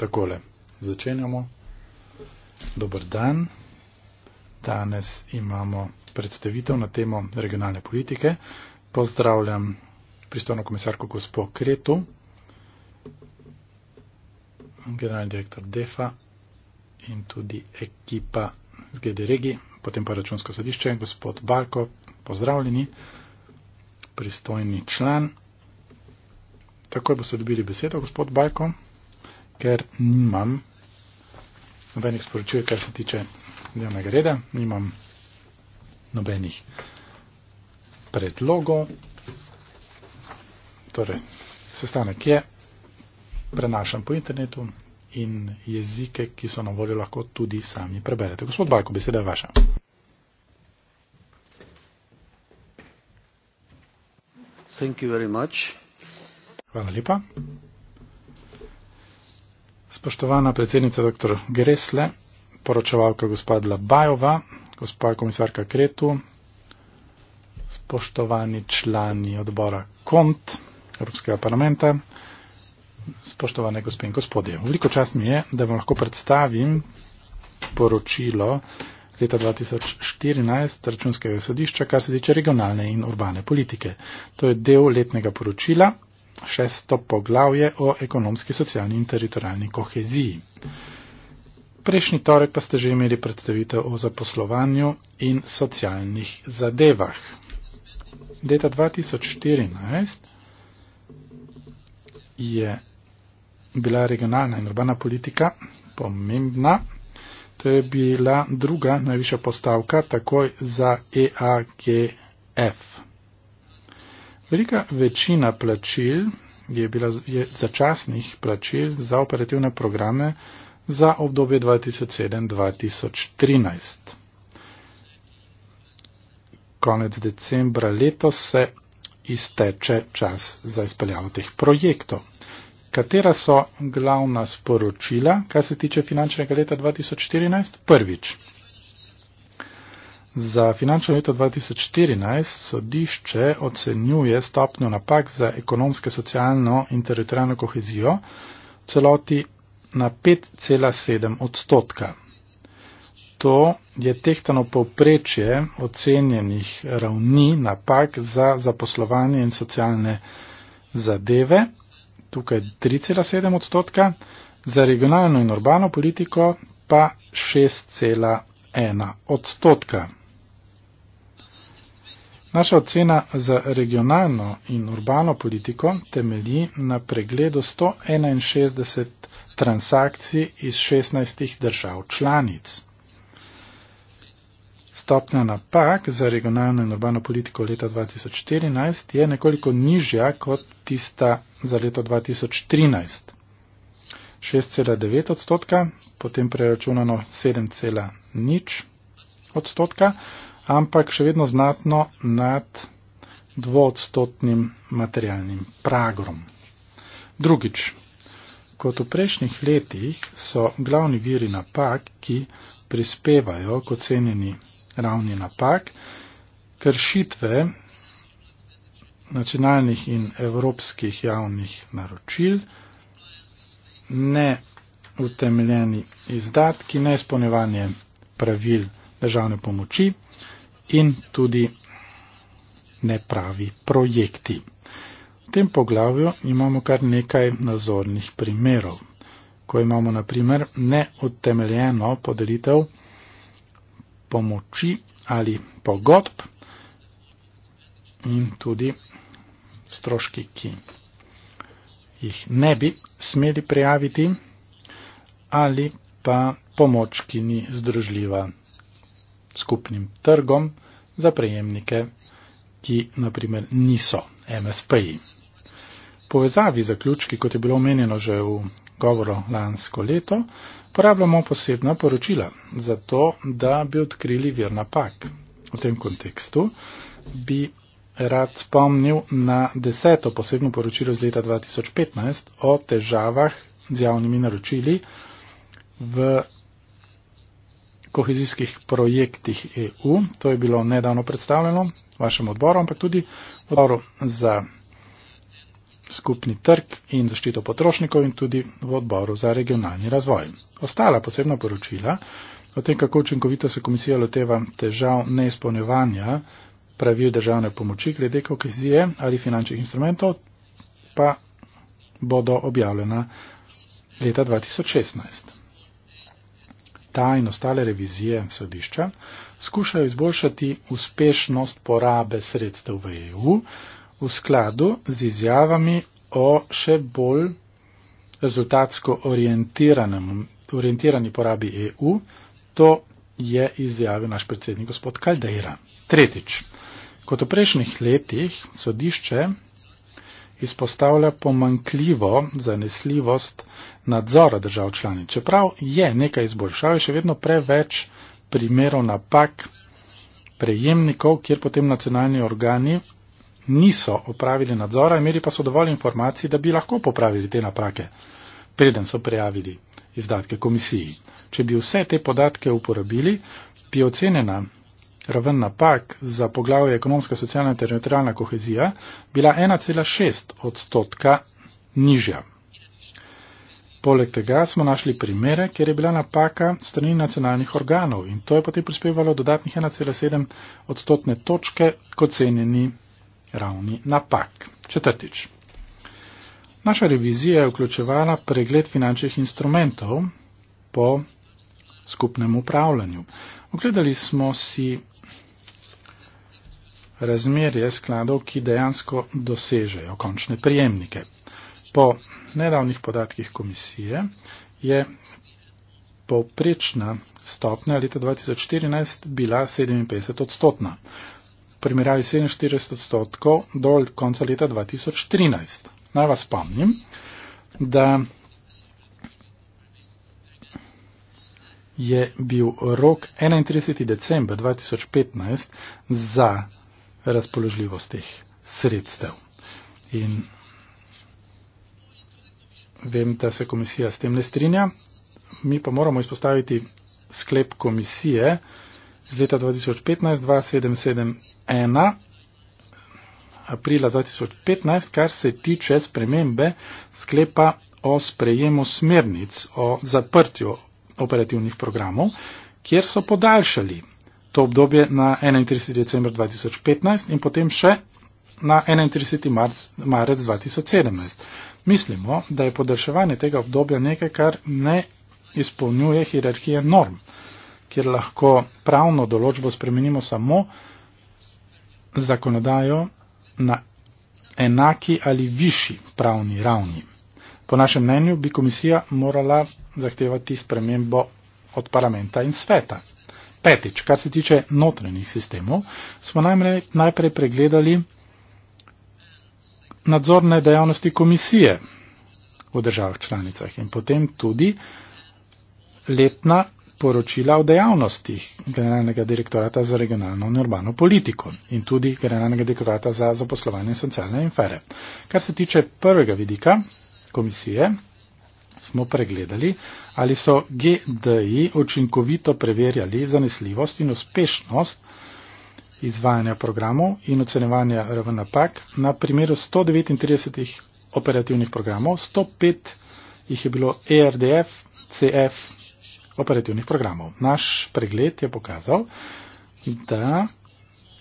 Takole, začenjamo. Dobar dan. Danes imamo predstavitev na temo regionalne politike. Pozdravljam pristojno komisarko gospod Kretu, generalni direktor DEFA in tudi ekipa z GD Regi, potem pa računsko sodišče, gospod Balko, pozdravljeni, pristojni član takoj boste dobili besedo, gospod Bajko, ker nimam nobenih sporočil, kar se tiče dnevnega reda, nimam nobenih predlogov. Torej, sestanek je, prenašam po internetu in jezike, ki so na voljo, lahko tudi sami preberete. Gospod Bajko, beseda je vaša. Thank you very much. Hvala lepa. Spoštovana predsednica dr. Gresle, poročevalka gospod Labajova, gospod komisarka Kretu, spoštovani člani odbora KONT Evropskega parlamenta, spoštovane gospe in gospodje. Veliko čast mi je, da vam lahko predstavim poročilo leta 2014 računskega sodišča, kar se tiče regionalne in urbane politike. To je del letnega poročila šesto poglavje o ekonomski, socialni in teritorijalni koheziji. Prejšnji torek pa ste že imeli predstavitev o zaposlovanju in socialnih zadevah. Leta 2014 je bila regionalna in urbana politika pomembna. To je bila druga najvišja postavka takoj za EAGF. Velika večina plačil je bila je začasnih plačil za operativne programe za obdobje 2007-2013. Konec decembra letos se izteče čas za izpeljavo teh projektov. Katera so glavna sporočila, kar se tiče finančnega leta 2014? Prvič. Za finančno leto 2014 sodišče ocenjuje stopnjo napak za ekonomske, socialno in teritorijalno kohezijo celoti na 5,7 odstotka. To je tehtano povprečje ocenjenih ravni napak za zaposlovanje in socialne zadeve, tukaj 3,7 odstotka, za regionalno in urbano politiko pa 6,1 odstotka. Naša ocena za regionalno in urbano politiko temelji na pregledu 161 transakcij iz 16 držav članic. Stopnja napak za regionalno in urbano politiko leta 2014 je nekoliko nižja kot tista za leto 2013. 6,9 odstotka, potem preračunano 7,0 odstotka ampak še vedno znatno nad dvodstotnim materialnim pragom. Drugič, kot v prejšnjih letih so glavni viri napak, ki prispevajo k ocenjeni ravni napak, kršitve nacionalnih in evropskih javnih naročil, neutemeljeni izdatki, neizpolnjevanje pravil državne pomoči, in tudi nepravi projekti. V tem poglavju imamo kar nekaj nazornih primerov, ko imamo na primer neutemeljeno podelitev pomoči ali pogodb in tudi stroški, ki jih ne bi smeli prijaviti ali pa pomoč, ki ni združljiva skupnim trgom za prejemnike, ki naprimer niso MSP-ji. Povezavi zaključki, kot je bilo omenjeno že v govoru lansko leto, porabljamo posebna poročila za to, da bi odkrili vir napak. V tem kontekstu bi rad spomnil na deseto posebno poročilo iz leta 2015 o težavah z javnimi naročili v kohezijskih projektih EU. To je bilo nedavno predstavljeno vašem odboru, ampak tudi odboru za skupni trg in zaščito potrošnikov in tudi v odboru za regionalni razvoj. Ostala posebna poročila o tem, kako učinkovito se komisija loteva težav neizpolnjevanja pravil državne pomoči glede kohezije ali finančnih instrumentov, pa bodo objavljena leta 2016 ta in ostale revizije sodišča skušajo izboljšati uspešnost porabe sredstev v EU v skladu z izjavami o še bolj rezultatsko orientirani porabi EU, to je izjavil naš predsednik gospod Kaldeira. Tretjič, kot v prejšnjih letih sodišče izpostavlja pomankljivo zanesljivost nadzora držav članic. Čeprav je nekaj izboljšav, je še vedno preveč primerov napak prejemnikov, kjer potem nacionalni organi niso opravili nadzora, imeli pa so dovolj informacij, da bi lahko popravili te naprake, preden so prijavili izdatke komisiji. Če bi vse te podatke uporabili, bi ocenjena raven napak za poglavje ekonomska, socialna in teritorijalna kohezija bila 1,6 odstotka nižja. Poleg tega smo našli primere, kjer je bila napaka strani nacionalnih organov in to je potem prispevalo dodatnih 1,7 odstotne točke k ocenjeni ravni napak. Četrtič. Naša revizija je vključevala pregled finančnih instrumentov po skupnem upravljanju. Ogledali smo si razmerje skladov, ki dejansko dosežejo končne prijemnike. Po nedavnih podatkih komisije je povprečna stopnja leta 2014 bila 57 odstotna. Primerjavi 47 odstotkov do konca leta 2013. Naj vas spomnim, da je bil rok 31. decembra 2015 za razpoložljivost teh sredstev. In vem, da se komisija s tem ne strinja. Mi pa moramo izpostaviti sklep komisije z leta 2015-2771 aprila 2015, kar se tiče spremembe sklepa o sprejemu smernic o zaprtju operativnih programov, kjer so podaljšali to obdobje na 31. decembr 2015 in potem še na 31. marec 2017. Mislimo, da je podaljševanje tega obdobja nekaj, kar ne izpolnjuje hierarhije norm, kjer lahko pravno določbo spremenimo samo zakonodajo na enaki ali višji pravni ravni. Po našem mnenju bi komisija morala zahtevati spremembo od parlamenta in sveta. Petič, kar se tiče notranjih sistemov, smo najprej pregledali nadzorne dejavnosti komisije v državah članicah in potem tudi letna poročila o dejavnostih Generalnega direktorata za regionalno in urbano politiko in tudi Generalnega direktorata za zaposlovanje in socialne infere. Kar se tiče prvega vidika komisije, smo pregledali, ali so GDI učinkovito preverjali zanesljivost in uspešnost izvajanja programov in ocenevanja raven napak. Na primeru 139 operativnih programov, 105 jih je bilo ERDF, CF operativnih programov. Naš pregled je pokazal, da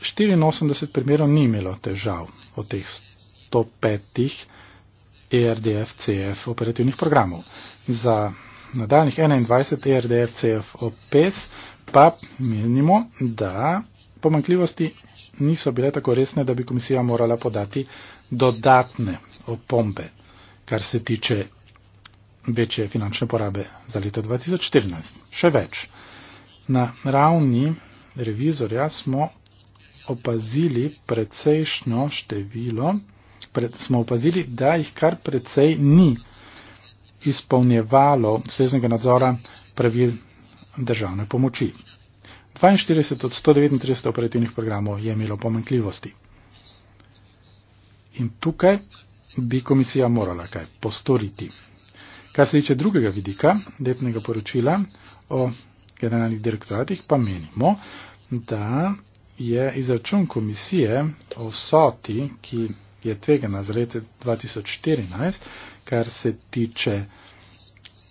84 primerov ni imelo težav od teh 105 ERDF, CF operativnih programov. Za nadaljnih 21 ERDF, CF OPS pa menimo, da pomankljivosti niso bile tako resne, da bi komisija morala podati dodatne opombe, kar se tiče večje finančne porabe za leto 2014. Še več. Na ravni revizorja smo opazili precejšno število, pred, smo opazili, da jih kar precej ni izpolnjevalo sveznega nadzora pravil državne pomoči. 42 od 139 operativnih programov je imelo pomankljivosti. In tukaj bi komisija morala kaj postoriti. Kar se tiče drugega vidika letnega poročila o generalnih direktoratih, pa menimo, da je izračun komisije o soti, ki je tvegana za leto 2014, kar se tiče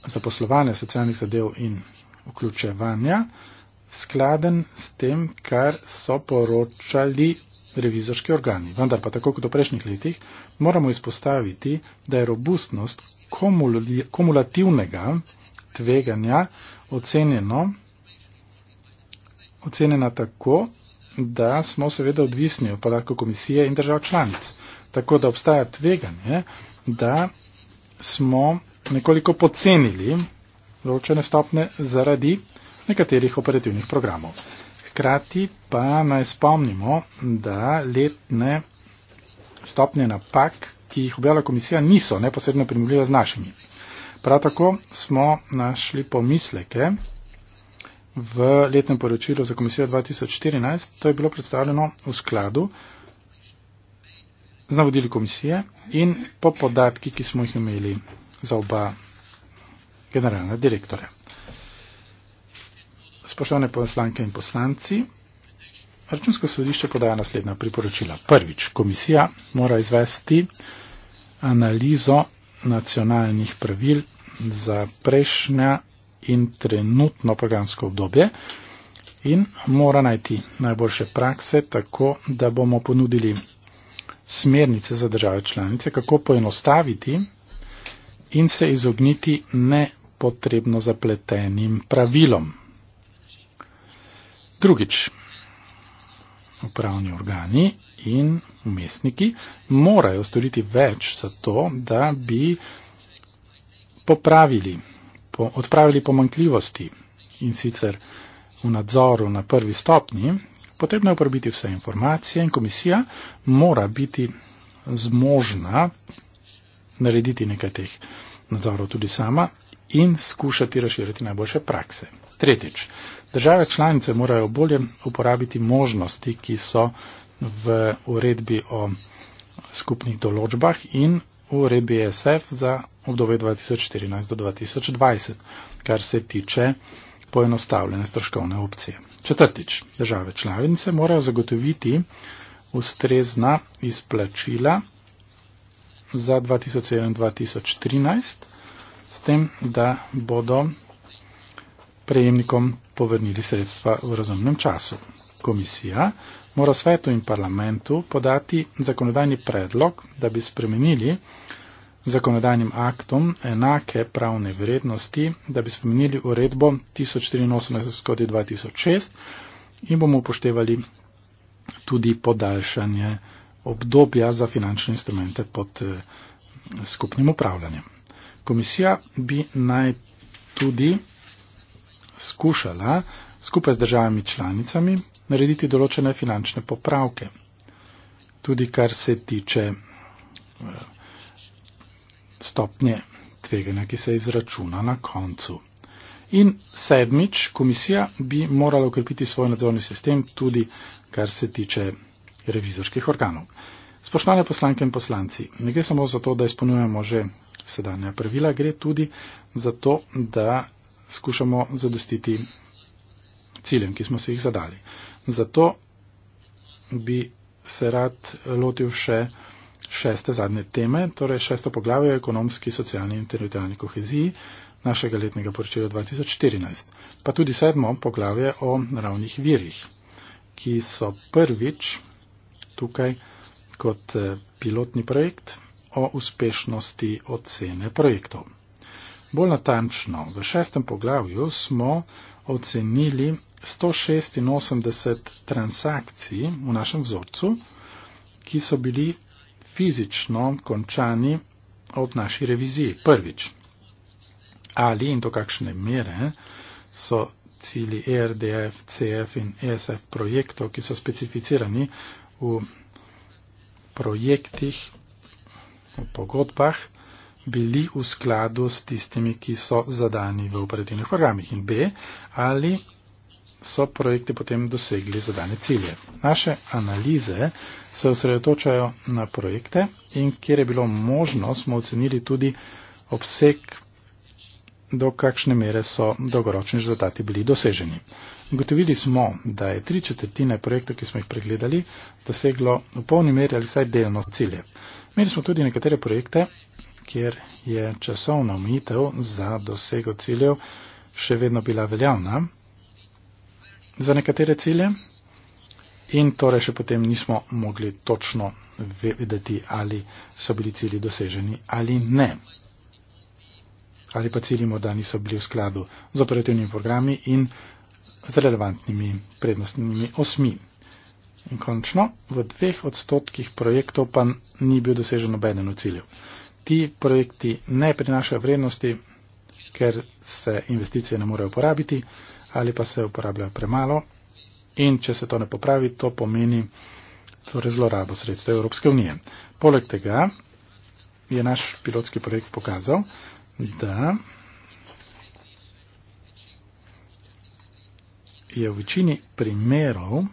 zaposlovanja socialnih zadev in vključevanja, skladen s tem, kar so poročali revizorski organi. Vendar pa tako kot v prejšnjih letih moramo izpostaviti, da je robustnost kumul kumulativnega tveganja ocenjeno, ocenjena tako, da smo seveda odvisni od podatkov komisije in držav članic. Tako da obstaja tveganje, da smo nekoliko pocenili določene stopne zaradi nekaterih operativnih programov. Hkrati pa naj spomnimo, da letne stopnje napak, ki jih objavlja komisija, niso neposredno primerljive z našimi. Prav tako smo našli pomisleke v letnem poročilu za komisijo 2014. To je bilo predstavljeno v skladu z navodili komisije in po podatki, ki smo jih imeli za oba generalna direktorja. Spoštovane poslanke in poslanci, Računsko sodišče podaja naslednja priporočila. Prvič, komisija mora izvesti analizo nacionalnih pravil za prejšnja in trenutno programsko obdobje in mora najti najboljše prakse tako, da bomo ponudili smernice za države članice, kako poenostaviti in se izogniti nepotrebno zapletenim pravilom. Drugič, upravni organi in umestniki morajo storiti več za to, da bi popravili, po, odpravili pomankljivosti in sicer v nadzoru na prvi stopni, potrebno je uporabiti vse informacije in komisija mora biti zmožna narediti nekaj teh nadzorov tudi sama in skušati razširiti najboljše prakse. Tretjič, Države članice morajo bolje uporabiti možnosti, ki so v uredbi o skupnih določbah in v uredbi e SF za obdobje 2014 do 2020, kar se tiče poenostavljene stroškovne opcije. Četrtič, države članice morajo zagotoviti ustrezna izplačila za 2007-2013, s tem, da bodo prejemnikom povrnili sredstva v razumnem času. Komisija mora svetu in parlamentu podati zakonodajni predlog, da bi spremenili zakonodajnim aktom enake pravne vrednosti, da bi spremenili uredbo 1084-2006 in bomo upoštevali tudi podaljšanje obdobja za finančne instrumente pod eh, skupnim upravljanjem. Komisija bi naj tudi skušala skupaj z državami članicami narediti določene finančne popravke. Tudi kar se tiče eh, stopnje tveganja, ki se izračuna na koncu. In sedmič, komisija bi morala ukrepiti svoj nadzorni sistem tudi kar se tiče revizorskih organov. Spoštovane poslanke in poslanci, ne gre samo za to, da izpolnjujemo že sedanja pravila, gre tudi za to, da skušamo zadostiti ciljem, ki smo si jih zadali. Zato bi se rad lotil še šeste zadnje teme, torej šesto poglavje o ekonomski, socialni in teritorijalni koheziji našega letnega poročila 2014, pa tudi sedmo poglavje o naravnih virih, ki so prvič tukaj kot eh, pilotni projekt o uspešnosti ocene projektov. Bolj natančno, v šestem poglavju smo ocenili 186 transakcij v našem vzorcu, ki so bili fizično končani ob naši reviziji. Prvič, ali in do kakšne mere so cili ERDF, CF in ESF projektov, ki so specificirani v projektih, v pogodbah, bili v skladu s tistimi, ki so zadani v operativnih programih in B, ali so projekti potem dosegli zadane cilje. Naše analize se osredotočajo na projekte in kjer je bilo možno, smo ocenili tudi obseg, do kakšne mere so dolgoročni rezultati bili doseženi. Gotovili smo, da je tri četrtine projektov, ki smo jih pregledali, doseglo v polni meri ali vsaj delno cilje. Imeli smo tudi nekatere projekte, kjer je časovna omejitev za dosego ciljev še vedno bila veljavna za nekatere cilje in torej še potem nismo mogli točno vedeti, ali so bili cilji doseženi ali ne. Ali pa cilji morda niso bili v skladu z operativnimi programi in z relevantnimi prednostnimi osmi. In končno, v dveh odstotkih projektov pa ni bil dosežen obenen v cilju ti projekti ne prinašajo vrednosti, ker se investicije ne morejo uporabiti ali pa se uporabljajo premalo in če se to ne popravi, to pomeni torej zlorabo sredstev Evropske unije. Poleg tega je naš pilotski projekt pokazal, da je v večini primerov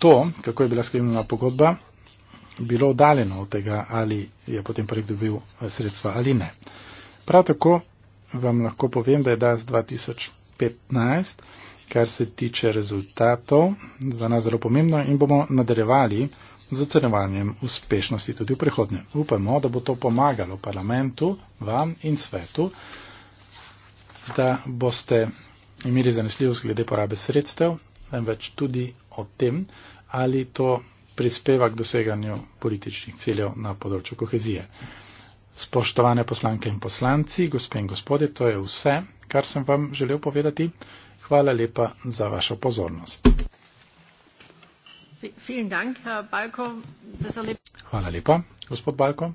to, kako je bila sklenjena pogodba, bilo oddaljeno od tega, ali je potem projekt dobil eh, sredstva ali ne. Prav tako vam lahko povem, da je DAS 2015, kar se tiče rezultatov, za nas zelo pomembno in bomo nadaljevali z ocenevanjem uspešnosti tudi v prihodnje. Upamo, da bo to pomagalo parlamentu, vam in svetu, da boste imeli zanesljivost glede porabe sredstev, temveč tudi o tem, ali to prispeva k doseganju političnih ciljev na področju kohezije. Spoštovane poslanke in poslanci, gospe in gospode, to je vse, kar sem vam želel povedati. Hvala lepa za vašo pozornost. Hvala lepa, gospod Balko.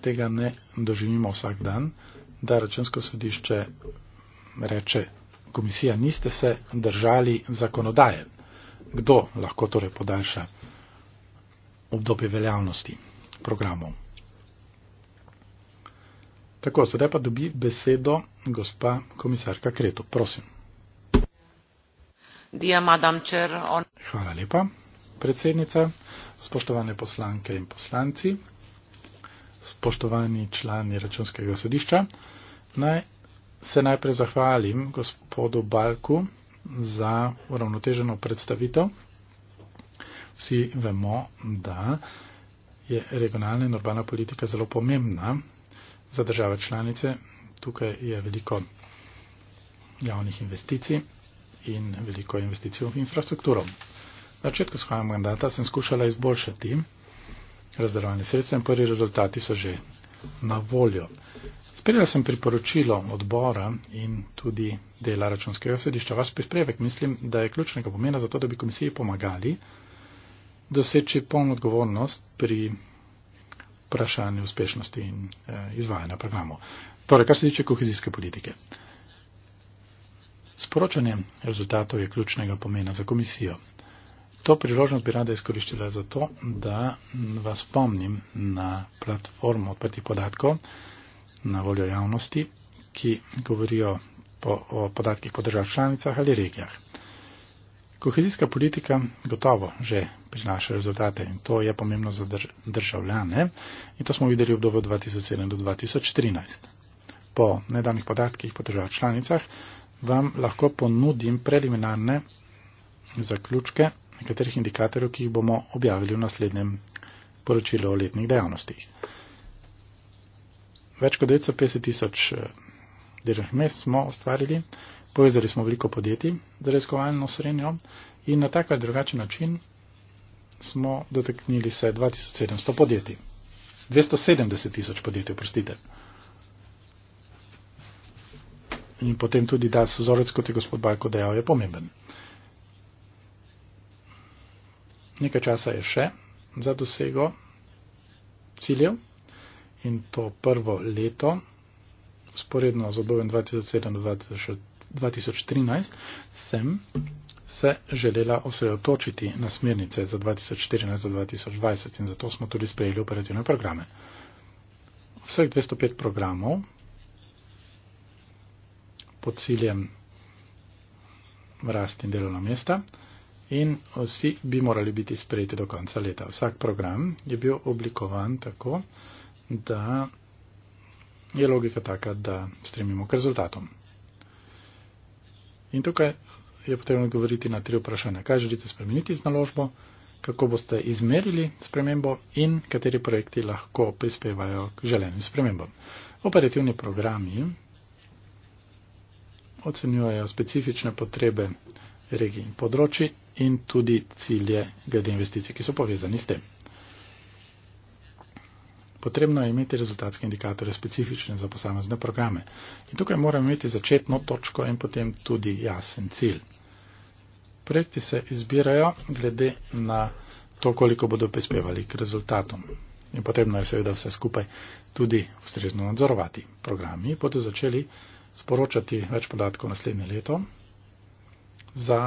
Tega ne doživimo vsak dan, da računsko sodišče reče, komisija niste se držali zakonodaje kdo lahko torej podaljša obdobje veljavnosti programov. Tako, sedaj pa dobi besedo gospa komisarka Kreto. Prosim. Hvala lepa, predsednica, spoštovane poslanke in poslanci, spoštovani člani računskega sodišča. Naj se najprej zahvalim gospodu Balku, za uravnoteženo predstavitev. Vsi vemo, da je regionalna in urbana politika zelo pomembna za države članice. Tukaj je veliko javnih investicij in veliko investicij v infrastrukturo. Na začetku svojega mandata sem skušala izboljšati razdelovanje sredstev in prvi rezultati so že na voljo. Sprejela sem priporočilo odbora in tudi dela računskega sodišča. Vaš prispevek mislim, da je ključnega pomena za to, da bi komisiji pomagali doseči polno odgovornost pri vprašanju uspešnosti in eh, izvajanja programov. Torej, kar se tiče kohezijske politike. Sporočanje rezultatov je ključnega pomena za komisijo. To priložnost bi rada izkoriščila za to, da vas spomnim na platformo odprtih podatkov, na voljo javnosti, ki govorijo po, o podatkih po državah članicah ali regijah. Kohezijska politika gotovo že prinaša rezultate in to je pomembno za drž državljane in to smo videli v obdobju 2007 do 2013. Po nedavnih podatkih po državah članicah vam lahko ponudim preliminarne zaključke nekaterih indikatorjev, ki jih bomo objavili v naslednjem poročilu o letnih dejavnostih več kot 250 tisoč eh, delovnih mest smo ustvarili, povezali smo veliko podjetij za raziskovalno srednjo in na tak ali drugačen način smo dotaknili se 2700 podjetij. 270 tisoč podjetij, prostite. In potem tudi, da so vzorec, kot je gospod Bajko dejal, je pomemben. Nekaj časa je še za dosego ciljev in to prvo leto, sporedno z obdobjem 2007-2013, sem se želela osredotočiti na smernice za 2014-2020 in zato smo tudi sprejeli operativne programe. Vseh 205 programov pod ciljem rasti in delovna mesta in vsi bi morali biti sprejeti do konca leta. Vsak program je bil oblikovan tako, da je logika taka, da stremimo k rezultatom. In tukaj je potrebno govoriti na tri vprašanja. Kaj želite spremeniti z naložbo, kako boste izmerili spremembo in kateri projekti lahko prispevajo k želenim spremembam. Operativni programi ocenjujejo specifične potrebe regij in področji in tudi cilje glede investicij, ki so povezani s tem. Potrebno je imeti rezultatske indikatorje specifične za posamezne programe. In tukaj moramo imeti začetno točko in potem tudi jasen cilj. Projekti se izbirajo glede na to, koliko bodo prispevali k rezultatom. In potrebno je seveda vse skupaj tudi ustrezno nadzorovati. Programi bodo začeli sporočati več podatkov naslednje leto za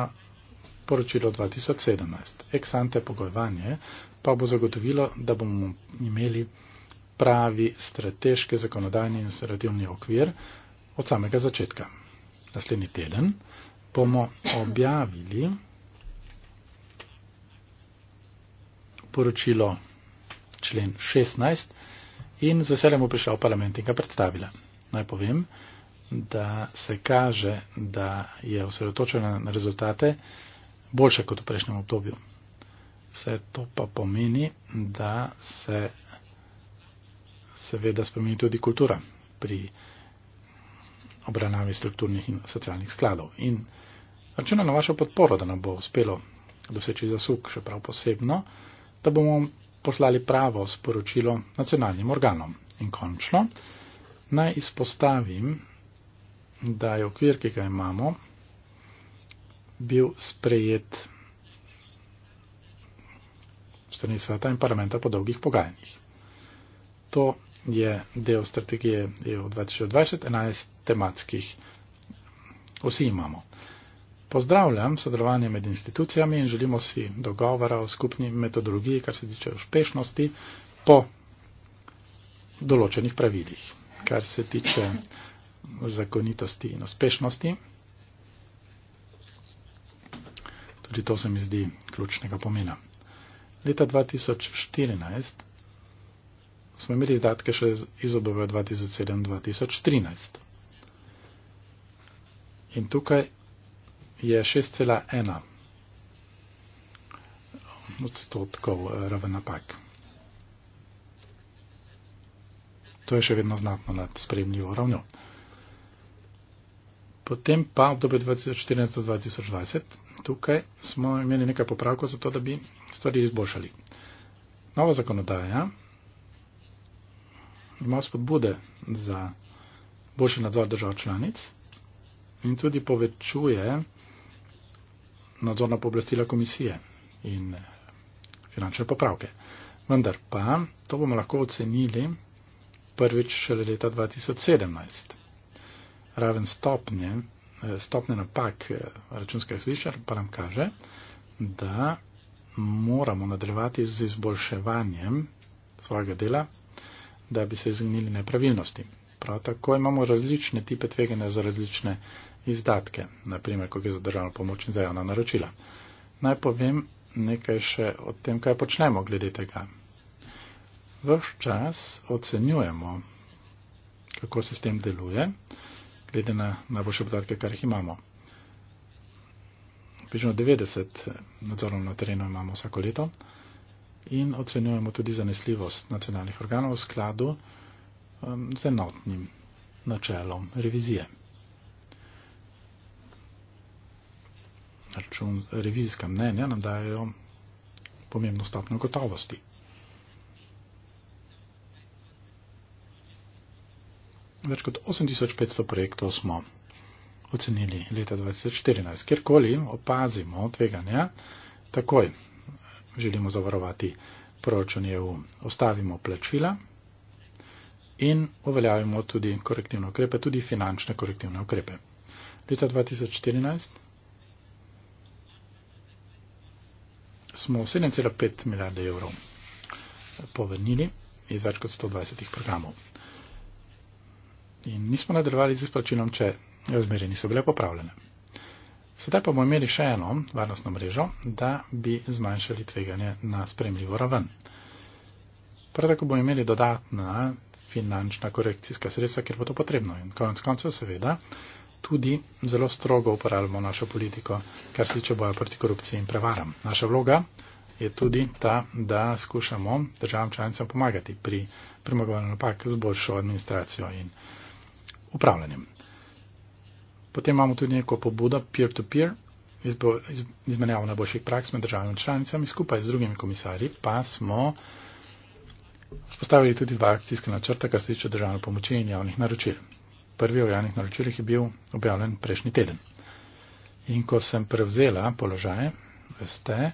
poročilo 2017. Eksante pogojevanje pa bo zagotovilo, da bomo imeli pravi strateški zakonodajni in operativni okvir od samega začetka. Naslednji teden bomo objavili poročilo člen 16 in z veseljem bo prišla v parlament in ga predstavila. Naj povem, da se kaže, da je osredotočena na rezultate boljše kot v prejšnjem obdobju. Vse to pa pomeni, da se seveda spremeni tudi kultura pri obravnavi strukturnih in socialnih skladov. In računam na vašo podporo, da nam bo uspelo doseči zasuk, še prav posebno, da bomo poslali pravo sporočilo nacionalnim organom. In končno, naj izpostavim, da je okvir, ki ga imamo, bil sprejet strani sveta in parlamenta po dolgih pogajanjih to je del strategije EU 2020, 11 tematskih. Vsi imamo. Pozdravljam sodelovanje med institucijami in želimo si dogovora o skupni metodologiji, kar se tiče uspešnosti, po določenih pravilih. Kar se tiče zakonitosti in uspešnosti, tudi to se mi zdi ključnega pomena. Leta 2014 smo imeli izdatke še iz obdobja 2007-2013. In tukaj je 6,1 odstotkov eh, raven napak. To je še vedno znatno nad spremljivo ravnjo. Potem pa obdobje 2014-2020, tukaj smo imeli nekaj popravkov za to, da bi stvari izboljšali. Nova zakonodaja imajo spodbude za boljši nadzor držav članic in tudi povečuje nadzorna poblastila komisije in eh, finančne popravke. Vendar pa to bomo lahko ocenili prvič šele leta 2017. Raven stopnje, eh, stopnje napak eh, računskega sodišča pa nam kaže, da moramo nadaljevati z izboljševanjem svojega dela da bi se izognili nepravilnosti. Prav tako imamo različne tipe tvegane za različne izdatke, naprimer, ko gre za državno pomoč in za javna naročila. Naj povem nekaj še o tem, kaj počnemo glede tega. Vš čas ocenjujemo, kako sistem deluje, glede na najboljše podatke, kar jih imamo. Približno 90 nadzorov na terenu imamo vsako leto in ocenjujemo tudi zanesljivost nacionalnih organov v skladu um, z enotnim načelom revizije. Račun, revizijska mnenja nam dajo pomembno stopnjo gotovosti. Več kot 8500 projektov smo ocenili leta 2014. Kjerkoli opazimo tveganja, takoj želimo zavarovati proračun EU. Ostavimo plačila in uveljavimo tudi korektivne ukrepe, tudi finančne korektivne ukrepe. Leta 2014 smo 7,5 milijarde evrov povrnili iz več kot 120 programov. In nismo nadaljevali z izplačilom, če razmere niso bile popravljene. Sedaj pa bomo imeli še eno varnostno mrežo, da bi zmanjšali tveganje na spremljivo raven. Prav tako bomo imeli dodatna finančna korekcijska sredstva, ker bo to potrebno. In konec koncev seveda tudi zelo strogo uporabljamo našo politiko, kar se tiče boja proti korupciji in prevaram. Naša vloga je tudi ta, da skušamo državam članicam pomagati pri premagovanju napak z boljšo administracijo in upravljanjem. Potem imamo tudi neko pobudo peer-to-peer, izmenjavo najboljših praks med državami članicami, skupaj z drugimi komisarji pa smo spostavili tudi dva akcijska načrta, kar se tiče državne pomoči in javnih naročil. Prvi o javnih naročilih je bil objavljen prejšnji teden. In ko sem prevzela položaje, veste,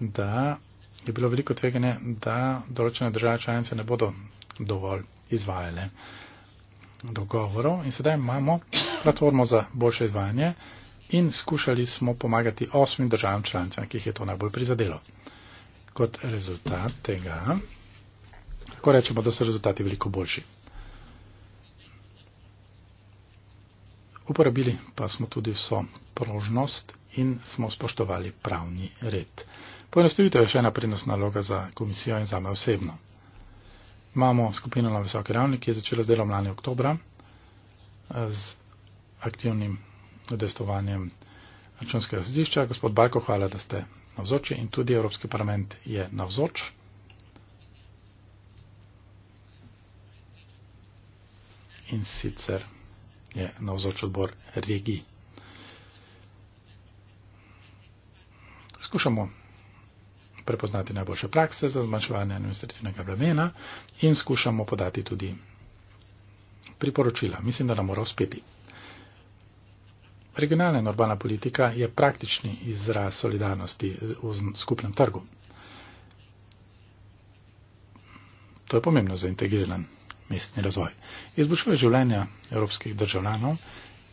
da je bilo veliko tveganje, da določene države članice ne bodo dovolj izvajale uh, dogovorov in sedaj imamo platformo za boljše izvajanje in skušali smo pomagati osmim državam članicam, ki jih je to najbolj prizadelo. Kot rezultat tega, lahko rečemo, da so rezultati veliko boljši. Uporabili pa smo tudi vso prožnost in smo spoštovali pravni red. Poenostavitev je še ena prednostna naloga za komisijo in za me osebno. Imamo skupino na visoki ravni, ki je začela z delom lani oktober eh, z aktivnim udestovanjem računskega sodišča. Gospod Bajko, hvala, da ste navzoči in tudi Evropski parlament je navzoč. In sicer je navzoč odbor regij. Skušamo prepoznati najboljše prakse za zmanjševanje administrativnega bremena in skušamo podati tudi priporočila. Mislim, da nam mora uspeti. Regionalna in urbana politika je praktični izraz solidarnosti v skupnem trgu. To je pomembno za integriran mestni razvoj. Izboljšuje življenja evropskih državljanov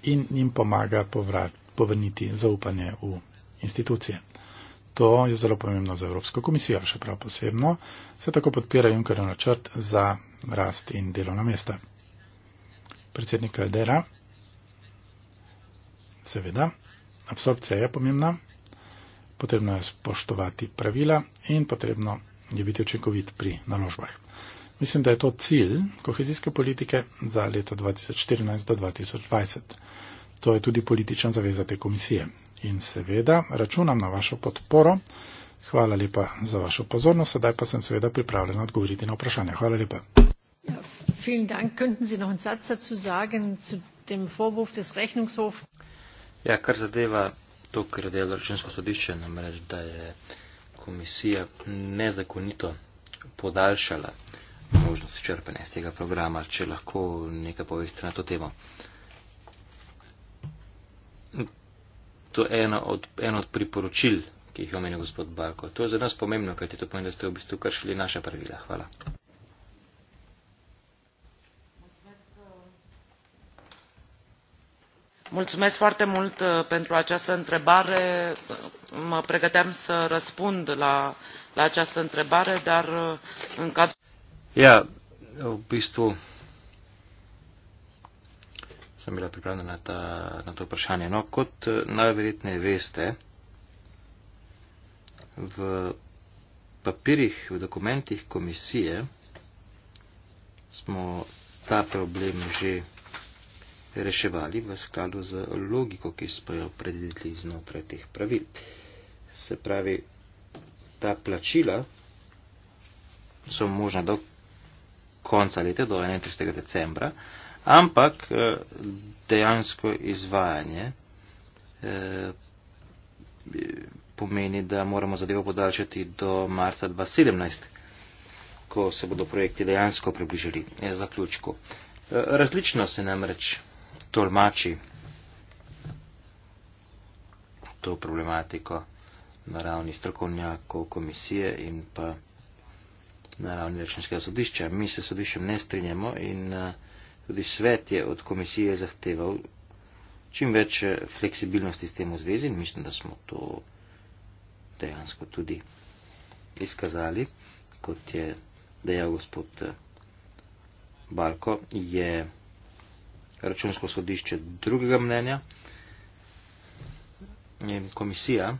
in jim pomaga povrniti zaupanje v institucije. To je zelo pomembno za Evropsko komisijo, še prav posebno, se tako podpira Junkerov načrt za rast in delovna mesta. Predsednik Kaldera, seveda, absorpcija je pomembna, potrebno je spoštovati pravila in potrebno je biti očinkovit pri naložbah. Mislim, da je to cilj kohezijske politike za leto 2014 do 2020. To je tudi politična zaveza te komisije in seveda računam na vašo podporo. Hvala lepa za vašo pozornost, sedaj pa sem seveda pripravljen odgovoriti na vprašanje. Hvala lepa. Ja, ja kar zadeva to, kar je delo računsko sodišče, namreč, da je komisija nezakonito podaljšala možnost črpanja iz tega programa, če lahko nekaj poveste na to temo. to eno od, en od priporočil, ki jih omenja gospod Barko. To je za nas pomembno, kajti to pomeni, da ste v bistvu kršili naše pravila. Hvala. Mulțumesc foarte mult uh, pentru această întrebare. Mă pregăteam să răspund la, la această întrebare, dar uh, în cadrul. Ia, yeah, sem bila pripravljena na, na to vprašanje. No, kot eh, najverjetneje veste, v papirjih, v dokumentih komisije smo ta problem že reševali v skladu z logiko, ki smo jo predvideli znotraj teh pravil. Se pravi, ta plačila so možna do konca leta, do 31. decembra, ampak eh, dejansko izvajanje eh, pomeni, da moramo zadevo podaljšati do marca 2017, ko se bodo projekti dejansko približili eh, zaključku. Različno se namreč tolmači to problematiko na ravni strokovnjakov komisije in pa na ravni rečniškega sodišča. Mi se sodiščem ne strinjamo in uh, Tudi svet je od komisije zahteval čim več eh, fleksibilnosti s tem v zvezi in mislim, da smo to dejansko tudi izkazali, kot je dejal gospod eh, Balko, je računsko sodišče drugega mnenja in komisija.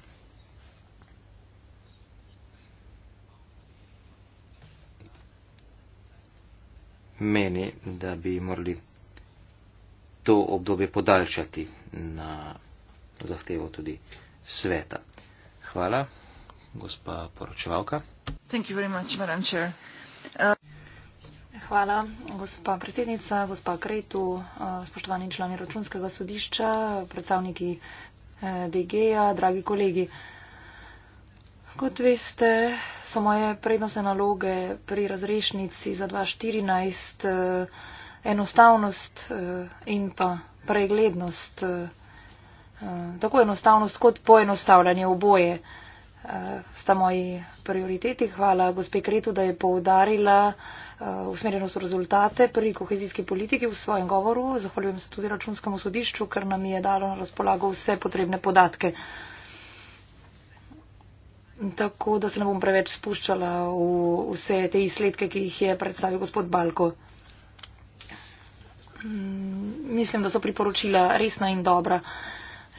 meni, da bi morali to obdobje podaljšati na zahtevo tudi sveta. Hvala, gospa poročevalka. Thank you very much, madam chair. Hvala, gospa predsednica, gospa Kretu, spoštovani člani računskega sodišča, predstavniki eh, DG-ja, dragi kolegi. Kot veste, so moje prednostne naloge pri razrešnici za 2014 eh, enostavnost eh, in pa preglednost. Eh, tako enostavnost kot poenostavljanje oboje sta moji prioriteti. Hvala gospe Kretu, da je poudarila usmerjenost v rezultate pri kohezijski politiki v svojem govoru. Zahvaljujem se tudi računskemu sodišču, ker nam je dalo na razpolago vse potrebne podatke tako da se ne bom preveč spuščala v vse te izsledke, ki jih je predstavil gospod Balko. Mm, mislim, da so priporočila resna in dobra.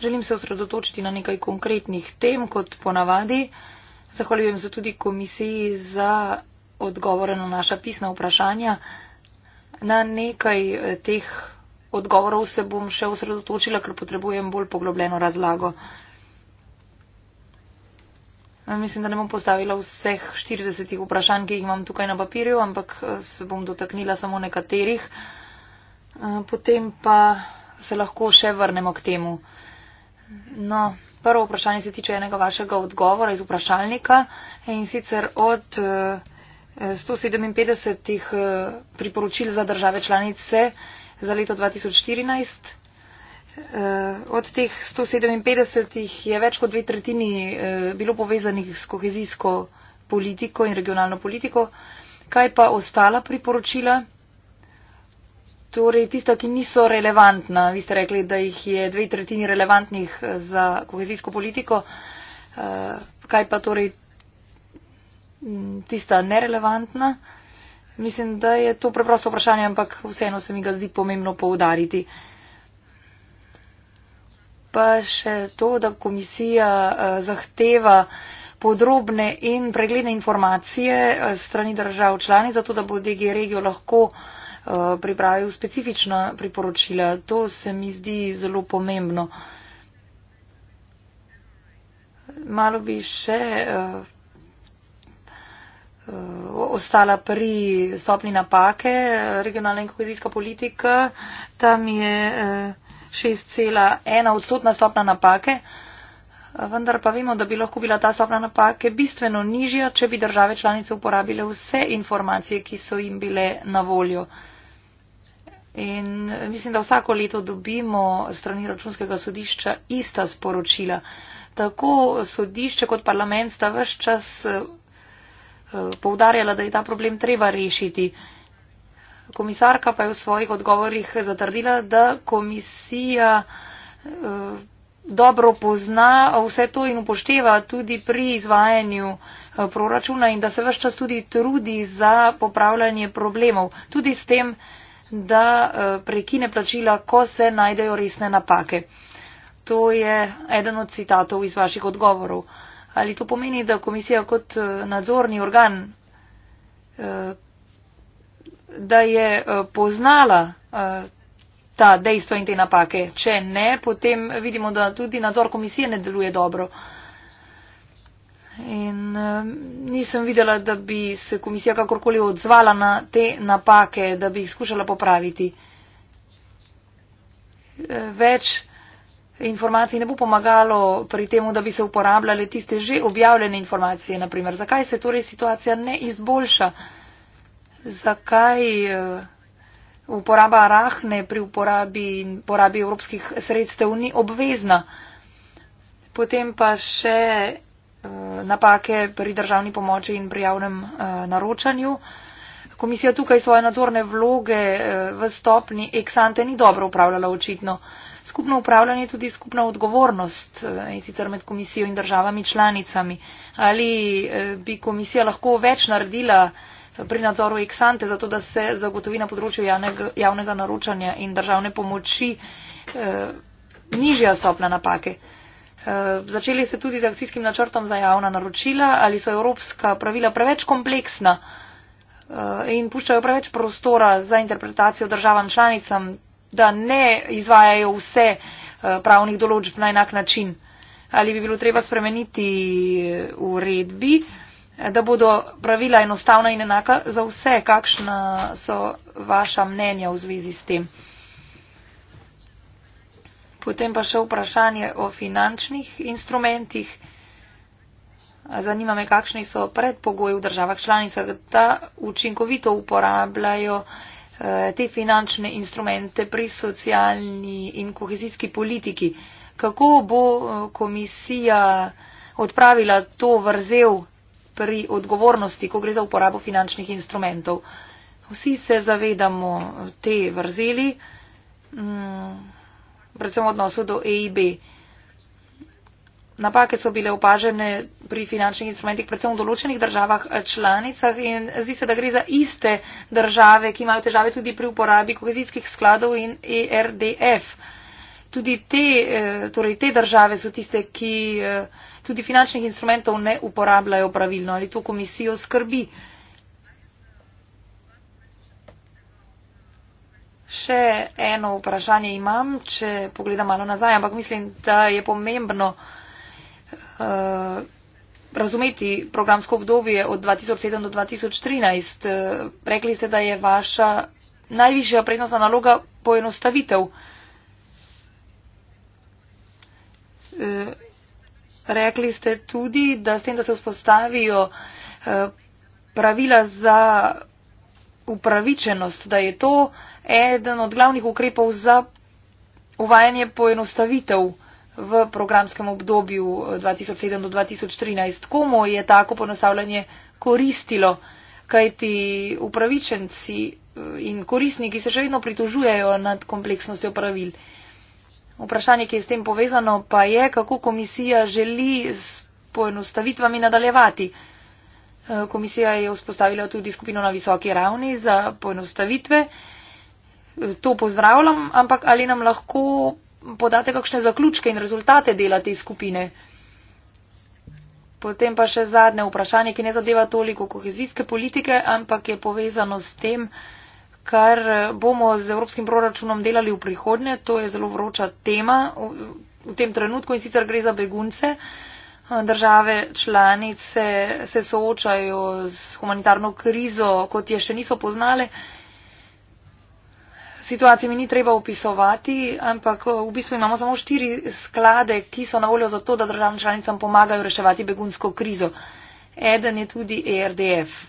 Želim se osredotočiti na nekaj konkretnih tem, kot ponavadi. Zahvaljujem se tudi komisiji za odgovore na naša pisna vprašanja. Na nekaj eh, teh odgovorov se bom še osredotočila, ker potrebujem bolj poglobljeno razlago. Mislim, da ne bom postavila vseh 40 vprašanj, ki jih imam tukaj na papirju, ampak eh, se bom dotaknila samo nekaterih. Eh, potem pa se lahko še vrnemo k temu. No, prvo vprašanje se tiče enega vašega odgovora iz vprašalnika in sicer od 157 eh, priporočil za države članice za leto 2014. Eh, od teh 157 je več kot dve tretjini eh, bilo povezanih s kohezijsko politiko in regionalno politiko. Kaj pa ostala priporočila? Torej, tista, ki niso relevantna. Vi ste rekli, da jih je dve tretjini relevantnih eh, za kohezijsko politiko. Kaj pa torej mm, tista nerelevantna? Mislim, da je to preprosto vprašanje, ampak vseeno se mi ga zdi pomembno poudariti. Uh, pa še to, da komisija eh, zahteva podrobne in pregledne informacije eh, strani držav članic, zato da bo DG regijo lahko eh, pripravil specifična priporočila. To se mi zdi zelo pomembno. Malo bi še ostala pri stopni napake regionalna in kohezijska politika. Tam je eh, 6,1 odstotna stopna napake, vendar pa vemo, da bi lahko bila ta stopna napake bistveno nižja, če bi države članice uporabile vse informacije, ki so jim bile na voljo. In mislim, da vsako leto dobimo strani računskega sodišča ista sporočila. Tako sodišče kot parlament sta vse čas eh, poudarjala, da je ta problem treba rešiti komisarka pa je v svojih odgovorih zatrdila, da komisija eh, dobro pozna vse to in upošteva tudi pri izvajanju eh, proračuna in da se vse čas tudi trudi za popravljanje problemov, tudi s tem, da eh, prekine plačila, ko se najdejo resne napake. To je eden od citatov iz vaših odgovorov. Ali to pomeni, da komisija kot nadzorni organ, da je eh, poznala eh, ta dejstva in te napake. Če ne, potem vidimo, da tudi nadzor komisije ne deluje dobro. In eh, nisem videla, da bi se komisija kakorkoli odzvala na te napake, da bi jih skušala popraviti. Več informacij ne bo pomagalo pri temu, da bi se uporabljale tiste že objavljene informacije. Naprimer, zakaj se torej situacija ne izboljša? Uh, zakaj eh, uporaba rahne pri uporabi in porabi evropskih sredstev ni obvezna. Potem pa še eh, napake pri državni pomoči in pri javnem eh, naročanju. Komisija tukaj svoje nadzorne vloge v stopni eksante ni dobro upravljala očitno. Skupno upravljanje je tudi skupna odgovornost in sicer med komisijo in državami članicami. Ali bi komisija lahko več naredila? pri nadzoru Iksante, zato da se zagotovi na področju javnega, javnega naročanja in državne pomoči eh, nižja stopna napake. Eh, začeli ste tudi z akcijskim načrtom za javna naročila, ali so evropska pravila preveč kompleksna eh, in puščajo preveč prostora za interpretacijo državam članicam, da ne izvajajo vse eh, pravnih določb na enak način. Ali bi bilo treba spremeniti eh, uredbi? Eh, da bodo pravila enostavna in enaka za vse. Kakšna so vaša mnenja v zvezi s tem? Potem pa še vprašanje o finančnih instrumentih. Zanima me, kakšni so predpogoji v državah članicah, da učinkovito uporabljajo eh, te finančne instrumente pri socialni in kohezijski politiki. Kako bo eh, komisija odpravila to vrzel pri odgovornosti, ko gre za uporabo finančnih instrumentov. Vsi se zavedamo te vrzeli, mm, predvsem v odnosu do EIB. Napake so bile opažene pri finančnih instrumentih, predvsem v določenih državah članicah in zdi se, da gre za iste države, ki imajo težave tudi pri uporabi kohezijskih skladov in ERDF. Tudi te, eh, torej te države so tiste, ki eh, tudi finančnih instrumentov ne uporabljajo pravilno. Ali to komisijo skrbi? Še eno vprašanje imam, če pogledam malo nazaj, ampak mislim, da je pomembno uh, razumeti programsko obdobje od 2007 do 2013. Uh, eh, rekli ste, da je vaša najvišja prednostna naloga poenostavitev. Uh, Rekli ste tudi, da s tem, da se vzpostavijo eh, pravila za upravičenost, da je to eden od glavnih ukrepov za uvajanje poenostavitev v programskem obdobju 2007 eh, do 2013. Komu je tako poenostavljanje koristilo? Kajti upravičenci eh, in korisniki se še vedno pritožujejo nad kompleksnostjo pravil. Vprašanje, ki je s tem povezano, pa je, kako komisija želi s poenostavitvami nadaljevati. Eh, komisija je vzpostavila tudi skupino na visoki ravni za poenostavitve. Eh, to pozdravljam, ampak ali nam lahko podate kakšne zaključke in rezultate dela te skupine? Potem pa še zadnje vprašanje, ki ne zadeva toliko kohezijske politike, ampak je povezano s tem, kar eh, bomo z evropskim proračunom delali v prihodnje. To je zelo vroča tema v tem trenutku in sicer gre za begunce. Eh, države članice se soočajo z humanitarno krizo, kot je še niso poznale. Situacije mi ni treba opisovati, ampak eh, v bistvu imamo samo štiri sklade, ki so na voljo za to, da državam članicam pomagajo reševati begunsko krizo. Eden je tudi ERDF.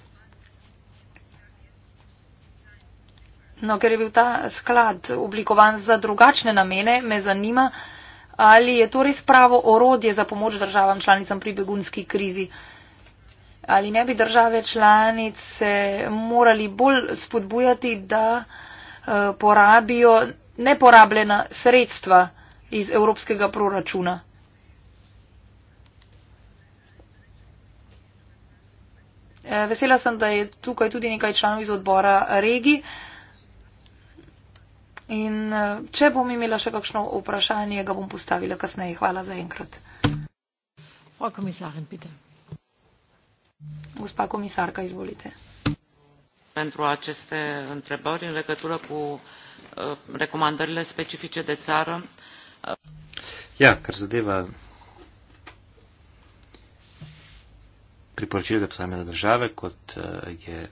No, ker je bil ta sklad oblikovan za drugačne namene, me zanima, ali je to res pravo orodje za pomoč državam članicam pri begunski krizi. Ali ne bi države članice morali bolj spodbujati, da uh, porabijo neporabljena sredstva iz evropskega proračuna. Eh, vesela sem, da je tukaj tudi nekaj članov iz odbora regij. In eh, če bom imela še kakšno vprašanje, ga bom postavila kasneje. Hvala za enkrat. Frau Kommissarin, bitte. Gospa komisarka, izvolite. Pentru aceste întrebări în legătură cu eh, recomandările specifice de țară. Ia, eh, ja, care se deva priporcile de posamene de države, cot e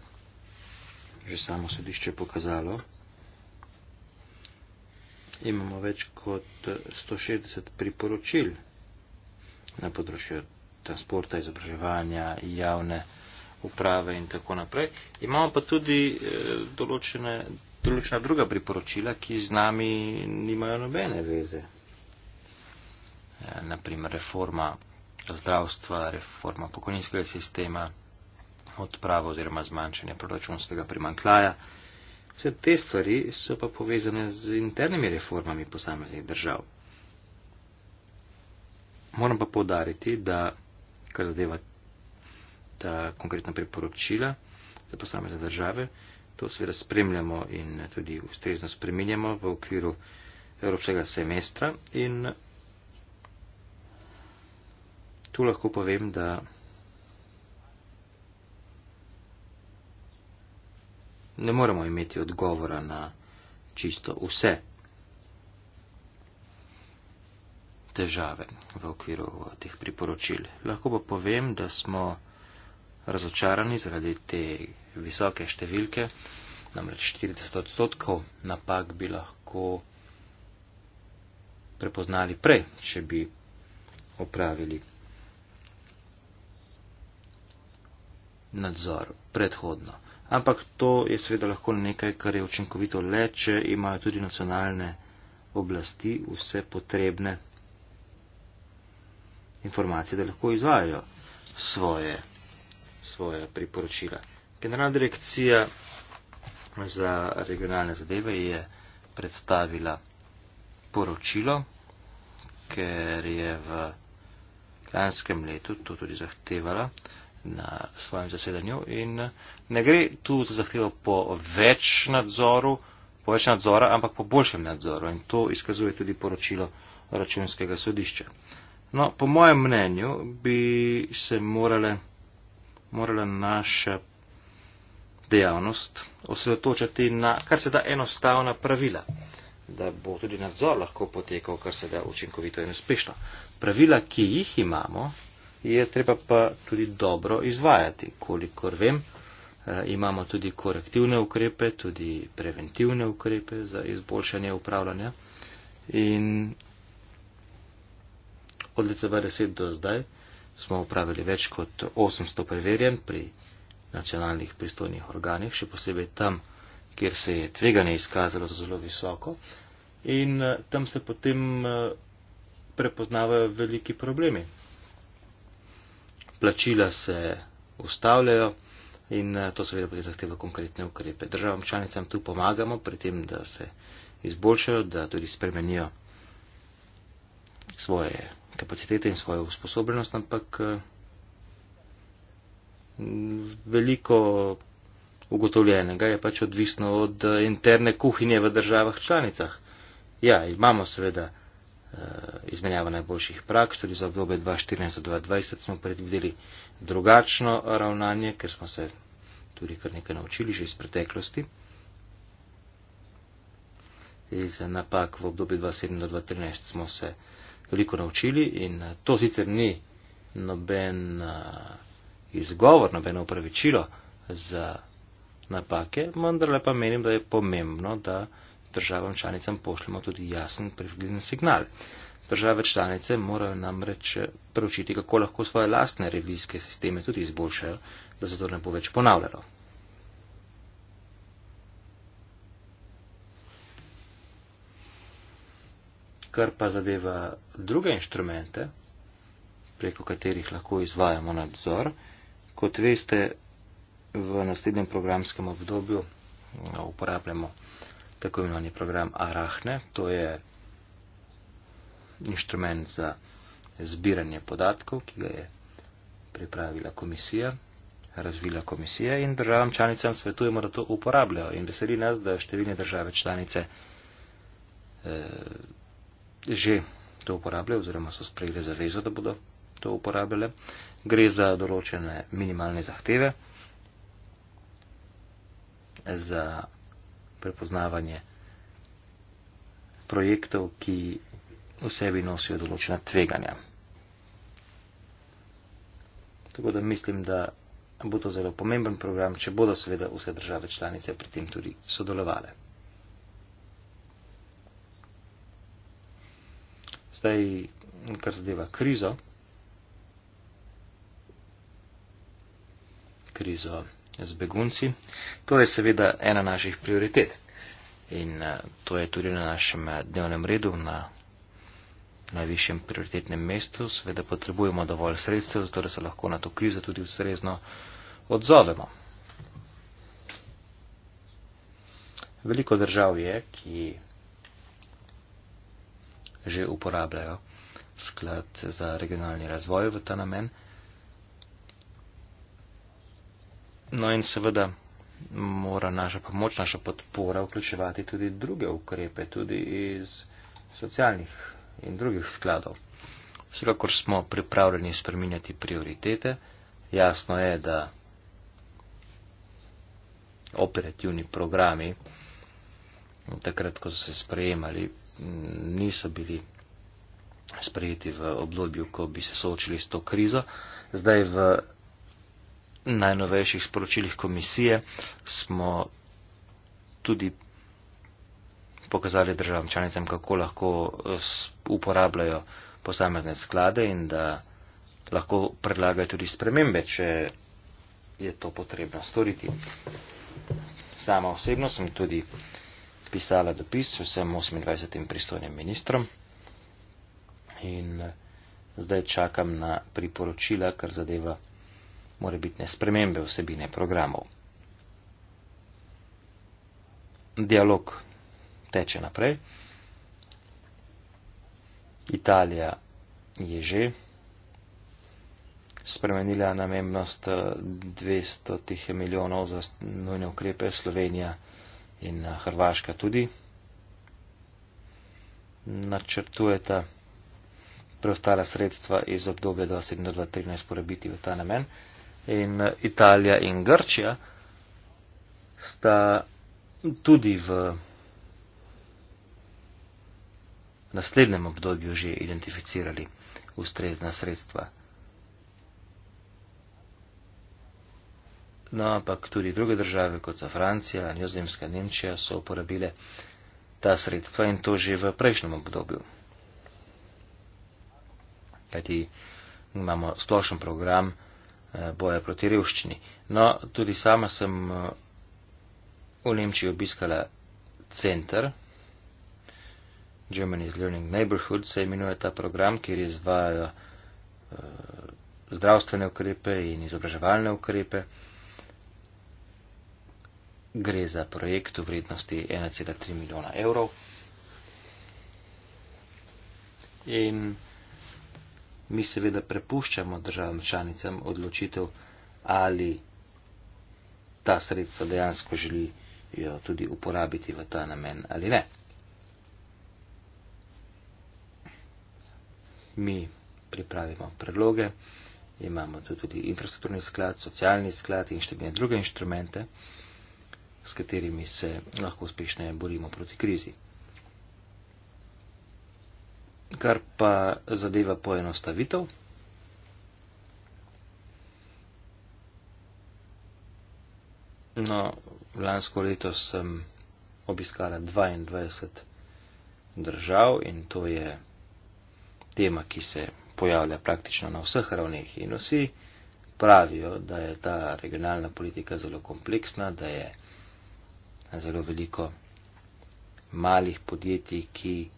že samo sădiște pokazalo, imamo več kot 160 priporočil na področju transporta, izobraževanja, javne uprave in tako naprej. Imamo pa tudi eh, določene, določena druga priporočila, ki z nami nimajo nobene veze. Ja, Naprimer reforma zdravstva, reforma pokojninskega sistema, odprava oziroma zmanjšanje proračunskega primankljaja. Vse te stvari so pa povezane z internimi reformami posameznih držav. Moram pa povdariti, da kar zadeva ta konkretna priporočila za posamezne države, to seveda spremljamo in tudi ustrezno spreminjamo v okviru evropskega semestra in tu lahko povem, da ne moremo imeti odgovora na čisto vse težave v okviru teh priporočil. Lahko pa povem, da smo razočarani zaradi te visoke številke, namreč 40 odstotkov napak bi lahko prepoznali prej, če bi opravili nadzor predhodno ampak to je seveda lahko nekaj, kar je učinkovito le, če imajo tudi nacionalne oblasti vse potrebne informacije, da lahko izvajajo svoje, svoje priporočila. Generalna direkcija za regionalne zadeve je predstavila poročilo, ker je v lanskem letu to tudi zahtevala, na svojem zasedanju in ne gre tu za zahtevo po več nadzoru, po več nadzora, ampak po boljšem nadzoru in to izkazuje tudi poročilo računskega sodišča. No, po mojem mnenju bi se morale, morala naša dejavnost osredotočati na kar se da enostavna pravila, da bo tudi nadzor lahko potekal kar se da učinkovito in uspešno. Pravila, ki jih imamo, je treba pa tudi dobro izvajati, kolikor vem. Eh, imamo tudi korektivne ukrepe, tudi preventivne ukrepe za izboljšanje upravljanja. In od leta 2010 do zdaj smo upravili več kot 800 preverjanj pri nacionalnih pristojnih organih, še posebej tam, kjer se je tveganje izkazalo zelo visoko. In eh, tam se potem eh, prepoznavajo veliki problemi plačila se ustavljajo in eh, to seveda pri zahteva konkretne ukrepe. Državam članicam tu pomagamo pri tem, da se izboljšajo, da tudi spremenijo svoje kapacitete in svojo usposobljenost, ampak eh, veliko ugotovljenega je pač odvisno od eh, interne kuhinje v državah članicah. Ja, imamo seveda Eh, izmenjava najboljših praks, tudi za obdobje 2014-2020 smo predvideli drugačno ravnanje, ker smo se tudi kar nekaj naučili že iz preteklosti. Iz napak v obdobju 2007-2013 smo se veliko naučili in eh, to sicer ni noben eh, izgovor, nobeno upravičilo za napake, vendar pa menim, da je pomembno, da državam članicam pošljemo tudi jasen, prevgleden signal. Države članice morajo namreč eh, preučiti, kako lahko svoje lastne revizijske sisteme tudi izboljšajo, da se to ne bo več ponavljalo. Kar pa zadeva druge inštrumente, preko katerih lahko izvajamo nadzor, kot veste, v naslednjem programskem obdobju no, uporabljamo tako imenovani program Arahne, to je inštrument za zbiranje podatkov, ki ga je pripravila komisija, razvila komisija in državam članicam svetujemo, da to uporabljajo in veseli nas, da številne države članice eh, že to uporabljajo oziroma so sprejeli zavezo, da bodo to uporabljale. Gre za določene minimalne zahteve, za prepoznavanje projektov, ki v sebi nosijo določena tveganja. Tako da mislim, da bo to zelo pomemben program, če bodo seveda vse države članice pri tem tudi sodelovale. Zdaj, kar zadeva krizo, krizo z begunci. To je seveda ena naših prioritet in eh, to je tudi na našem eh, dnevnem redu, na najvišjem prioritetnem mestu. Seveda potrebujemo dovolj sredstev, zato da se lahko na to krizo tudi ustrezno odzovemo. Veliko držav je, ki že uporabljajo sklad za regionalni razvoj v ta namen. No in seveda mora naša pomoč, naša podpora vključevati tudi druge ukrepe, tudi iz socialnih in drugih skladov. Vsekakor smo pripravljeni spreminjati prioritete, jasno je, da operativni programi, takrat, ko so se sprejemali, niso bili sprejeti v obdobju, ko bi se soočili s to krizo. Zdaj v najnovejših sporočilih komisije smo tudi pokazali državam članicam, kako lahko uporabljajo posamezne sklade in da lahko predlagajo tudi spremembe, če je to potrebno storiti. Sama osebno sem tudi pisala dopis vsem 28 pristojnim ministrom in eh, zdaj čakam na priporočila, kar zadeva morebitne spremembe vsebine programov. Dialog teče naprej. Italija je že spremenila namembnost 200 eh, milijonov za nujne ukrepe, Slovenija in eh, Hrvaška tudi načrtujeta preostala sredstva iz obdobja 2007-2013 porabiti v ta namen in eh, Italija in Grčija sta tudi v naslednjem obdobju že identificirali ustrezna sredstva. No, ampak tudi druge države, kot so Francija, Nizozemska, Nemčija, so uporabile ta sredstva in to že v prejšnjem obdobju. Kajti imamo splošen program, Eh, boja proti revščini. No, tudi sama sem eh, v Nemčiji obiskala center, Germany's Learning Neighborhood se imenuje ta program, kjer izvajajo eh, zdravstvene ukrepe in izobraževalne ukrepe. Gre za projekt v vrednosti 1,3 milijona evrov. In mi seveda prepuščamo državam članicam odločitev, ali ta sredstva dejansko želijo tudi uporabiti v ta namen ali ne. Mi pripravimo predloge, imamo tu tudi infrastrukturni sklad, socialni sklad in številne druge inštrumente, s katerimi se lahko uspešno borimo proti krizi kar pa zadeva poenostavitev. No, lansko leto sem obiskala 22 držav in to je tema, ki se pojavlja praktično na vseh ravneh in vsi pravijo, da je ta regionalna politika zelo kompleksna, da je zelo veliko malih podjetij, ki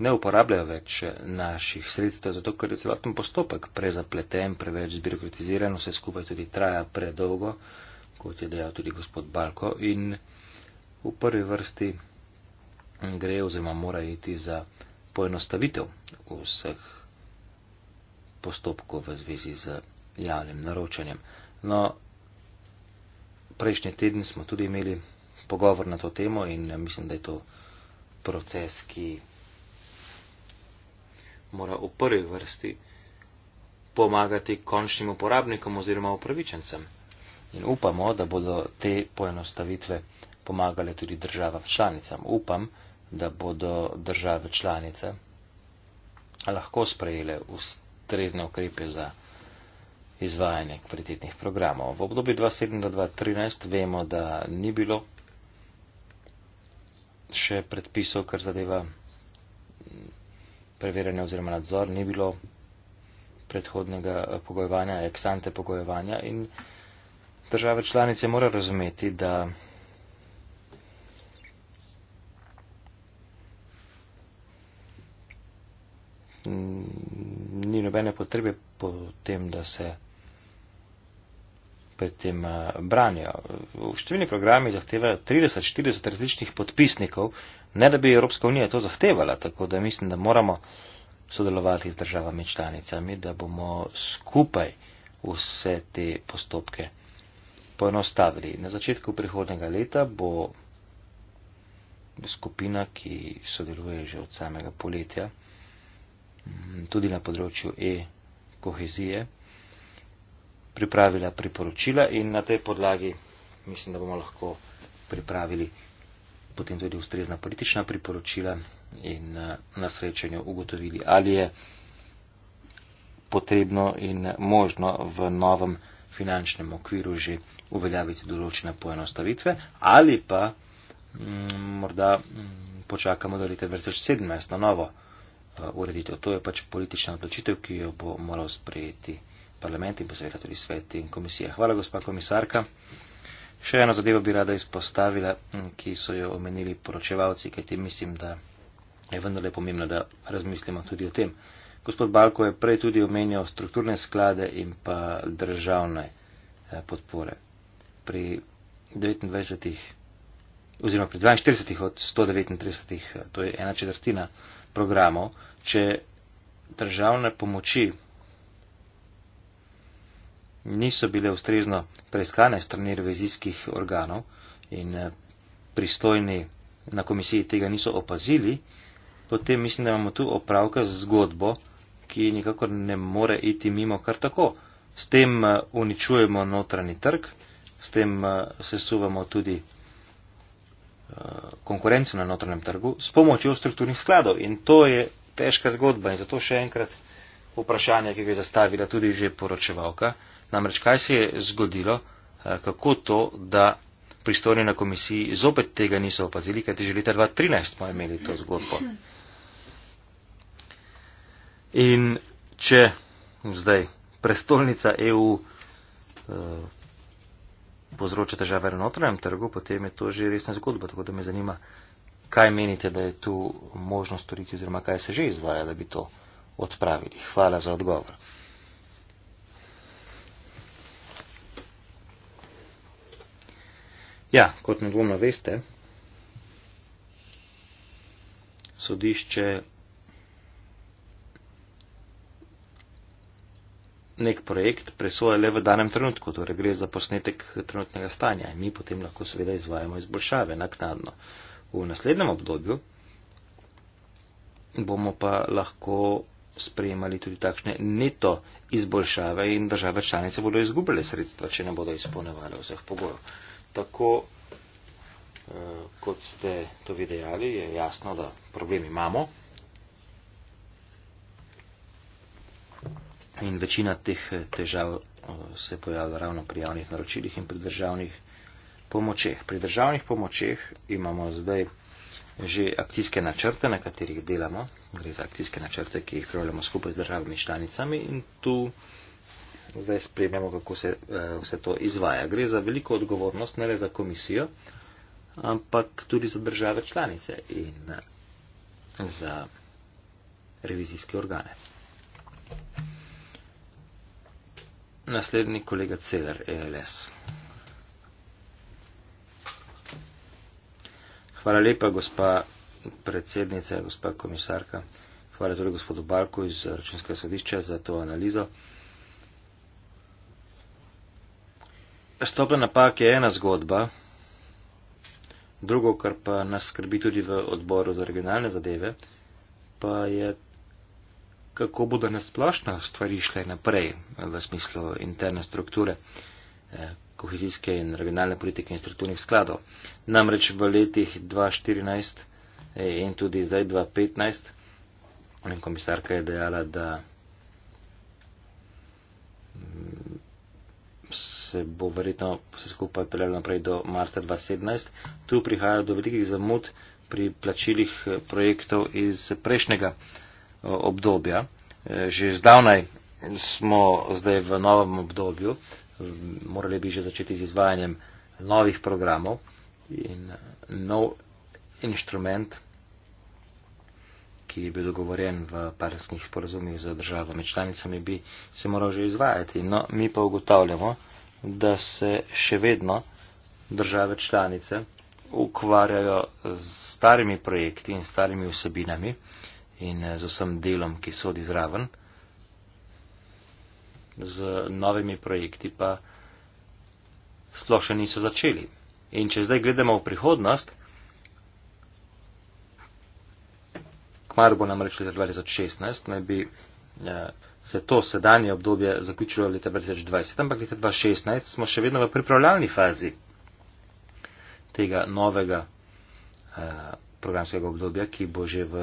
ne uporabljajo več naših sredstev, zato ker je celoten postopek prezapleten, preveč zbirokratiziran, vse skupaj tudi traja predolgo, kot je dejal tudi gospod Balko. In v prvi vrsti gre oziroma mora iti za poenostavitev vseh postopkov v zvezi z javnim naročanjem. No, prejšnji teden smo tudi imeli pogovor na to temo in mislim, da je to proces, ki mora v prvi vrsti pomagati končnim uporabnikom oziroma upravičencem. In upamo, da bodo te poenostavitve pomagale tudi državam članicam. Upam, da bodo države članice lahko sprejele ustrezne ukrepe za izvajanje kvalitetnih programov. V obdobju 2007-2013 vemo, da ni bilo še predpisov, kar zadeva preverjanja oziroma nadzor, ni bilo predhodnega eh, pogojevanja, eksante pogojevanja in države članice mora razumeti, da ni nobene potrebe po tem, da se pred tem eh, branijo. V številni programi zahtevajo 30-40 različnih podpisnikov, Ne da bi Evropska unija to zahtevala, tako da mislim, da moramo sodelovati z državami članicami, da bomo skupaj vse te postopke poenostavili. Na začetku prihodnega leta bo skupina, ki sodeluje že od samega poletja, tudi na področju e-kohezije, pripravila priporočila in na tej podlagi mislim, da bomo lahko pripravili potem tudi ustrezna politična priporočila in eh, na srečanju ugotovili, ali je potrebno in možno v novem finančnem okviru že uveljaviti določene poenostavitve ali pa mm, morda mm, počakamo do leta 2017 na novo eh, ureditev. To je pač politična odločitev, ki jo bo moral sprejeti parlament in pa seveda tudi svet in komisija. Hvala, gospa komisarka. Še eno zadevo bi rada izpostavila, ki so jo omenili poročevalci, kajti mislim, da je vendarle pomembno, da razmislimo tudi o tem. Gospod Balko je prej tudi omenjal strukturne sklade in pa državne eh, podpore. Pri 29. oziroma pri 42. od 139. Eh, to je ena četrtina programov, če državne pomoči niso bile ustrezno preiskane strani revizijskih organov in eh, pristojni na komisiji tega niso opazili, potem mislim, da imamo tu opravka z zgodbo, ki nikakor ne more iti mimo kar tako. S tem eh, uničujemo notranji trg, s tem eh, sesuvamo tudi konkurenco na notranjem trgu s pomočjo strukturnih skladov in to je težka zgodba in zato še enkrat vprašanje, ki ga je zastavila tudi že poročevalka. Namreč kaj se je zgodilo, eh, kako to, da pristojni na komisiji zopet tega niso opazili, kajti že leta 2013 smo imeli to zgodbo. In če zdaj prestolnica EU eh, povzroča težave na notranjem trgu, potem je to že resna zgodba, tako da me zanima, kaj menite, da je tu možnost storiti oziroma kaj se že izvaja, da bi to odpravili. Hvala za odgovor. Ja, kot nedvomno veste, sodišče nek projekt presoja le v danem trenutku, torej gre za posnetek trenutnega stanja in mi potem lahko seveda izvajamo izboljšave naknadno. V naslednjem obdobju bomo pa lahko sprejemali tudi takšne neto izboljšave in države članice bodo izgubile sredstva, če ne bodo izpolnevali vseh pogojev tako eh, kot ste to videli, je jasno, da problemi imamo. In večina teh eh, težav eh, se pojavlja ravno pri javnih naročilih in pri državnih pomočeh. Pri državnih pomočeh imamo zdaj že akcijske načrte, na katerih delamo. Gre za akcijske načrte, ki jih pripravljamo skupaj z državami članicami in tu zdaj spremljamo, kako se eh, vse to izvaja. Gre za veliko odgovornost, ne le za komisijo, ampak tudi za države članice in eh, za revizijske organe. Naslednji kolega Celer, ELS. Hvala lepa, gospa predsednica, gospa komisarka. Hvala tudi torej gospodu Balku iz Računskega sodišča za to analizo. Stopen napak je ena zgodba, drugo, kar pa nas skrbi tudi v odboru za regionalne zadeve, pa je, kako bodo nasplošno stvari šle naprej v smislu interne strukture eh, kohezijske in regionalne politike in strukturnih skladov. Namreč v letih 2014 eh, in tudi zdaj 2015, in komisarka je dejala, da mm, se bo verjetno vse skupaj peljalo naprej do marca 2017. Tu prihaja do velikih zamud pri plačilih eh, projektov iz prejšnjega eh, obdobja. Eh, že zdavnaj smo zdaj v novem obdobju, morali bi že začeti z izvajanjem novih programov in nov inštrument ki je bil dogovorjen v parskih sporazumih z državami članicami, bi se moral že izvajati. No, mi pa ugotavljamo, da se še vedno države članice ukvarjajo z starimi projekti in starimi vsebinami in eh, z vsem delom, ki sodi zraven, z novimi projekti pa sploh še niso začeli. In če zdaj gledamo v prihodnost, kmar bo namreč leta 2016, naj bi eh, se to sedanje obdobje zaključilo leta 2020, ampak leta 2016 smo še vedno v pripravljalni fazi tega novega eh, programskega obdobja, ki bo že v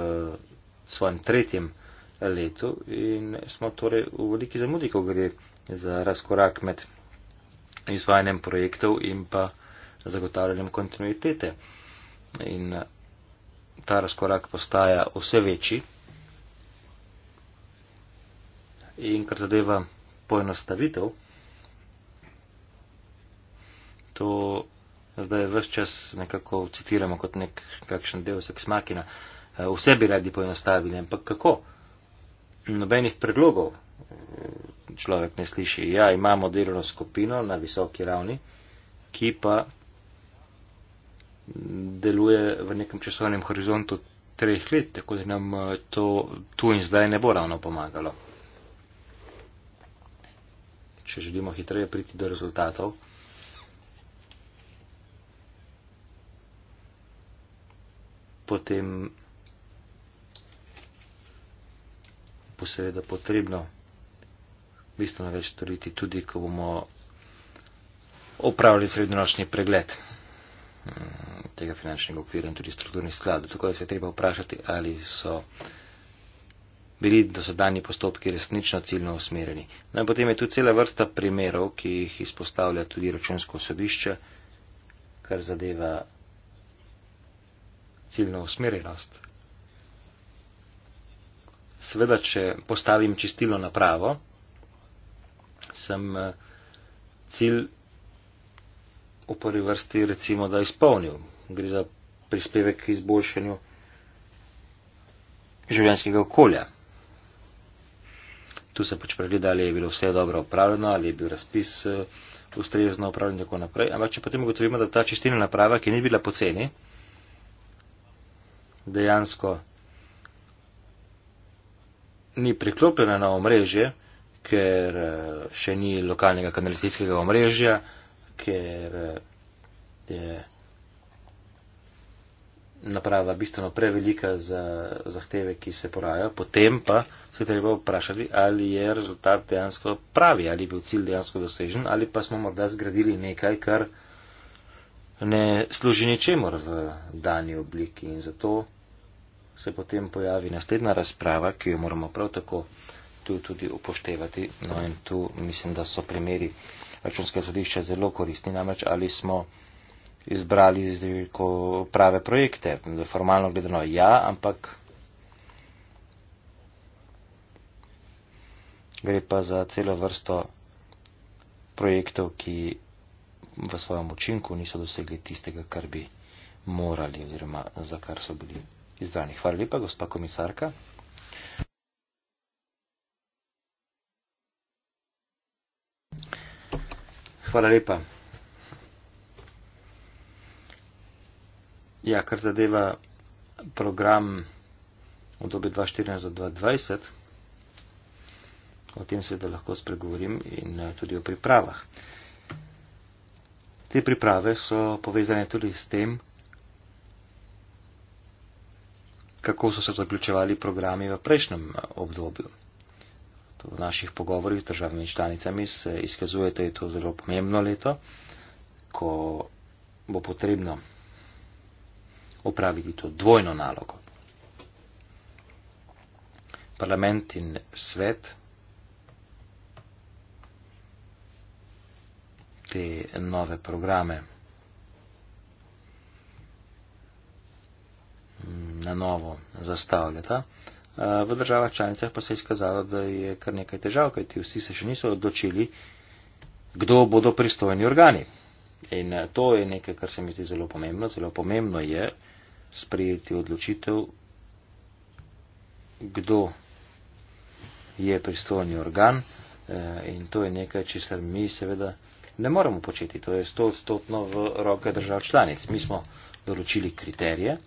svojem tretjem letu in smo torej v veliki zamudi, ko gre za razkorak med izvajanjem projektov in pa zagotavljanjem kontinuitete. In eh, ta razkorak postaja vse večji. In kar zadeva poenostavitev, to zdaj vse čas nekako citiramo kot nek kakšen del seksmakina. Eh, vse bi radi poenostavili, ampak kako? Nobenih predlogov eh, človek ne sliši. Ja, imamo delovno skupino na visoki ravni, ki pa deluje v nekem časovnem horizontu treh let, tako da nam eh, to tu in zdaj ne bo ravno pomagalo če želimo hitreje priti do rezultatov. Potem bo seveda potrebno bistveno več storiti, tudi ko bomo opravili srednjeročni pregled mm, tega finančnega okvira in tudi strukturnih skladov. Tukaj se je treba vprašati, ali so bili dosedani postopki resnično ciljno usmerjeni. No in potem je tu cela vrsta primerov, ki jih izpostavlja tudi računsko sodišče, kar zadeva ciljno usmerjenost. Sveda, če postavim čistilo na pravo, sem eh, cilj v prvi vrsti recimo, da izpolnil. Gre za prispevek k izboljšanju življenskega okolja tu sem pač pregledal, ali je bilo vse dobro upravljeno, ali je bil razpis eh, ustrezno upravljen in tako naprej. Ampak če potem ugotovimo, da ta čistilna naprava, ki ni bila poceni, dejansko ni priklopljena na omrežje, ker eh, še ni lokalnega kanalizacijskega omrežja, ker eh, je naprava bistveno prevelika za zahteve, ki se porajajo, potem pa se treba vprašati, ali je rezultat dejansko pravi, ali je bil cilj dejansko dosežen, ali pa smo morda zgradili nekaj, kar ne služi ničemor v dani obliki. In zato se potem pojavi naslednja razprava, ki jo moramo prav tako tu tudi upoštevati. No in tu mislim, da so primeri računskega sodišča zelo koristni, namreč ali smo izbrali ko, prave projekte. Formalno gledano ja, ampak gre pa za celo vrsto projektov, ki v svojem učinku niso dosegli tistega, kar bi morali oziroma za kar so bili izdani. Hvala lepa, gospa komisarka. Hvala lepa. Ja, kar zadeva program od obi 2014 do 2020, o tem seveda lahko spregovorim in eh, tudi o pripravah. Te priprave so povezane tudi s tem, kako so se zaključevali programi v prejšnjem eh, obdobju. To v naših pogovorih z državami in članicami se izkazuje, da je to zelo pomembno leto, ko bo potrebno opraviti to dvojno nalogo. Parlament in svet te nove programe na novo zastavljata. V državah članicah pa se je izkazalo, da je kar nekaj težav, kajti vsi se še niso odločili, kdo bodo pristojni organi. In to je nekaj, kar se mi zdi zelo pomembno. Zelo pomembno je, sprejeti odločitev, kdo je pristojni organ eh, in to je nekaj, česar mi seveda ne moremo početi. To je sto odstotno v roke držav članic. Mi smo določili kriterije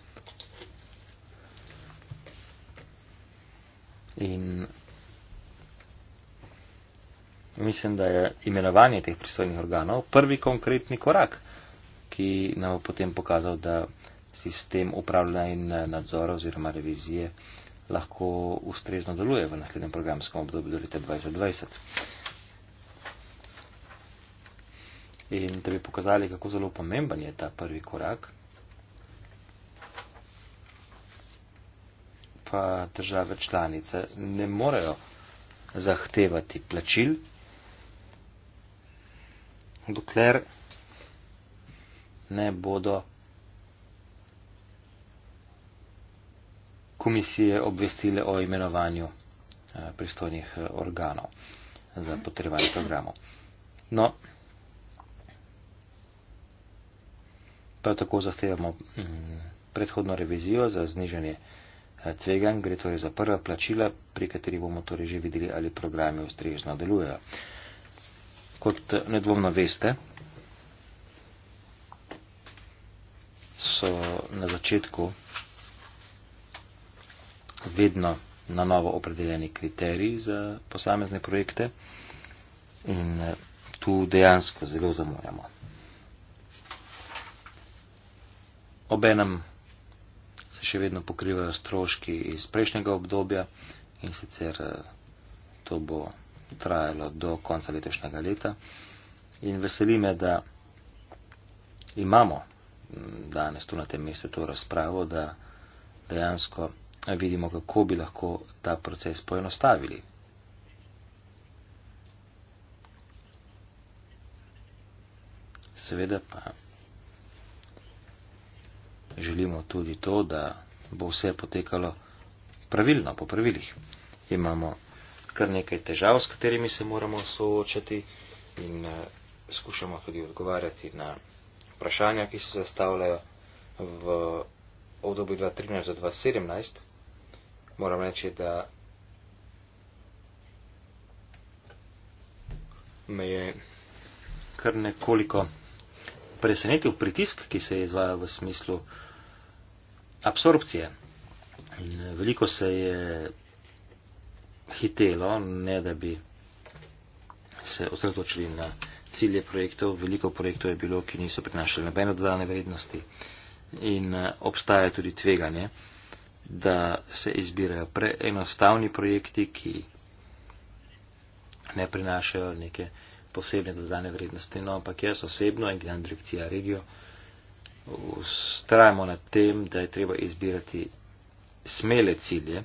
in mislim, da je imenovanje teh pristojnih organov prvi konkretni korak, ki nam bo potem pokazal, da sistem upravljanja in eh, nadzora oziroma revizije lahko ustrezno deluje v naslednjem programskem obdobju do leta 2020. In da bi pokazali, kako zelo pomemben je ta prvi korak, pa države članice ne morejo zahtevati plačil, dokler ne bodo komisije obvestile o imenovanju eh, pristojnih eh, organov za potrebovanje programov. No, prav tako zahtevamo mm, predhodno revizijo za znižanje eh, tvegan, gre torej za prva plačila, pri kateri bomo torej že videli, ali programi ustrežno delujejo. Kot nedvomno veste, so na začetku vedno na novo opredeljeni kriteriji za posamezne projekte in eh, tu dejansko zelo zamujamo. Obenem se še vedno pokrivajo stroški iz prejšnjega obdobja in sicer eh, to bo trajalo do konca letošnjega leta. In veseli me, da imamo mm, danes tu na tem mestu to razpravo, da dejansko vidimo, kako bi lahko ta proces poenostavili. Seveda pa želimo tudi to, da bo vse potekalo pravilno, po pravilih. Imamo kar nekaj težav, s katerimi se moramo soočati in eh, skušamo tudi odgovarjati na vprašanja, ki se zastavljajo v obdobju 2013-2017 moram reći da me je kar nekoliko presenetil pritisk, ki se je izvajal v smislu absorpcije. In eh, veliko se je hitelo, ne da bi se osredotočili na cilje projektov, veliko projektov je bilo, ki niso prinašali nobene dodane vrednosti in eh, obstaja tudi tveganje da se izbirajo preenostavni projekti, ki ne prinašajo neke posebne dodane vrednosti. No, ampak jaz osebno in glede direkcija regijo ustrajamo na tem, da je treba izbirati smele cilje,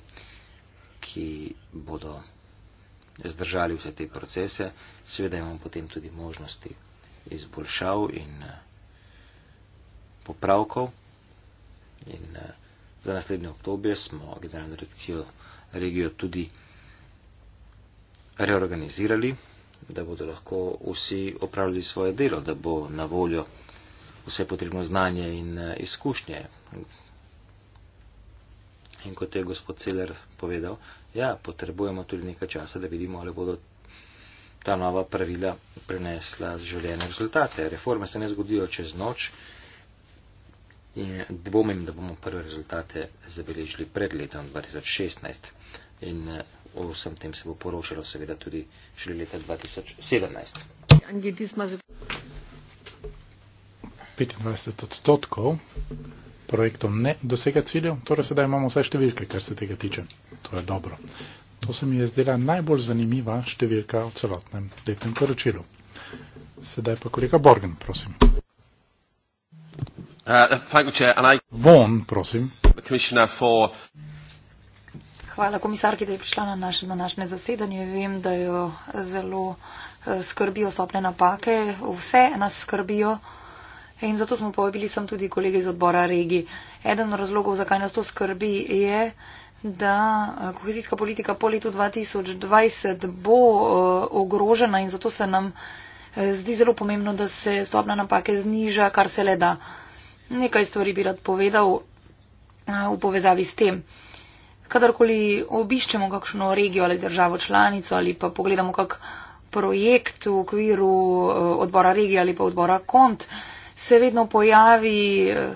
ki bodo zdržali vse te procese. Seveda imamo potem tudi možnosti izboljšav in eh, popravkov. In, uh, Za naslednje obdobje smo generalno direkcijo regijo tudi reorganizirali, da bodo lahko vsi opravljali svoje delo, da bo na voljo vse potrebno znanje in eh, izkušnje. In kot je gospod Celer povedal, ja, potrebujemo tudi nekaj časa, da vidimo, ali bodo ta nova pravila prenesla želene rezultate. Reforme se ne zgodijo čez noč in dvomim, da bomo prve rezultate zabeležili pred letom 2016. In eh, o vsem tem se bo poročalo seveda tudi šele leta 2017. 15 odstotkov projektov ne dosega ciljev, torej sedaj imamo vse številke, kar se tega tiče. To je dobro. To se mi je zdela najbolj zanimiva številka v celotnem letnem poročilu. Sedaj pa kolega Borgen, prosim. Uh, Von, prosim. Hvala komisarki, da je prišla na naše današnje zasedanje. Vem, da jo eh, zelo eh, skrbijo stopne napake. Vse nas skrbijo. In zato smo povabili sem tudi kolege iz odbora regi. Eden od razlogov, zakaj nas to skrbi, je, da eh, kohezijska politika po letu 2020 bo ogrožena in zato se nam zdi zelo pomembno, da se stopna napake zniža, kar se le da. Nekaj stvari bi rad povedal v povezavi s tem. Kadarkoli obiščemo kakšno regijo ali državo članico ali pa pogledamo kak projekt v okviru e, odbora regije ali pa odbora kont, se vedno pojavi e, e,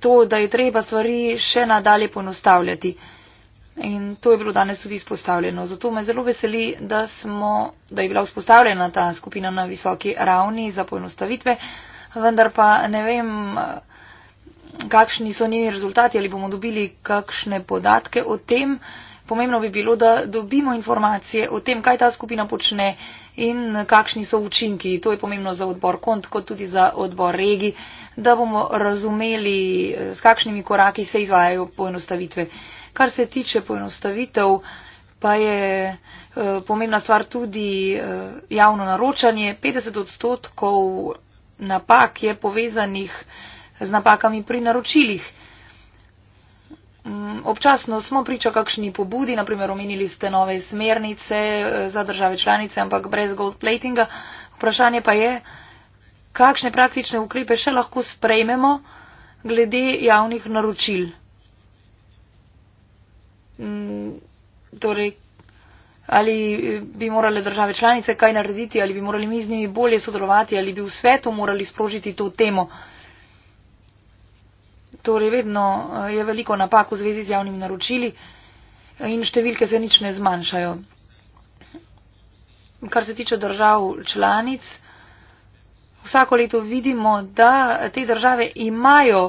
to, da je treba stvari še nadalje ponostavljati. In to je bilo danes tudi izpostavljeno. Zato me zelo veseli, da, smo, da je bila vzpostavljena ta skupina na visoki ravni za poenostavitve, vendar pa ne vem, kakšni so njeni rezultati ali bomo dobili kakšne podatke o tem. Pomembno bi bilo, da dobimo informacije o tem, kaj ta skupina počne in kakšni so učinki. To je pomembno za odbor kont, kot tudi za odbor regi, da bomo razumeli, eh, s kakšnimi koraki se izvajajo poenostavitve. Kar se tiče poenostavitev, pa je eh, pomembna stvar tudi eh, javno naročanje. 50 odstotkov napak je povezanih z napakami pri naročilih. Mm, občasno smo priča kakšni pobudi, naprimer omenili ste nove smernice eh, za države članice, ampak brez gold platinga. Vprašanje pa je, kakšne praktične ukrepe še lahko sprejmemo glede javnih naročil. Mm, torej, ali eh, bi morale države članice kaj narediti, ali bi morali mi z njimi bolje sodelovati, ali bi v svetu morali sprožiti to temo. Torej, vedno eh, je veliko napak v zvezi z javnimi naročili eh, in številke se nič ne zmanjšajo. Kar se tiče držav članic, vsako leto vidimo, da te države imajo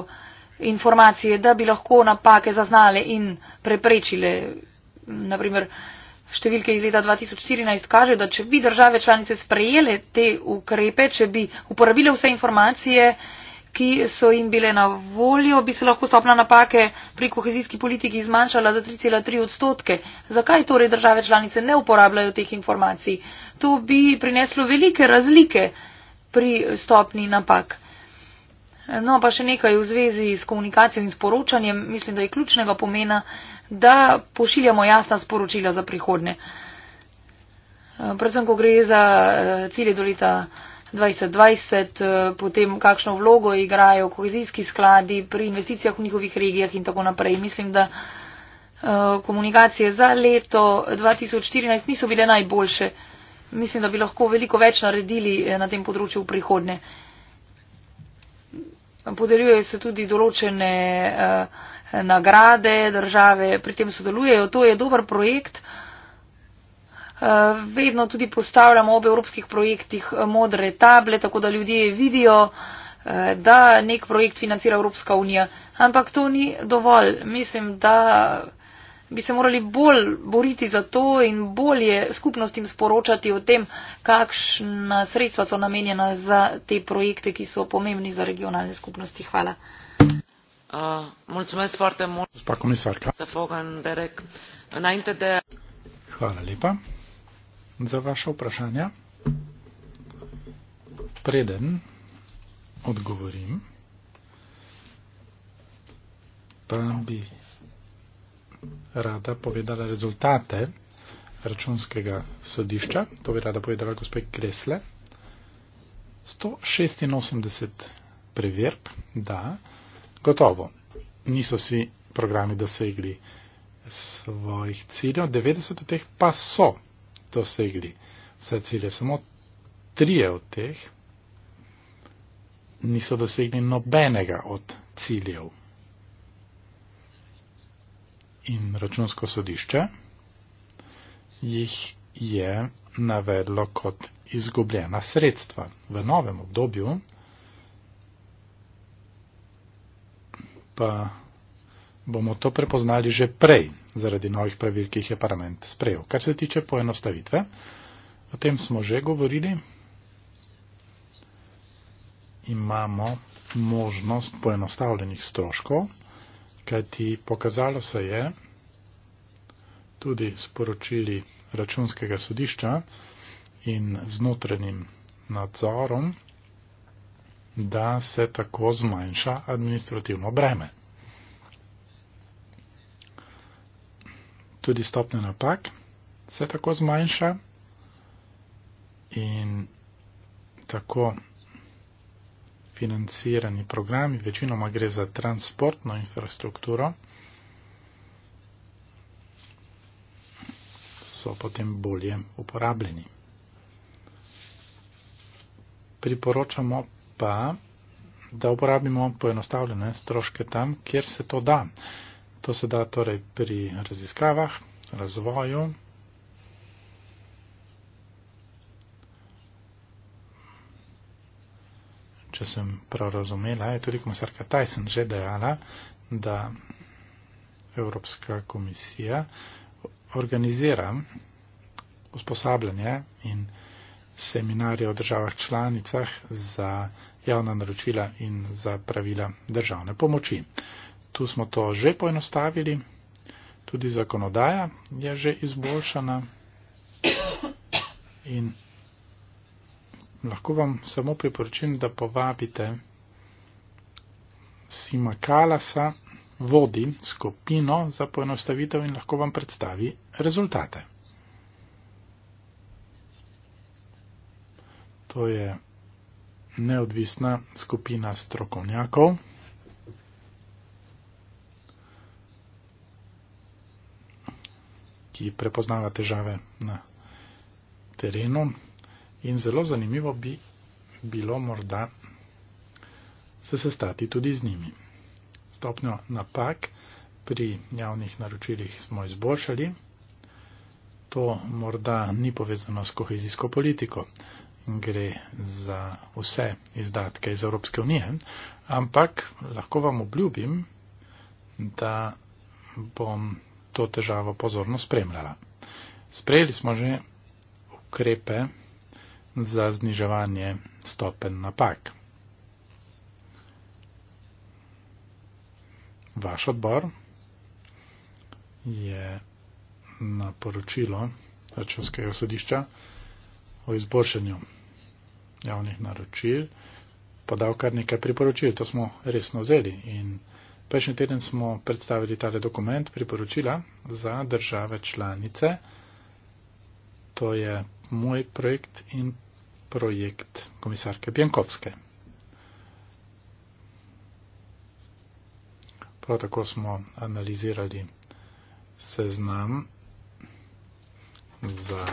informacije, da bi lahko napake zaznale in preprečile. Naprimer, številke iz leta 2014 kaže, da če bi države članice sprejele te ukrepe, če bi uporabile vse informacije, ki so jim bile na voljo, bi se lahko stopna napake pri kohezijski politiki zmanjšala za 3,3 odstotke. Zakaj torej države članice ne uporabljajo teh informacij? To bi prineslo velike razlike pri stopni napak. No, pa še nekaj v zvezi s komunikacijo in sporočanjem. Mislim, da je ključnega pomena, da pošiljamo jasna sporočila za prihodnje. Eh, predvsem, ko gre za eh, cilje do leta 2020, eh, potem kakšno vlogo igrajo kohezijski skladi pri investicijah v njihovih regijah in tako naprej. Mislim, da komunikacije za leto 2014 niso bile najboljše. Mislim, da bi lahko veliko več naredili na tem področju v prihodnje podeljujejo se tudi določene eh, nagrade, države pri tem sodelujejo. To je dober projekt. Eh, vedno tudi postavljamo ob evropskih projektih eh, modre table, tako da ljudje vidijo, da nek projekt financira Evropska unija. Ampak to ni dovolj. Mislim, da bi se morali bolj boriti za to in bolje skupnostim sporočati o tem, kakšna sredstva so namenjena za te projekte, ki so pomembni za regionalne skupnosti. Hvala. Hvala lepa za vaše vprašanje. Preden odgovorim, pa bi rada povedala rezultate računskega sodišča, to bi rada povedala gospe Kresle. 186 preverb, da, gotovo, niso vsi programi dosegli svojih ciljev, 90 od teh pa so dosegli vse cilje, samo trije od teh niso dosegli nobenega od ciljev in računsko sodišče jih je navedlo kot izgubljena sredstva. V novem obdobju pa bomo to prepoznali že prej, zaradi novih pravil, ki jih je parlament sprejel. Kar se tiče poenostavitve, o tem smo že govorili. Imamo možnost poenostavljenih stroškov, kajti pokazalo se je tudi sporočili računskega sodišča in znotrenim nadzorom, da se tako zmanjša administrativno breme. Tudi stopne napak se tako zmanjša in tako financirani programi, večinoma gre za transportno infrastrukturo, so potem bolje uporabljeni. Priporočamo pa, da uporabimo poenostavljene stroške tam, kjer se to da. To se da torej pri raziskavah, razvoju, če sem prav razumela, je tudi komisarka Tyson že dejala, da Evropska komisija organizira usposabljanje in seminarje o državah članicah za javna naročila in za pravila državne pomoči. Tu smo to že poenostavili, tudi zakonodaja je že izboljšana in lahko vam samo priporočim, da povabite Sima Kalasa vodi skupino za poenostavitev in lahko vam predstavi rezultate. To je neodvisna skupina strokovnjakov. ki prepoznava težave na terenu, In zelo zanimivo bi bilo morda se sestati tudi z njimi. Stopnjo napak pri javnih naročilih smo izboljšali. To morda ni povezano s kohezijsko politiko, gre za vse izdatke iz Evropske unije, ampak lahko vam obljubim, da bom to težavo pozorno spremljala. Sprejeli smo že ukrepe, za zniževanje stopen napak. Vaš odbor je na poročilo računskega sodišča o izboljšanju javnih naročil podal kar nekaj priporočil. To smo resno vzeli in prejšnji teden smo predstavili tale dokument priporočila za države članice. To je moj projekt in projekt komisarke Pjankovske. Prav tako smo analizirali seznam za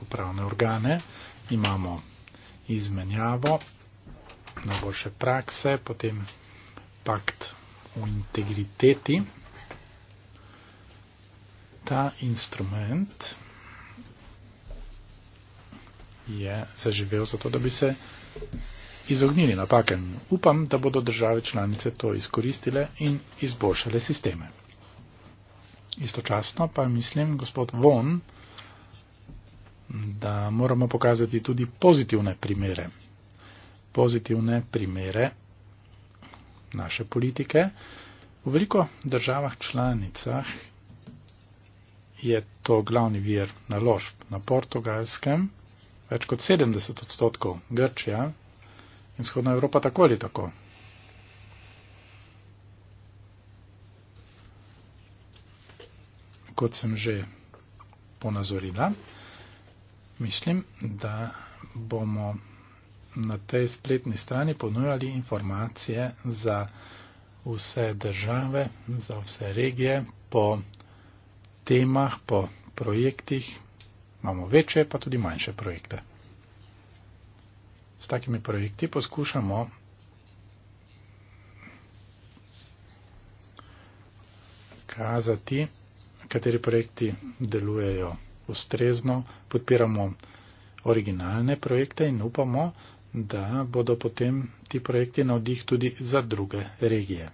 upravne organe. Imamo izmenjavo, najboljše prakse, potem pakt o integriteti. Ta instrument je zaživel zato, da bi se izognili napakem. Upam, da bodo države članice to izkoristile in izboljšale sisteme. Istočasno pa mislim, gospod Von, da moramo pokazati tudi pozitivne primere. Pozitivne primere naše politike. V veliko državah članicah je to glavni vir naložb na portugalskem, več kot 70 odstotkov Grčija in vzhodna Evropa tako ali tako. Kot sem že ponazorila, mislim, da bomo na tej spletni strani ponujali informacije za vse države, za vse regije po temah, po projektih, Imamo večje, pa tudi manjše projekte. S takimi projekti poskušamo kazati, kateri projekti delujejo ustrezno, podpiramo originalne projekte in upamo, da bodo potem ti projekti na vdih tudi za druge regije.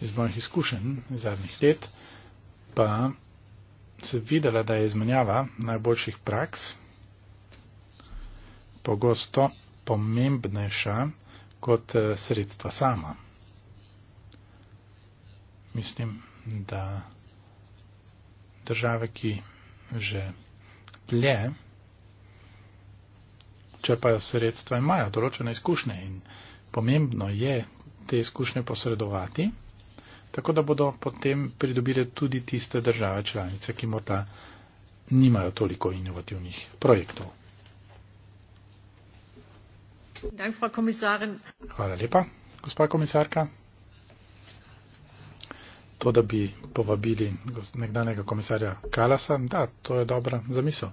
Iz mojih izkušenj zadnjih let pa se videla, da je izmenjava najboljših praks pogosto pomembnejša kot eh, sredstva sama. Mislim, da države, ki že dlje črpajo sredstva, imajo določene izkušnje in pomembno je te izkušnje posredovati tako da bodo potem pridobile tudi tiste države članice, ki morda nimajo toliko inovativnih projektov. Hvala lepa, gospa komisarka. To, da bi povabili nekdanjega komisarja Kalasa, da, to je dobra zamisel.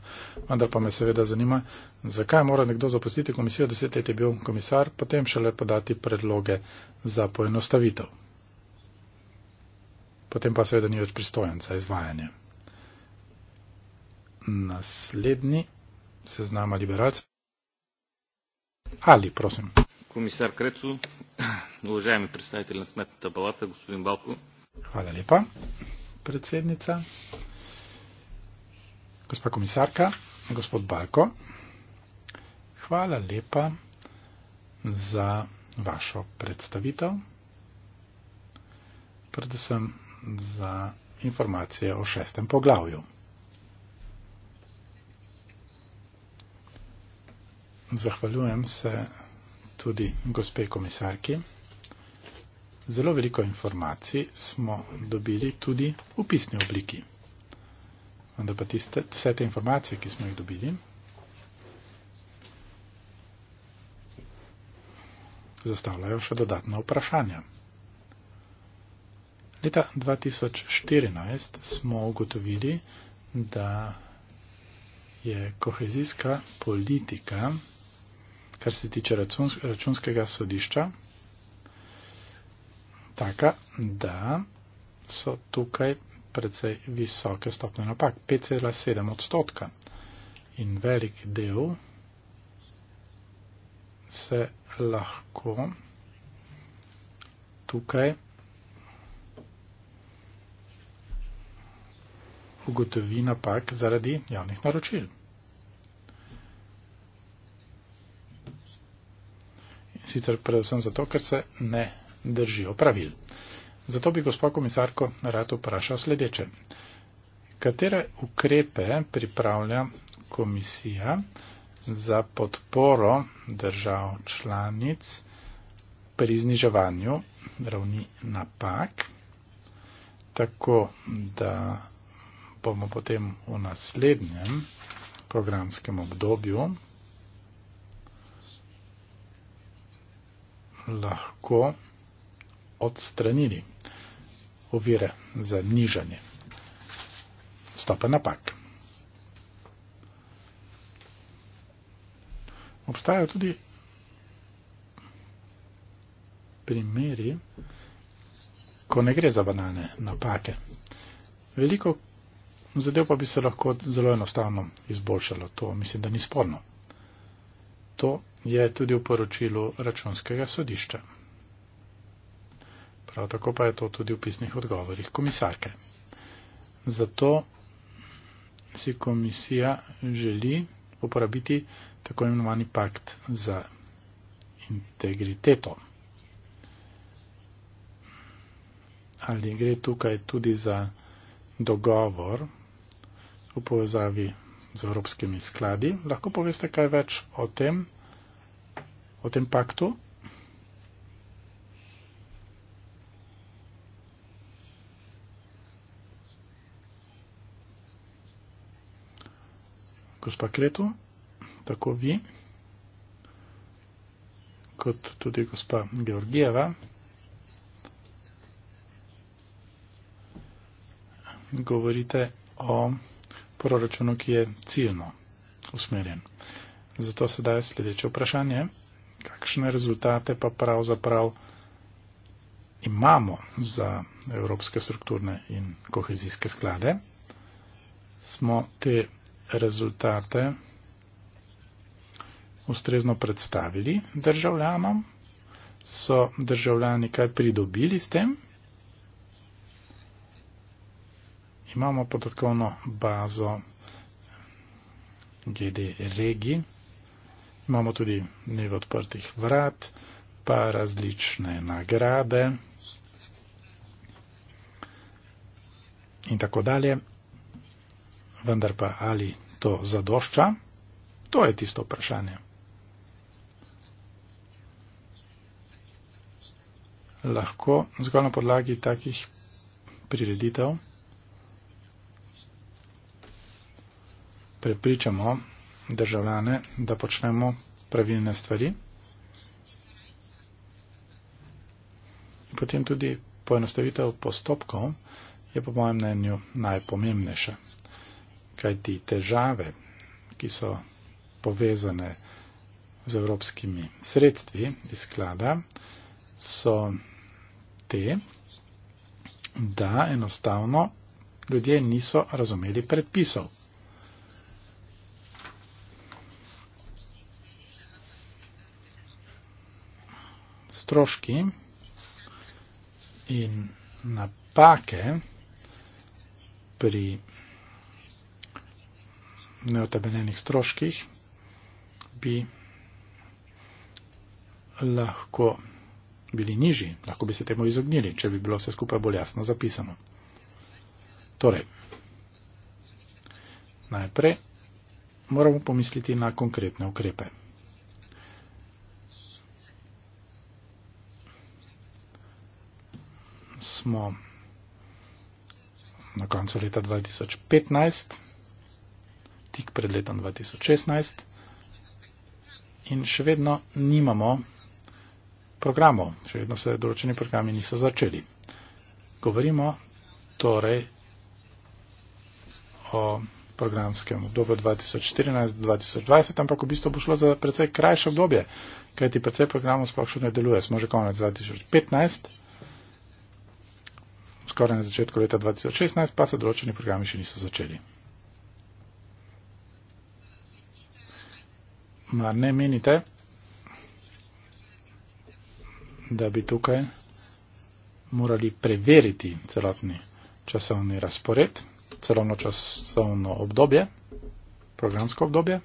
Vendar pa me seveda zanima, zakaj mora nekdo zapustiti komisijo, deset let je bil komisar, potem šele podati predloge za poenostavitev potem pa seveda ni več pristojen za izvajanje. Naslednji seznama liberalcev. Ali, prosim. Komisar Krecu, uvaženi predstavitelj na smetnita balata, gospodin Balko. Hvala lepa, predsednica. Gospa komisarka, gospod Balko, hvala lepa za vašo predstavitev. Predvsem za informacije o šestem poglavju. Zahvaljujem se tudi gospe komisarki. Zelo veliko informacij smo dobili tudi v pisni obliki. Vendar pa tiste, vse te informacije, ki smo jih dobili, zastavljajo še dodatna vprašanja. Leta 2014 smo ugotovili, da je kohezijska politika, kar se tiče račun, računskega sodišča, taka, da so tukaj predvsej visoke stopne napak, 5,7 odstotka. In velik del se lahko tukaj ugotovi napak zaradi javnih naročil. In sicer predvsem zato, ker se ne držijo pravil. Zato bi gospod komisarko rad vprašal sledeče. Katere ukrepe pripravlja komisija za podporo držav članic pri zniževanju ravni napak, tako da bomo potem v naslednjem programskem obdobju lahko odstranili ovire za nižanje stopa napak. Obstajajo tudi primeri, ko ne gre za banalne napake. Veliko zadev pa bi se lahko zelo enostavno izboljšalo. To mislim, da ni sporno. To je tudi v poročilu računskega sodišča. Prav tako pa je to tudi v pisnih odgovorih komisarke. Zato si komisija želi uporabiti tako imenovani pakt za integriteto. Ali gre tukaj tudi za dogovor v povezavi z evropskimi skladi. Lahko poveste kaj več o tem, o tem paktu? Gospa Kretu, tako vi, kot tudi gospa Georgijeva. Govorite o proračunu, ki je ciljno usmerjen. Zato sedaj sledeče vprašanje, kakšne rezultate pa pravzaprav imamo za evropske strukturne in kohezijske sklade. Smo te rezultate ustrezno predstavili državljanom, so državljani kaj pridobili s tem imamo podatkovno bazo GD regi, imamo tudi dneve odprtih vrat, pa različne nagrade in tako dalje. Vendar pa ali to zadošča, to je tisto vprašanje. Lahko zgolj na podlagi takih prireditev. prepričamo državljane, da počnemo pravilne stvari. Potem tudi poenostavitev postopkov je po mojem mnenju najpomembnejša, kajti težave, ki so povezane z evropskimi sredstvi iz sklada, so te, da enostavno ljudje niso razumeli predpisov. stroški in napake pri neotabenenih stroških bi lahko bili nižji, lahko bi se temu izognili, če bi bilo vse skupaj bolj jasno zapisano. Torej, najprej moramo pomisliti na konkretne ukrepe. smo na koncu leta 2015, tik pred letom 2016 in še vedno nimamo programov, še vedno se določeni programi niso začeli. Govorimo torej o programskem obdobju 2014-2020, ampak v bistvu bo šlo za precej krajše obdobje, kajti precej programov sploh še ne deluje. Smo že konec 2015 skoraj na začetku leta 2016, pa se določeni programi še niso začeli. Mar ne menite, da bi tukaj morali preveriti celotni časovni razpored, celotno časovno obdobje, programsko obdobje?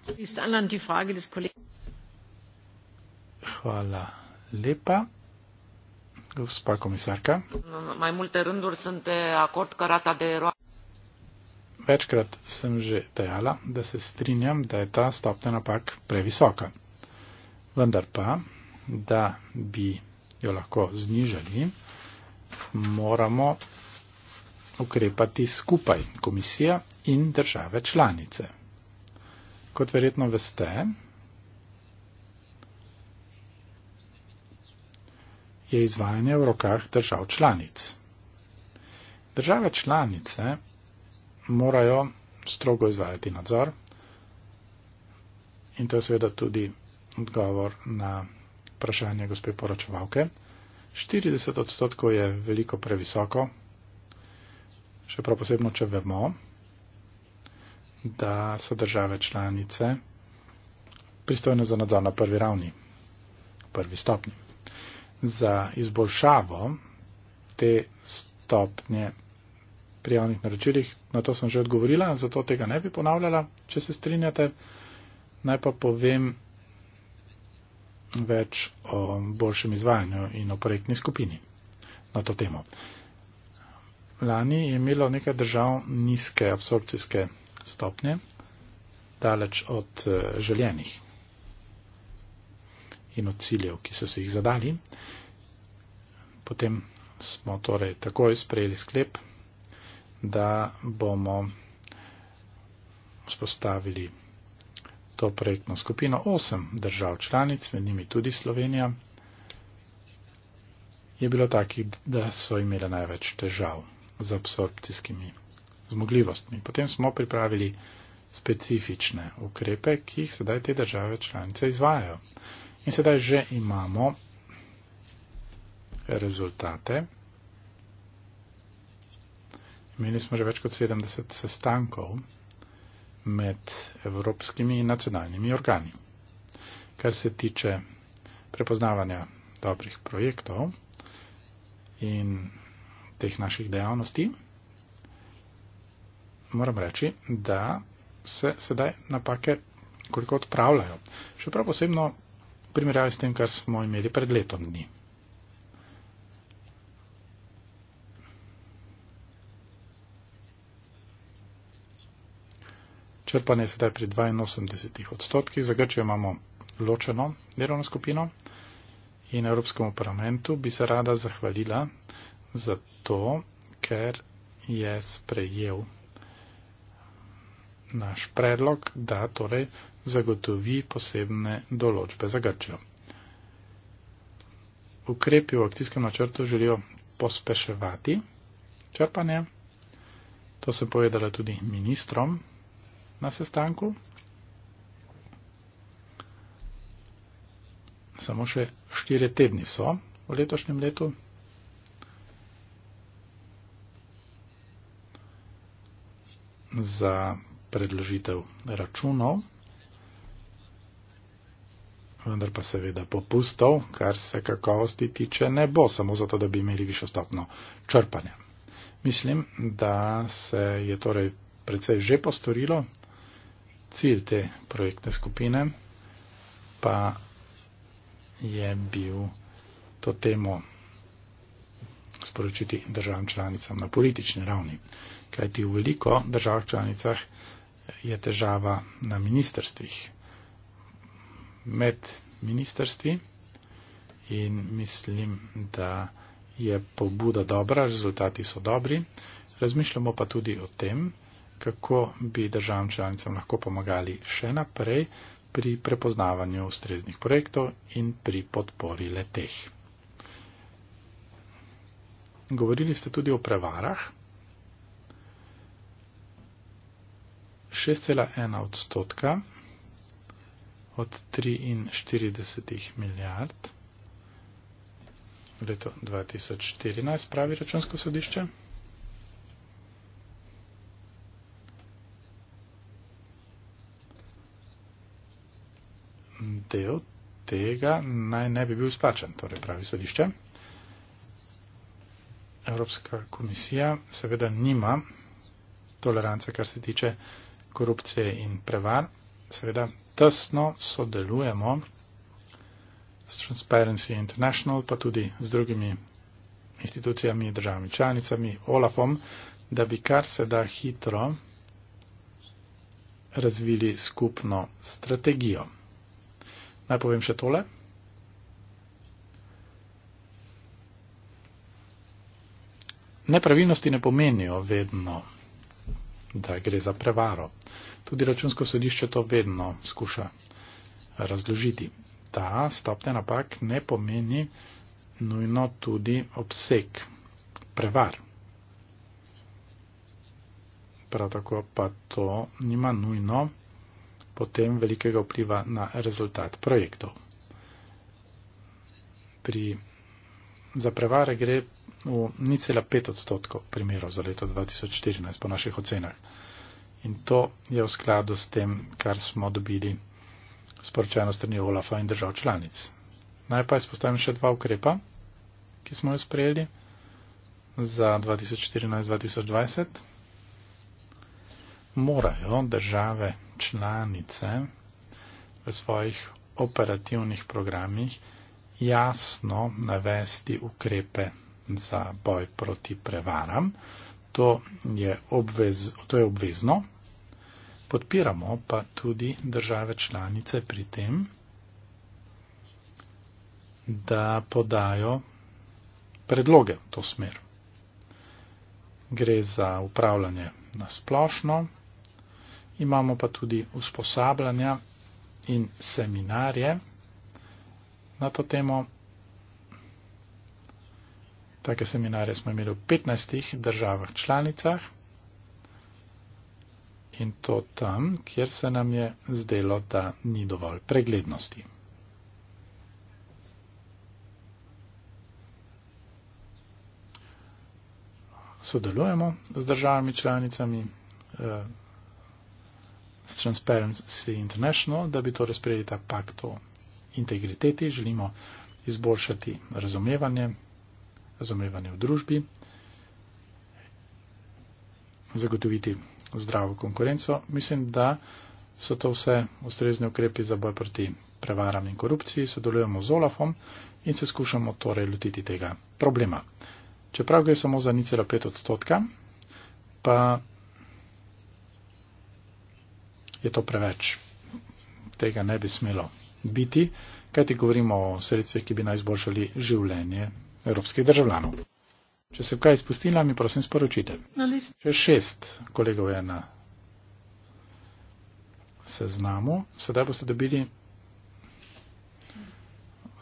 Hvala lepa gospa komisarka. Mai multe rânduri sunt de acord că rata de eroare. Večkrat sem že dejala, da se strinjam, da je ta stopnja napak previsoka. Vendar pa, da bi jo lahko znižali, moramo ukrepati skupaj komisija in države članice. Kot verjetno veste, je izvajanje v rokah držav članic. Države članice morajo strogo izvajati nadzor in to je seveda tudi odgovor na vprašanje gospe poročevalke. 40 odstotkov je veliko previsoko, še prav posebno, če vemo, da so države članice pristojne za nadzor na prvi ravni, prvi stopni za izboljšavo te stopnje pri javnih naročilih. Na to sem že odgovorila, zato tega ne bi ponavljala, če se strinjate. Naj pa povem več o boljšem izvajanju in o projektni skupini na to temo. Lani je imelo nekaj držav nizke absorpcijske stopnje, daleč od eh, želenih in od ciljev, ki so se jih zadali. Potem smo torej takoj sprejeli sklep, da bomo spostavili to projektno skupino osem držav članic, med njimi tudi Slovenija. Je bilo takih, da so imeli največ težav z absorpcijskimi zmogljivostmi. Potem smo pripravili specifične ukrepe, ki jih sedaj te države članice izvajajo. In sedaj že imamo rezultate. Imeli smo že več kot 70 sestankov med evropskimi in nacionalnimi organi. Kar se tiče prepoznavanja dobrih projektov in teh naših dejavnosti, moram reči, da se sedaj napake koliko odpravljajo. Še prav posebno primerjavi s tem, kar smo imeli pred letom dni. Črpanje je sedaj pri 82 odstotkih, za Grčijo imamo ločeno delovno skupino in Evropskemu parlamentu bi se rada zahvalila za to, ker je sprejel naš predlog, da torej zagotovi posebne določbe za Grčijo. Ukrepi v akcijskem načrtu želijo pospeševati črpanje, to sem povedala tudi ministrom na sestanku. Samo še štiri tedni so v letošnjem letu. za predložitev računov vendar pa seveda popustov, kar se kakovosti tiče, ne bo samo zato, da bi imeli višjo stopno črpanja. Mislim, da se je torej predvsej že postorilo, cilj te projektne skupine pa je bil to temo sporočiti državam članicam na politični ravni. Kajti v veliko državah članicah je težava na ministerstvih med ministerstvi in mislim, da je pobuda dobra, rezultati so dobri. Razmišljamo pa tudi o tem, kako bi državam članicam lahko pomagali še naprej pri prepoznavanju ustreznih projektov in pri podpori leteh. Govorili ste tudi o prevarah. 6,1 odstotka od 43 milijard v letu 2014, pravi računsko sodišče. Del tega naj ne bi bil splačen, torej pravi sodišče. Evropska komisija seveda nima tolerance, kar se tiče korupcije in prevar, seveda tesno sodelujemo s Transparency International, pa tudi z drugimi institucijami, državami članicami, OLAFom, da bi kar se da hitro razvili skupno strategijo. Naj povem še tole. Nepravilnosti ne pomenijo vedno, da gre za prevaro. Tudi računsko sodišče to vedno skuša razložiti. Ta stopnja napak ne pomeni nujno tudi obseg prevar. Prav tako pa to nima nujno potem velikega vpliva na rezultat projektov. Pri, za prevare gre v ni cela pet odstotkov primerov za leto 2014 po naših ocenah in to je v skladu s tem, kar smo dobili sporočeno strani Olafa in držav članic. Naj pa izpostavim še dva ukrepa, ki smo jo sprejeli za 2014-2020. Morajo države članice v svojih operativnih programih jasno navesti ukrepe za boj proti prevaram. To je, obvez, to je obvezno podpiramo pa tudi države članice pri tem, da podajo predloge v to smer. Gre za upravljanje na splošno, imamo pa tudi usposabljanja in seminarje na to temo. Take seminarje smo imeli v 15 državah članicah in to tam, kjer se nam je zdelo, da ni dovolj preglednosti. Sodelujemo z državami članicami, eh, s Transparency International, da bi torej sprejeli ta pakt o integriteti. Želimo izboljšati razumevanje, razumevanje v družbi, zagotoviti zdravo konkurenco. Mislim, da so to vse ustrezni ukrepi za boj proti prevaram in korupciji. Sodelujemo z Olafom in se skušamo torej lotiti tega problema. Čeprav gre samo za 0,5 odstotka, pa je to preveč. Tega ne bi smelo biti, kajti govorimo o sredstvih, ki bi naj izboljšali življenje evropskih državljanov. Če se kaj izpustila, mi prosim sporočite. Še šest kolegov je na seznamu. Sedaj boste dobili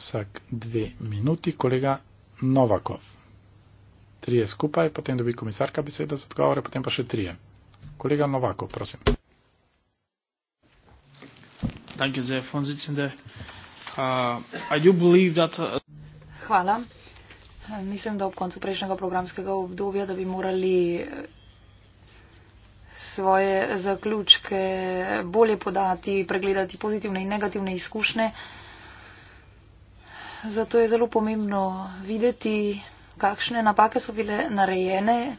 vsak dve minuti kolega Novakov. Trije skupaj, potem dobi komisarka besedo za odgovore, potem pa še trije. Kolega Novakov, prosim. Uh, uh, Hvala. Mislim, da ob koncu prejšnjega programskega obdobja, da bi morali eh, svoje zaključke bolje podati, pregledati pozitivne in negativne izkušnje. Zato je zelo pomembno videti, kakšne napake so bile narejene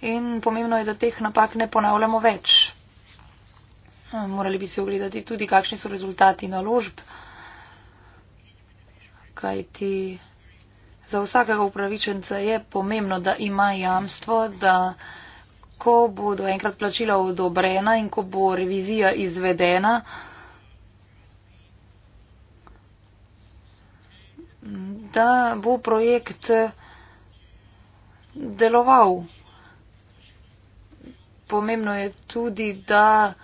in pomembno je, da teh napak ne ponavljamo več. Morali bi si ogledati tudi, kakšni so rezultati naložb, kaj ti. Za vsakega upravičenca je pomembno, da ima jamstvo, da ko bodo enkrat plačila odobrena in ko bo revizija izvedena, da bo projekt deloval. Pomembno je tudi, da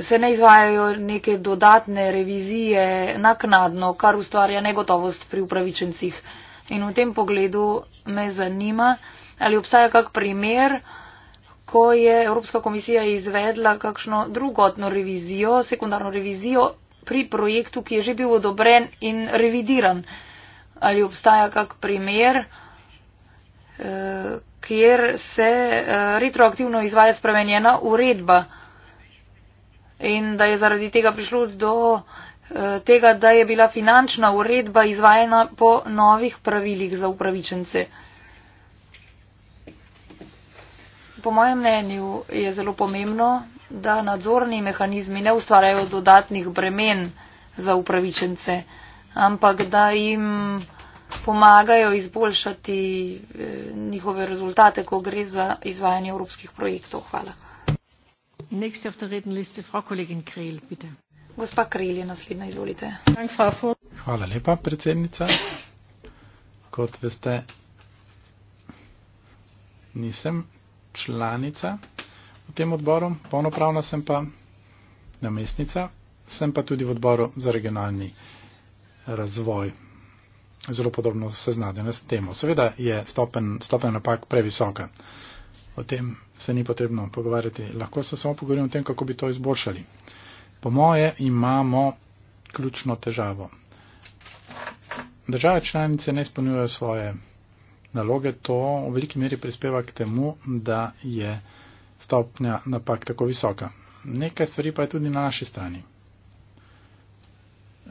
se ne izvajajo neke dodatne revizije naknadno, kar ustvarja negotovost pri upravičencih. In v tem pogledu me zanima, ali obstaja kak primer, ko je Evropska komisija izvedla kakšno drugotno revizijo, sekundarno revizijo pri projektu, ki je že bil odobren in revidiran. Ali obstaja kak primer, eh, kjer se eh, retroaktivno izvaja spremenjena uredba in da je zaradi tega prišlo do Eh, tega, da je bila finančna uredba izvajena po novih pravilih za upravičence. Po mojem mnenju je zelo pomembno, da nadzorni mehanizmi ne ustvarjajo dodatnih bremen za upravičence, ampak da jim pomagajo izboljšati eh, njihove rezultate, ko gre za izvajanje evropskih projektov. Hvala. Gospa Krilje, naslednja izvolite. Hvala lepa, predsednica. Kot veste, nisem članica v tem odboru, polnopravna sem pa namestnica, sem pa tudi v odboru za regionalni razvoj. Zelo podobno se znadene s temo. Seveda je stopen, stopen napak previsoka. O tem se ni potrebno pogovarjati. Lahko se samo pogovorimo o tem, kako bi to izboljšali. Po moje imamo ključno težavo. Države članice ne izpolnjujejo svoje naloge, to v veliki meri prispeva k temu, da je stopnja napak tako visoka. Nekaj stvari pa je tudi na naši strani.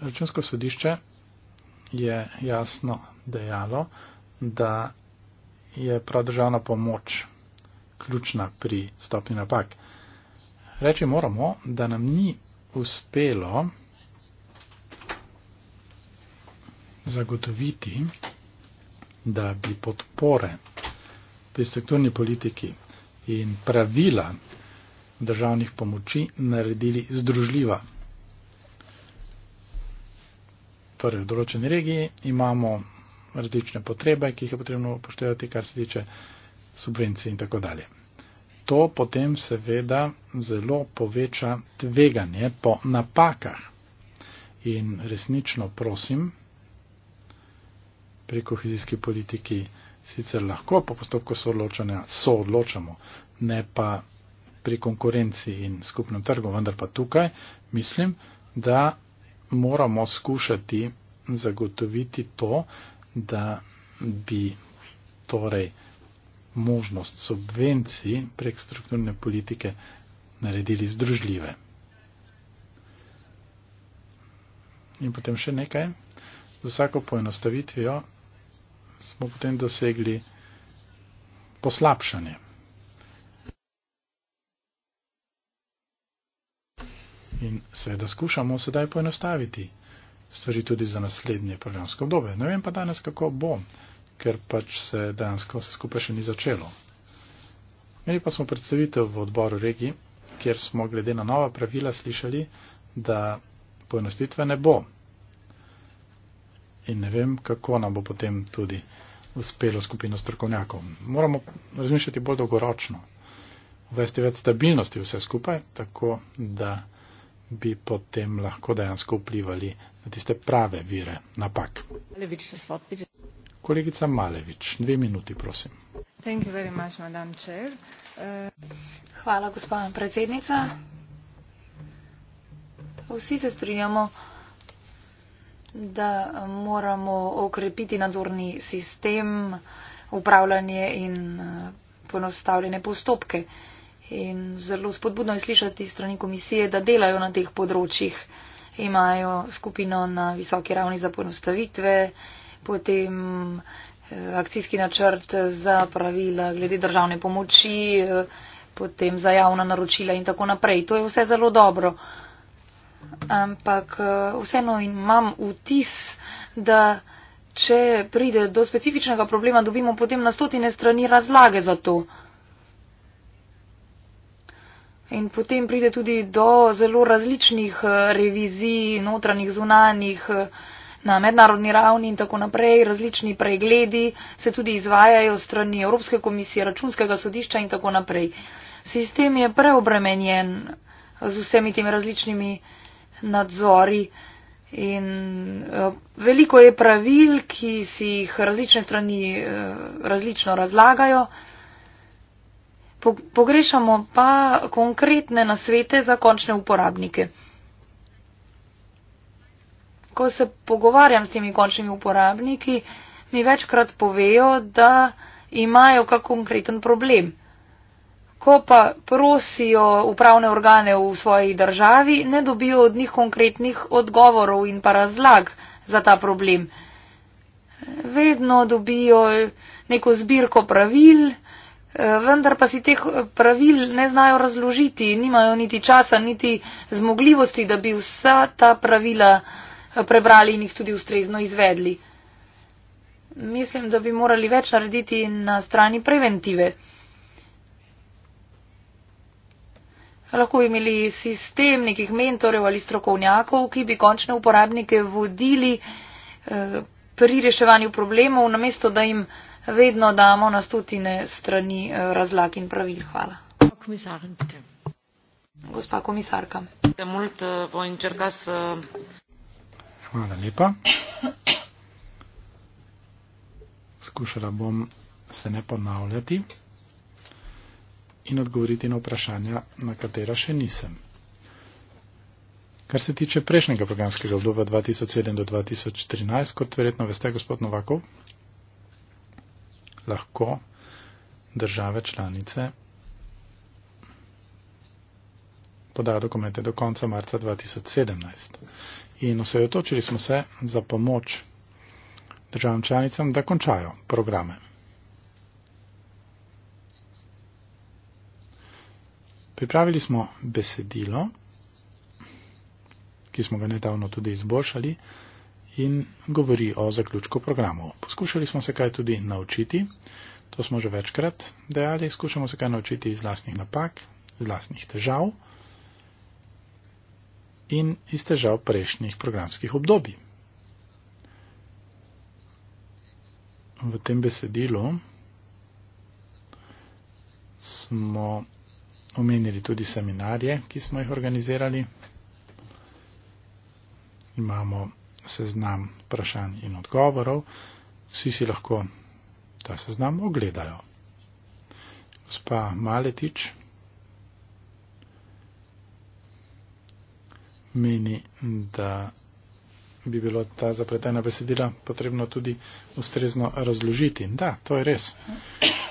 Računsko sodišče je jasno dejalo, da je pravdržavna pomoč ključna pri stopnji napak. Reči moramo, da nam ni uspelo zagotoviti, da bi podpore pri strukturni politiki in pravila državnih pomoči naredili združljiva. Torej, v določeni regiji imamo različne potrebe, ki jih je potrebno upoštevati, kar se tiče subvencij in tako dalje to potem seveda zelo poveča tveganje po napakah. In resnično prosim, pri kohezijski politiki sicer lahko po postopku soodločanja soodločamo, ne pa pri konkurenci in skupnem trgu, vendar pa tukaj mislim, da moramo skušati zagotoviti to, da bi torej možnost subvencij prek strukturne politike naredili združljive. In potem še nekaj. Z vsako poenostavitvijo smo potem dosegli poslabšanje. In seveda skušamo sedaj poenostaviti stvari tudi za naslednje programsko obdobje. Ne vem pa danes, kako bom ker pač se dejansko vse skupaj še ni začelo. Imeli pa smo predstavitev v odboru regi, kjer smo glede na nova pravila slišali, da poenostitve ne bo. In ne vem, kako nam bo potem tudi uspelo skupino strokovnjakov. Moramo razmišljati bolj dolgoročno, uvesti več stabilnosti vse skupaj, tako da bi potem lahko dejansko vplivali na tiste prave vire napak. Kolegica Malevič, dve minuti, prosim. Much, uh... Hvala, gospod predsednica. Vsi se strinjamo, da moramo okrepiti nadzorni sistem, upravljanje in uh, ponostavljene postopke. In zelo spodbudno je slišati strani komisije, da delajo na teh področjih, imajo skupino na visoki ravni za ponostavitve potem eh, akcijski načrt za pravila glede državne pomoči, eh, potem za javna naročila in tako naprej. To je vse zelo dobro. Ampak eh, vseeno imam vtis, da če pride do specifičnega problema, dobimo potem na stotine strani razlage za to. In potem pride tudi do zelo različnih revizij, notranjih, zunanjih, Na mednarodni ravni in tako naprej različni pregledi se tudi izvajajo strani Evropske komisije, računskega sodišča in tako naprej. Sistem je preobremenjen z vsemi temi različnimi nadzori in eh, veliko je pravil, ki si jih različne strani eh, različno razlagajo. Pogrešamo pa konkretne nasvete za končne uporabnike ko se pogovarjam s temi končnimi uporabniki, mi večkrat povejo, da imajo kak konkreten problem. Ko pa prosijo upravne organe v svoji državi, ne dobijo od njih konkretnih odgovorov in pa razlag za ta problem. Vedno dobijo neko zbirko pravil, vendar pa si teh pravil ne znajo razložiti, nimajo niti časa, niti zmogljivosti, da bi vsa ta pravila razložili prebrali in jih tudi ustrezno izvedli. Mislim, da bi morali več narediti na strani preventive. Lahko bi imeli sistem nekih mentorjev ali strokovnjakov, ki bi končne uporabnike vodili eh, pri reševanju problemov, namesto da jim vedno damo na stotine strani eh, razlag in pravil. Hvala. Gospa komisarka. Hvala lepa. Skušala bom se ne ponavljati in odgovoriti na vprašanja, na katera še nisem. Kar se tiče prejšnjega programskega obdobja 2007 do 2013, kot verjetno veste, gospod Novakov, lahko države članice podajo dokumente do konca marca 2017 in osredotočili smo se za pomoč državam članicam, da končajo programe. Pripravili smo besedilo, ki smo ga nedavno tudi izboljšali in govori o zaključku programov. Poskušali smo se kaj tudi naučiti, to smo že večkrat dejali, skušamo se kaj naučiti iz lastnih napak, iz lastnih težav in iz težav prejšnjih programskih obdobij. V tem besedilu smo omenili tudi seminarje, ki smo jih organizirali. Imamo seznam vprašanj in odgovorov. Vsi si lahko ta seznam ogledajo. Gospa Maletič, meni, da bi bilo ta zapletena besedila potrebno tudi ustrezno razložiti. Da, to je res.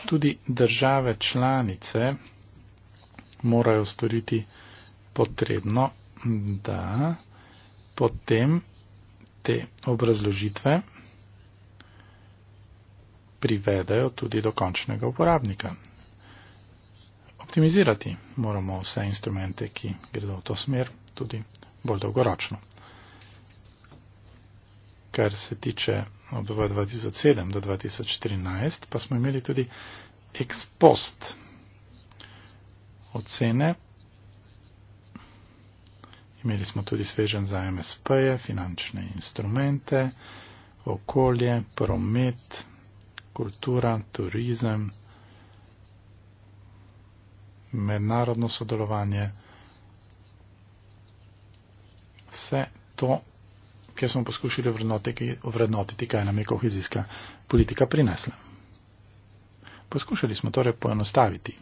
Tudi države članice morajo storiti potrebno, da potem te obrazložitve privedajo tudi do končnega uporabnika. Optimizirati moramo vse instrumente, ki gredo v to smer, tudi bolj dolgoročno. Kar se tiče obdobja 2007 do 2013, pa smo imeli tudi ex post ocene. Imeli smo tudi svežen za MSP-je, finančne instrumente, okolje, promet, kultura, turizem, mednarodno sodelovanje vse to, ker smo poskušali vrednotiti, kaj nam je kohezijska politika prinesla. Poskušali smo torej poenostaviti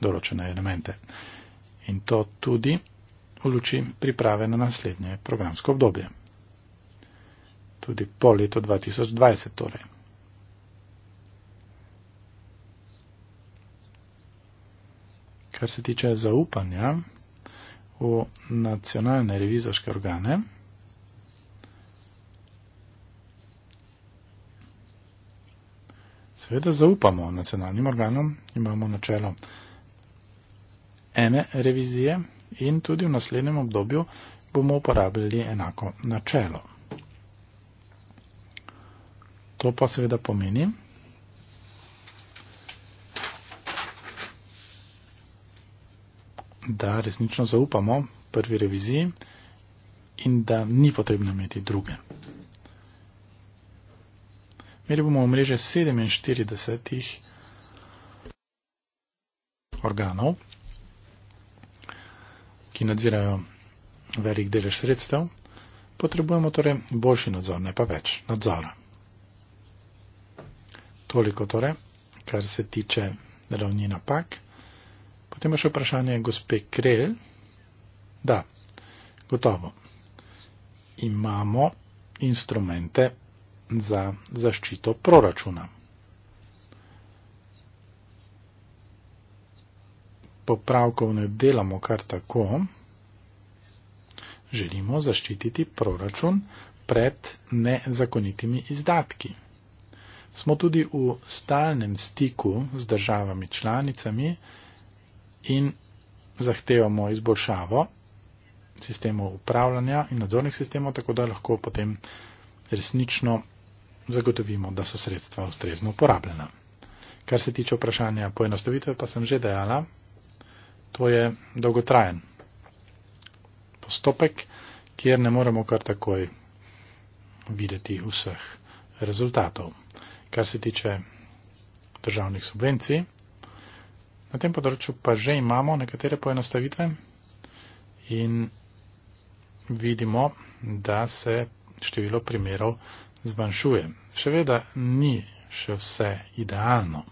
določene elemente in to tudi v luči priprave na naslednje programsko obdobje. Tudi po leto 2020 torej. Kar se tiče zaupanja, v nacionalne revizorske organe. Seveda zaupamo nacionalnim organom, imamo načelo ene revizije in tudi v naslednjem obdobju bomo uporabljali enako načelo. To pa seveda pomeni, da resnično zaupamo prvi reviziji in da ni potrebno imeti druge. Imeli bomo v mreže 47 organov, ki nadzirajo velik delež sredstev. Potrebujemo torej boljši nadzor, ne pa več nadzora. Toliko torej, kar se tiče ravni napak. Potem še vprašanje gospe Krel. Da, gotovo. Imamo instrumente za zaščito proračuna. Popravkov ne delamo kar tako. Želimo zaščititi proračun pred nezakonitimi izdatki. Smo tudi v stalnem stiku z državami članicami, in zahtevamo izboljšavo sistemov upravljanja in nadzornih sistemov, tako da lahko potem resnično zagotovimo, da so sredstva ustrezno uporabljena. Kar se tiče vprašanja poenostavitve, pa sem že dejala, to je dolgotrajen postopek, kjer ne moremo kar takoj videti vseh rezultatov. Kar se tiče državnih subvencij, Na tem področju pa že imamo nekatere poenostavitve in vidimo, da se število primerov zmanjšuje. Še vedno ni še vse idealno.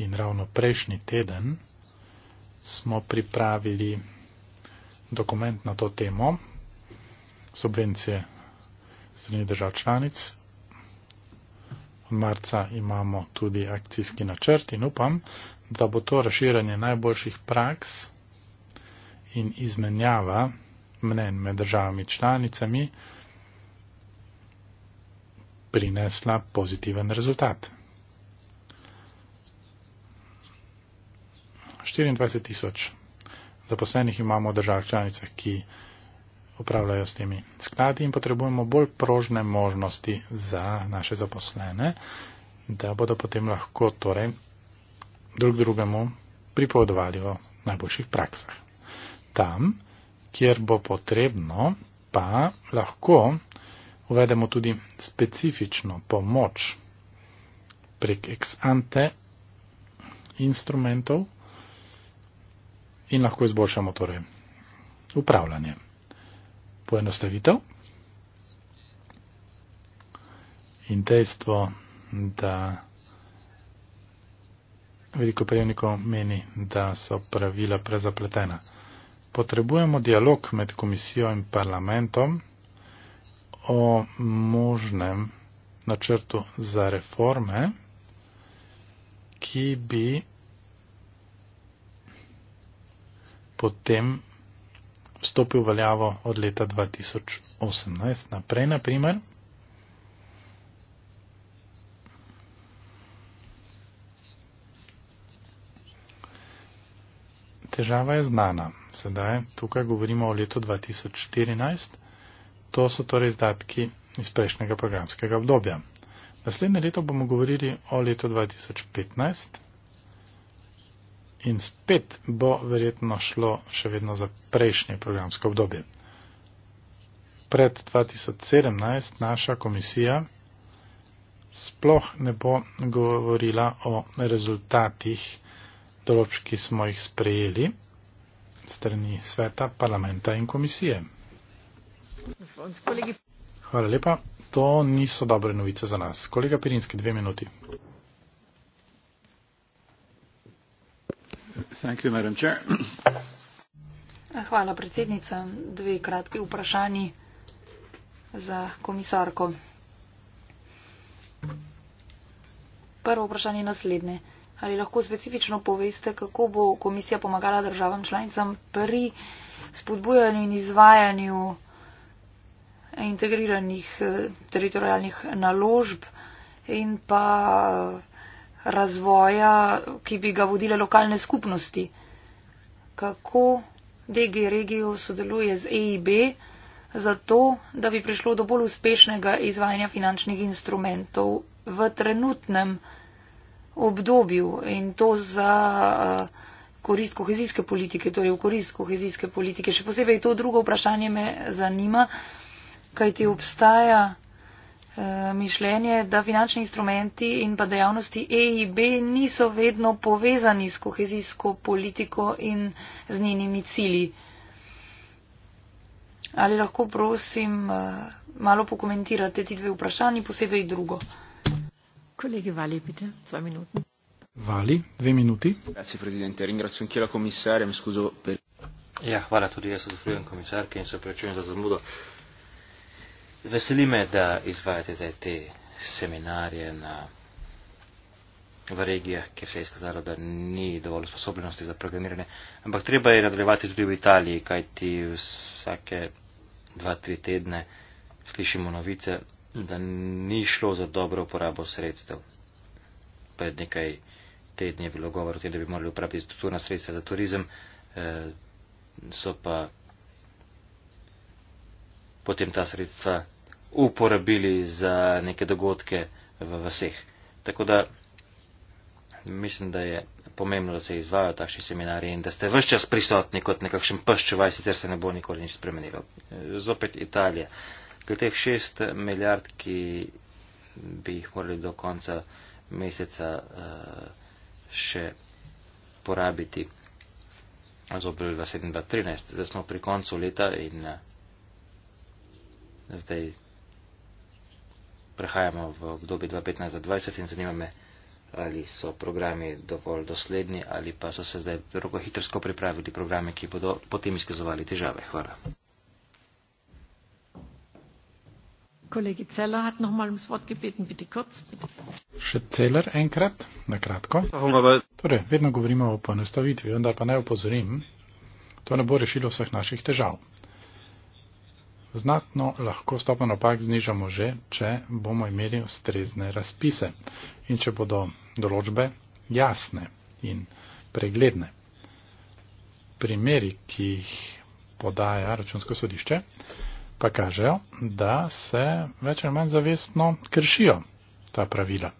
In ravno prejšnji teden smo pripravili dokument na to temo subvencije strani držav članic marca imamo tudi akcijski načrt in upam, da bo to razširanje najboljših praks in izmenjava mnen med državami članicami prinesla pozitiven rezultat. 24 tisoč zaposlenih imamo v državah članicah, ki upravljajo s temi skladi in potrebujemo bolj prožne možnosti za naše zaposlene, da bodo potem lahko torej drug drugemu pripovedovali o najboljših praksah. Tam, kjer bo potrebno, pa lahko uvedemo tudi specifično pomoč prek ex ante instrumentov in lahko izboljšamo torej upravljanje poenostavitev in dejstvo, da veliko prejemnikov meni, da so pravila prezapletena. Potrebujemo dialog med komisijo in parlamentom o možnem načrtu za reforme, ki bi potem stopil veljavo od leta 2018 naprej, naprimer. Težava je znana. Sedaj tukaj govorimo o letu 2014. To so torej izdatki iz prejšnjega programskega obdobja. Naslednje leto bomo govorili o letu 2015 in spet bo verjetno šlo še vedno za prejšnje programsko obdobje. Pred 2017 naša komisija sploh ne bo govorila o rezultatih določ, ki smo jih sprejeli strani sveta, parlamenta in komisije. Hvala lepa. To niso dobre novice za nas. Kolega Pirinski, dve minuti. Thank you, Madam Chair. Hvala, predsednica. Dve kratki vprašanji za komisarko. Prvo vprašanje je naslednje. Ali lahko specifično poveste, kako bo komisija pomagala državam članicam pri spodbujanju in izvajanju integriranih eh, teritorijalnih naložb in pa eh, razvoja, ki bi ga vodile lokalne skupnosti. Kako DG Regijo sodeluje z EIB za to, da bi prišlo do bolj uspešnega izvajanja finančnih instrumentov v trenutnem obdobju in to za eh, korist kohezijske politike, torej v korist kohezijske politike. Še posebej to drugo vprašanje me zanima, kaj ti obstaja. Eh, mišljenje, da finančni instrumenti in pa dejavnosti EIB niso vedno povezani s kohezijsko politiko in z njenimi cili. Ali lahko prosim eh, malo pokomentirate ti dve vprašanji, posebej drugo? Kolegi Vali, pite, dva minuti. Vali, dve minuti. Grazie, presidente. Ringrazio anche la commissaria, mi scuso per... Ja, hvala tudi jaz, sofrujem komisarke in se prečujem za zamudo. Uh, Veseli me, da izvajate zdaj te seminarje na, v regijah, kjer se je izkazalo, da ni dovolj sposobnosti za programiranje. Ampak treba je nadaljevati tudi v Italiji, kaj ti vsake dva, tri tedne slišimo novice, da ni šlo za dobro uporabo sredstev. Pred nekaj tedni je bilo govor o tem, da bi morali uporabiti strukturna sredstva za turizem, eh, so pa potem ta sredstva uporabili za neke dogodke v vseh. Tako da mislim, da je pomembno, da se izvajo takšni seminari in da ste vse čas prisotni kot nekakšen peščuvaj, sicer se ne bo nikoli nič spremenilo. Zopet Italija. Glede teh šest milijard, ki bi jih morali do konca meseca uh, še porabiti, zopet 2013, zdaj smo pri koncu leta in uh, zdaj prehajamo v obdobje 2015-2020 in zanima me, ali so programi dovolj dosledni ali pa so se zdaj roko hitrsko pripravili programe, ki bodo potem izkazovali težave. Hvala. Kolegi Celler hat noch mal ums Wort gebeten, bitte kurz. Še Celler enkrat, na kratko. Torej, vedno govorimo o ponestavitvi, vendar pa ne opozorim, to ne bo rešilo vseh naših težav. Znatno lahko stopen opak znižamo že, če bomo imeli ustrezne razpise in če bodo določbe jasne in pregledne. Primeri, ki jih podaja računsko sodišče, pa kažejo, da se več ali manj zavestno kršijo ta pravila,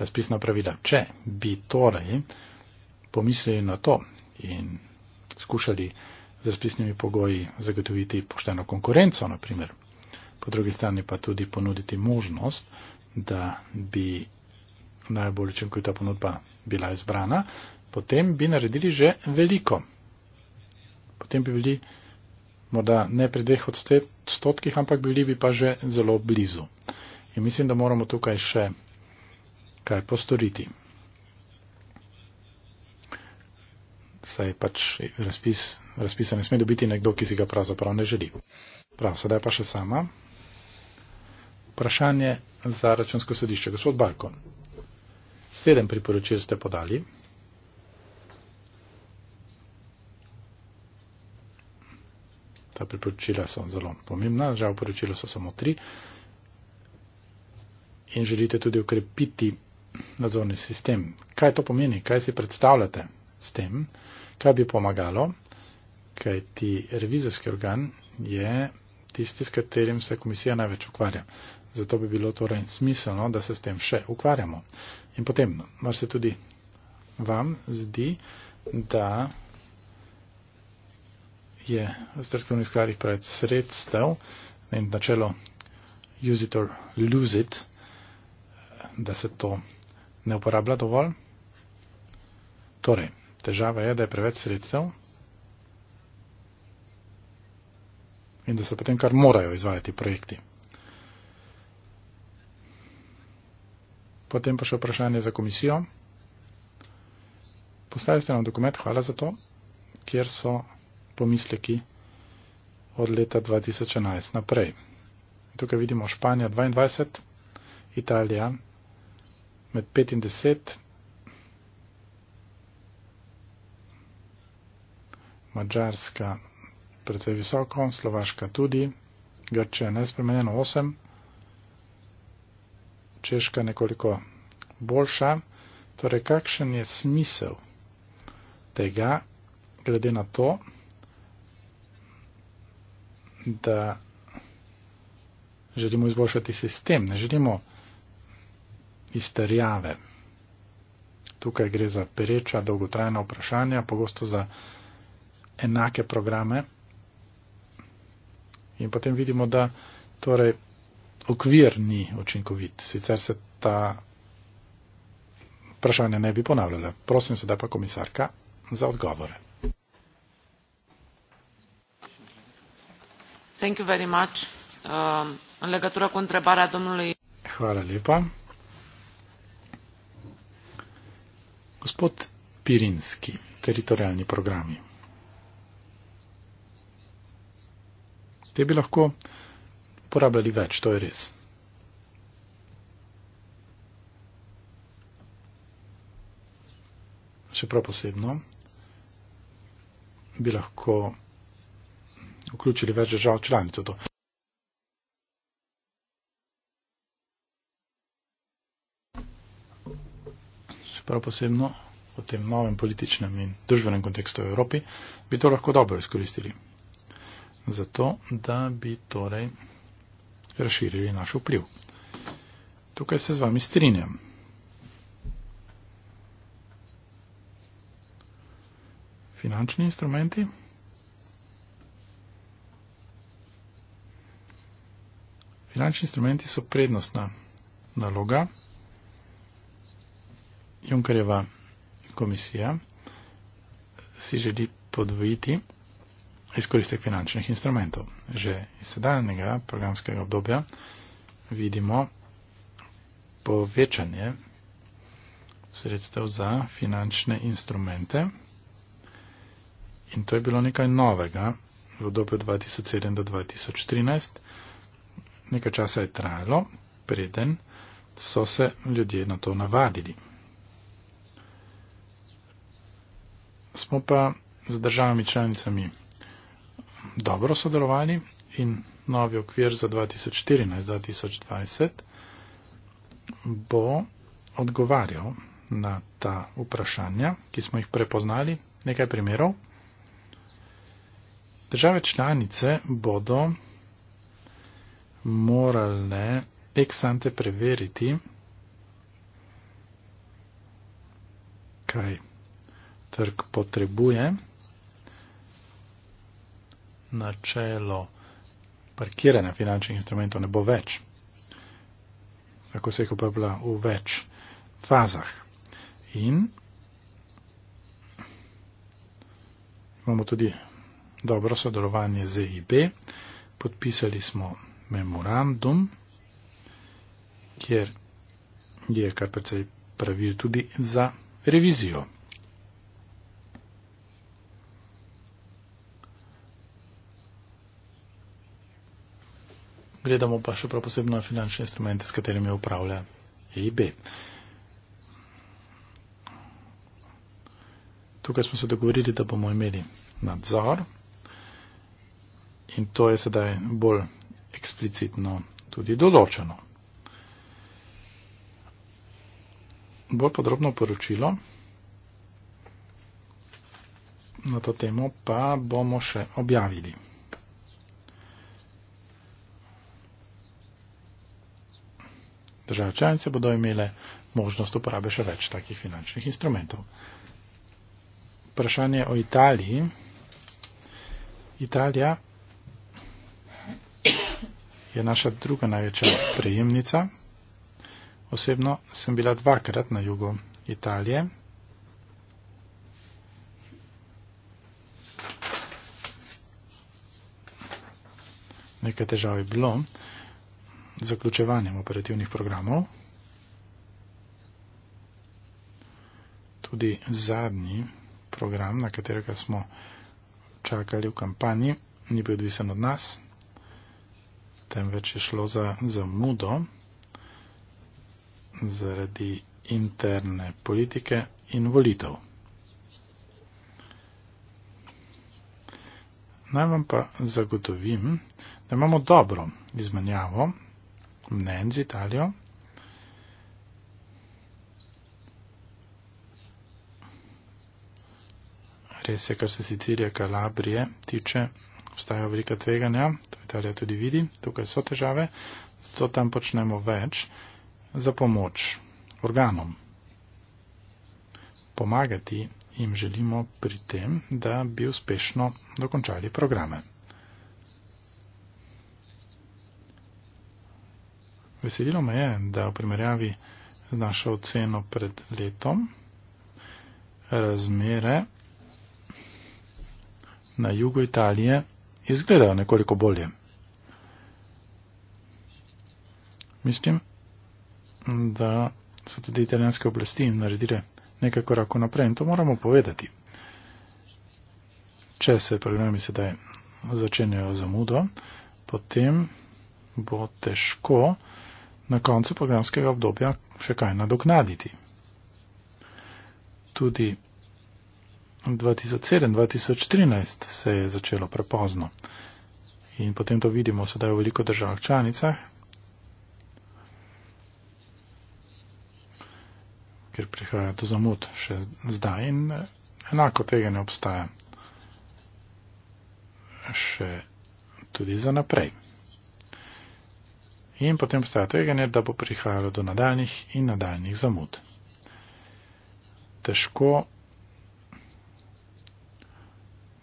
razpisna pravila. Če bi torej pomislili na to in skušali z razpisnimi pogoji zagotoviti pošteno konkurenco, naprimer. Po drugi strani pa tudi ponuditi možnost, da bi najbolj učinkovita ponudba bila izbrana, potem bi naredili že veliko. Potem bi bili morda ne pri dveh odstotkih, ampak bili bi pa že zelo blizu. In mislim, da moramo tukaj še kaj postoriti. saj pač razpis, razpisa ne sme dobiti nekdo, ki si ga pravzaprav ne želi. Prav, sedaj pa še sama. Vprašanje za računsko sodišče. Gospod Balko, sedem priporočil ste podali. Ta priporočila so zelo pomembna, žal poročila so samo tri. In želite tudi ukrepiti nadzorni sistem. Kaj to pomeni? Kaj si predstavljate? s tem, kaj bi pomagalo, kaj ti revizorski organ je tisti, s katerim se komisija največ ukvarja. Zato bi bilo torej smiselno, da se s tem še ukvarjamo. In potem, mar se tudi vam zdi, da je v strukturnih skladih pred sredstev in načelo use it or lose it, da se to ne uporablja dovolj. Torej, Težava je, da je preveč sredstev in da se potem kar morajo izvajati projekti. Potem pa še vprašanje za komisijo. Postavili ste nam dokument, hvala za to, kjer so pomisleki od leta 2011 naprej. Tukaj vidimo Španija 22, Italija med 5 in 10, Mačarska precej visoko, Slovaška tudi, Grčija nespremenjeno 8, Češka nekoliko boljša. Torej, kakšen je smisel tega, glede na to, da želimo izboljšati sistem, ne želimo izterjave. Tukaj gre za pereča, dolgotrajna vprašanja, pogosto za enake programe. In potem vidimo, da torej okvir ni učinkovit, sicer se ta vprašanja ne bi ponavljala. Prosim sedaj pa komisarka za odgovore. Thank you very much. Um, legatura cu întrebarea domnului... Hvala lepa. Gospod Pirinski, teritorialni programi. Te bi lahko uporabljali več, to je res. Še prav posebno bi lahko vključili več držav članic. Prav posebno v tem novem političnem in družbenem kontekstu v Evropi bi to lahko dobro izkoristili zato da bi torej razširili naš vpliv. Tukaj se z vami strinjam. Finančni instrumenti. Finančni instrumenti so prednostna naloga. Junkerjeva komisija si želi podvojiti izkoristek finančnih instrumentov. Že iz sedajnega programskega obdobja vidimo povečanje sredstev za finančne instrumente in to je bilo nekaj novega v obdobju 2007 do 2013. Nekaj časa je trajalo, preden so se ljudje na to navadili. Smo pa z državami članicami dobro sodelovali in novi okvir za 2014-2020 bo odgovarjal na ta vprašanja, ki smo jih prepoznali. Nekaj primerov. Države članice bodo morale eksante preveriti, kaj trg potrebuje načelo parkiranja finančnih instrumentov ne bo več, kako se jih uporablja v več fazah. In imamo tudi dobro sodelovanje z EIB, podpisali smo memorandum, kjer je kar precej pravil tudi za revizijo. gledamo pa še prav posebno finančne instrumente, s katerimi upravlja EIB. Tukaj smo se dogovorili, da bomo imeli nadzor in to je sedaj bolj eksplicitno tudi določeno. Bolj podrobno poročilo na to temo pa bomo še objavili. države članice bodo imele možnost uporabe še več takih finančnih instrumentov. Vprašanje o Italiji. Italija je naša druga največja prejemnica. Osebno sem bila dvakrat na jugu Italije. Nekaj težav je bilo zaključevanjem operativnih programov. Tudi zadnji program, na katerega smo čakali v kampanji, ni bil odvisen od nas, temveč je šlo za zamudo zaradi interne politike in volitev. Naj vam pa zagotovim, da imamo dobro izmenjavo Nein, sie Talia. Res je, kar se Sicilije, Kalabrije tiče, obstajajo velika tveganja, to Italija tudi vidi, tukaj so težave, zato tam počnemo več za pomoč organom. Pomagati jim želimo pri tem, da bi uspešno dokončali programe. Veselilo me je, da v primerjavi z našo oceno pred letom razmere na jugu Italije izgledajo nekoliko bolje. Mislim, da so tudi italijanske oblasti naredile nekaj korakov naprej in to moramo povedati. Če se programi sedaj začenjajo zamudo, potem bo težko, na koncu programskega obdobja še kaj nadoknaditi. Tudi 2007-2013 se je začelo prepozno in potem to vidimo sedaj v veliko državah članicah, ker prihaja do zamud še zdaj in enako tega ne obstaja še tudi za naprej in potem obstaja tveganje, da bo prihajalo do nadaljnih in nadaljnih zamud. Težko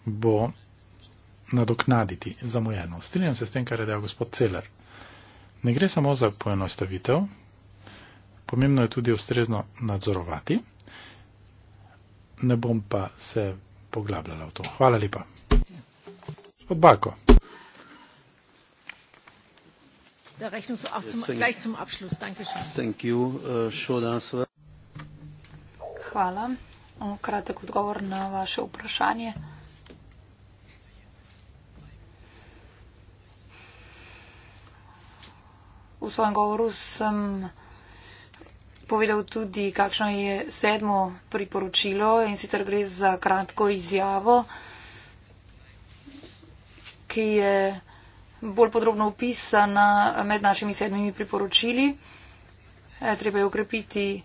bo nadoknaditi zamujeno. Strinjam se s tem, kar je dejal gospod Celer. Ne gre samo za poenostavitev, pomembno je tudi ustrezno nadzorovati. Ne bom pa se poglabljala v to. Hvala lepa. Gospod Bako. der Rechnung so auch zum, gleich zum Abschluss. Dankeschön. Uh, Hvala. Kratek odgovor na vaše vprašanje. V svojem govoru sem povedal tudi, kakšno je sedmo priporočilo in sicer gre za kratko izjavo, ki je bolj podrobno opisana med našimi sedmimi priporočili. E, treba je ukrepiti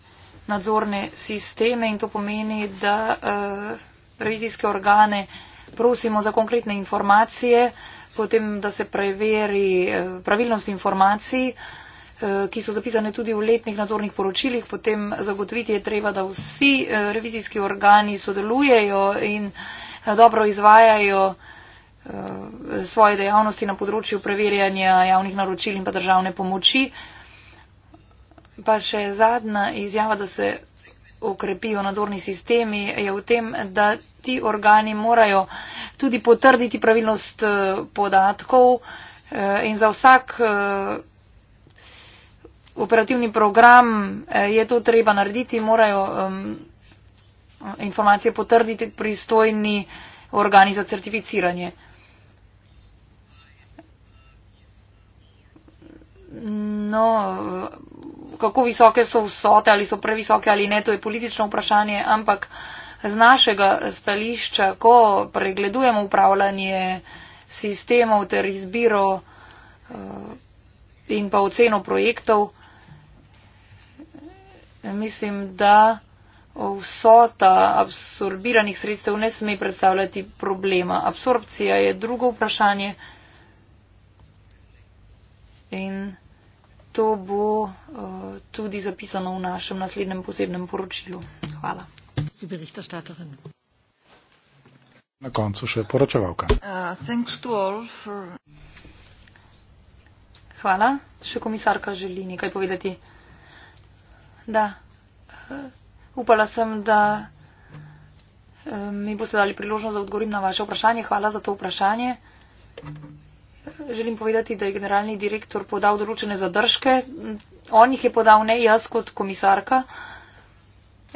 nadzorne sisteme in to pomeni, da e, revizijske organe prosimo za konkretne informacije, potem da se preveri e, pravilnost informacij, ki so zapisane tudi v letnih nadzornih poročilih, potem zagotoviti je treba, da vsi revizijski organi sodelujejo in dobro izvajajo Eh, svoje dejavnosti na področju preverjanja javnih naročil in pa državne pomoči. Pa še zadnja izjava, da se okrepijo nadzorni sistemi, je v tem, da ti organi morajo tudi potrditi pravilnost eh, podatkov eh, in za vsak operativni program je to treba narediti, morajo informacije potrditi pristojni organi za certificiranje. No, kako visoke so vsote, ali so previsoke ali ne, to je politično vprašanje, ampak z našega stališča, ko pregledujemo upravljanje sistemov ter izbiro eh, in pa oceno projektov, mislim, da vsota absorbiranih sredstev ne sme predstavljati problema. Absorpcija je drugo vprašanje. In to bo uh, tudi zapisano v našem naslednjem posebnem poročilu. Hvala. Na koncu še poročevalka. Uh, Hvala. Še komisarka želi nekaj povedati. Da, eh, upala sem, da eh, mi boste dali priložnost, da odgovorim na vaše vprašanje. Hvala za to vprašanje želim povedati, da je generalni direktor podal določene zadržke. On jih je podal ne jaz kot komisarka.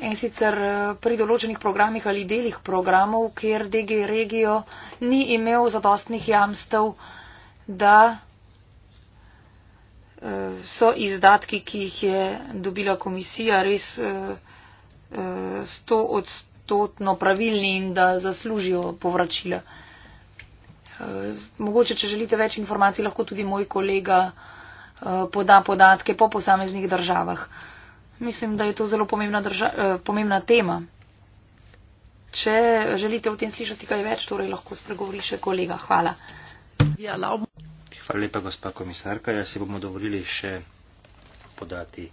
In sicer eh, pri določenih programih ali delih programov, kjer DG regijo ni imel zadostnih jamstev, da eh, so izdatki, ki jih je dobila komisija, res eh, sto odstotno pravilni in da zaslužijo povračila. Eh, mogoče, če želite več informacij, lahko tudi moj kolega eh, poda podatke po posameznih državah. Mislim, da je to zelo pomembna, drža, eh, pomembna tema. Če želite o tem slišati kaj več, torej lahko spregovori še kolega. Hvala. Ja, Hvala lepa, gospa komisarka. Jaz si bomo dovolili še podati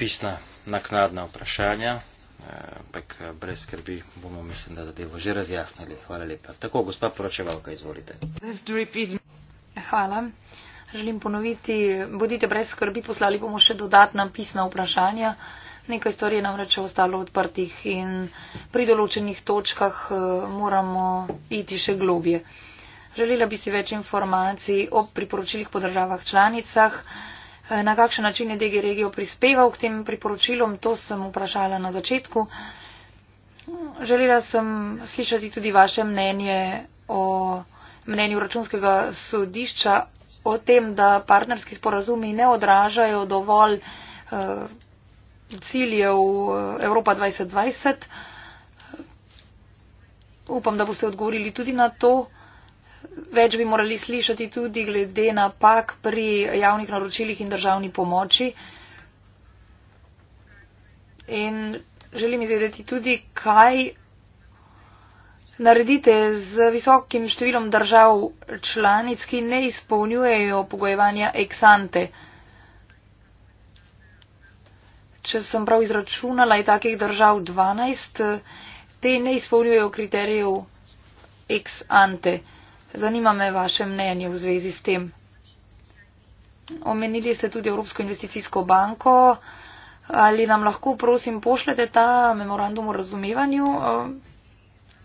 pisna naknadna vprašanja ampak eh, brez skrbi bomo, mislim, da zadevo že razjasnili. Hvala lepa. Tako, gospa poročevalka, izvolite. Hvala. Želim ponoviti, bodite brez skrbi, poslali bomo še dodatna pisna vprašanja. Nekaj stvari je namreč ostalo odprtih in pri določenih točkah eh, moramo iti še globje. Želela bi si več informacij o priporočilih po državah članicah. Eh, na kakšen način je DG regijo prispeval k tem priporočilom, to sem vprašala na začetku. Želela sem slišati tudi vaše mnenje o mnenju računskega sodišča o tem, da partnerski sporazumi ne odražajo dovolj eh, ciljev eh, Evropa 2020. Upam, da boste odgovorili tudi na to. Več bi morali slišati tudi glede napak pri javnih naročilih in državni pomoči. In želim izvedeti tudi, kaj naredite z visokim številom držav članic, ki ne izpolnjujejo pogojevanja eksante. Če sem prav izračunala, je takih držav 12, te ne izpolnjujejo kriterijev eksante. ante. Zanima me vaše mnenje v zvezi s tem. Omenili ste tudi Evropsko investicijsko banko. Ali nam lahko, prosim, pošljete ta memorandum o razumevanju eh,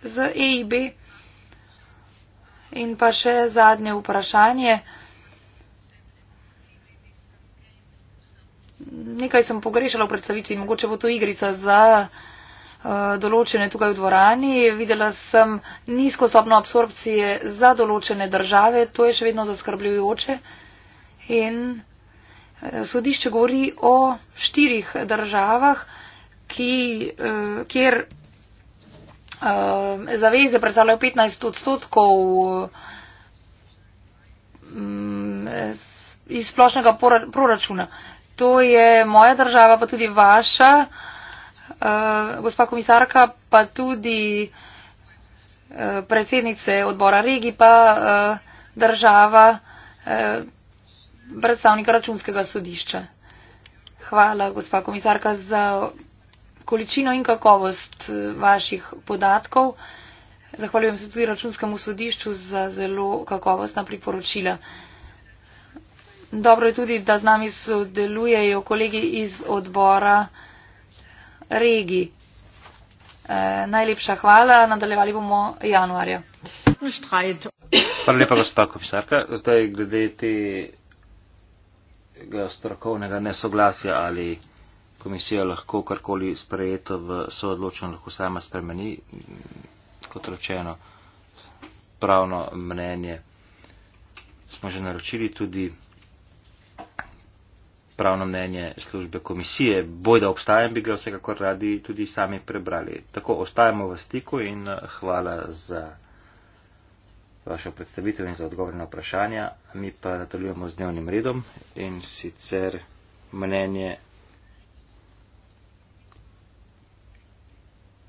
z EIB? In pa še zadnje vprašanje. Nekaj sem pogrešala v predstavitvi, mogoče bo to igrica za. Eh, določene tukaj v dvorani. Videla sem nizko stopno absorpcije za določene države, to je še vedno zaskrbljujoče. In eh, sodišče govori o štirih državah, ki, eh, kjer zaveze predstavljajo 15 odstotkov mm, iz splošnega proračuna. To je moja država, pa tudi vaša. Eh, gospa komisarka, pa tudi eh, predsednice odbora regi, pa eh, država, predstavnika računskega sodišča. Hvala, gospa komisarka, za količino in kakovost vaših podatkov. Zahvaljujem se tudi računskemu sodišču za zelo kakovostna priporočila. Dobro je tudi, da z nami sodelujejo kolegi iz odbora regiji. E, najlepša hvala, nadaljevali bomo januarja. Hvala lepa, gospod komisarka. Zdaj glede tega strokovnega nesoglasja ali komisija lahko karkoli sprejeto v soodločen lahko sama spremeni, kot rečeno, pravno mnenje smo že naročili tudi pravno mnenje službe komisije. Boj, da obstajam, bi ga vsekakor radi tudi sami prebrali. Tako ostajamo v stiku in eh, hvala za vašo predstavitev in za odgovor na vprašanja. Mi pa nadaljujemo z dnevnim redom in sicer mnenje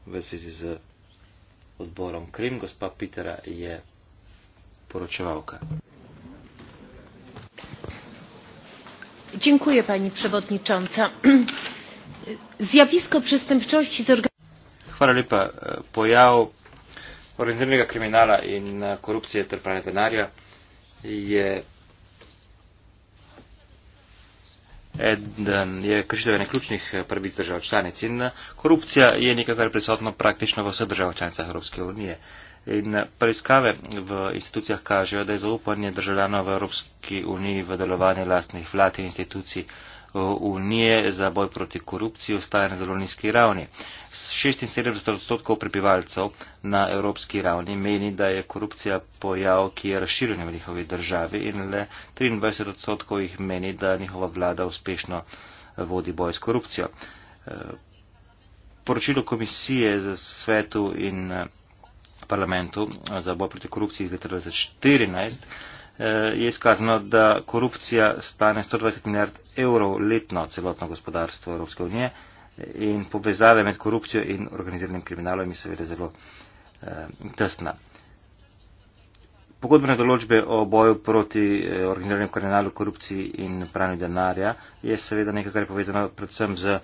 v zvezi z odborom Krim, gospa Pitera je poročevalka. pani przewodnicząca! zjawisko przestępczości zorganizowanego eden je kršitev ene ključnih prvih držav članic in korupcija je nekaj, kar je prisotno praktično v vseh državah članicah Evropske unije. In preiskave v institucijah kažejo, da je zaupanje državljanov v Evropski uniji v delovanje lastnih vlad in institucij eh, unije za boj proti korupciji ostaja na zelo nizki ravni. 76 odstotkov prebivalcev na evropski ravni meni, da je korupcija pojav, ki je razširjen v njihovi državi in le 23 odstotkov jih meni, da njihova vlada uspešno eh, vodi boj s korupcijo. Eh, poročilo komisije za svetu in parlamentu za boj proti korupciji iz leta 2014 eh, je izkazano, da korupcija stane 120 milijard evrov letno celotno gospodarstvo Evropske unije in povezave med korupcijo in organiziranim kriminalom je seveda zelo eh, tesna. Pogodbene določbe o boju proti eh, organiziranim kriminalu, korupciji in pranju denarja je seveda nekaj, kar je povezano predvsem z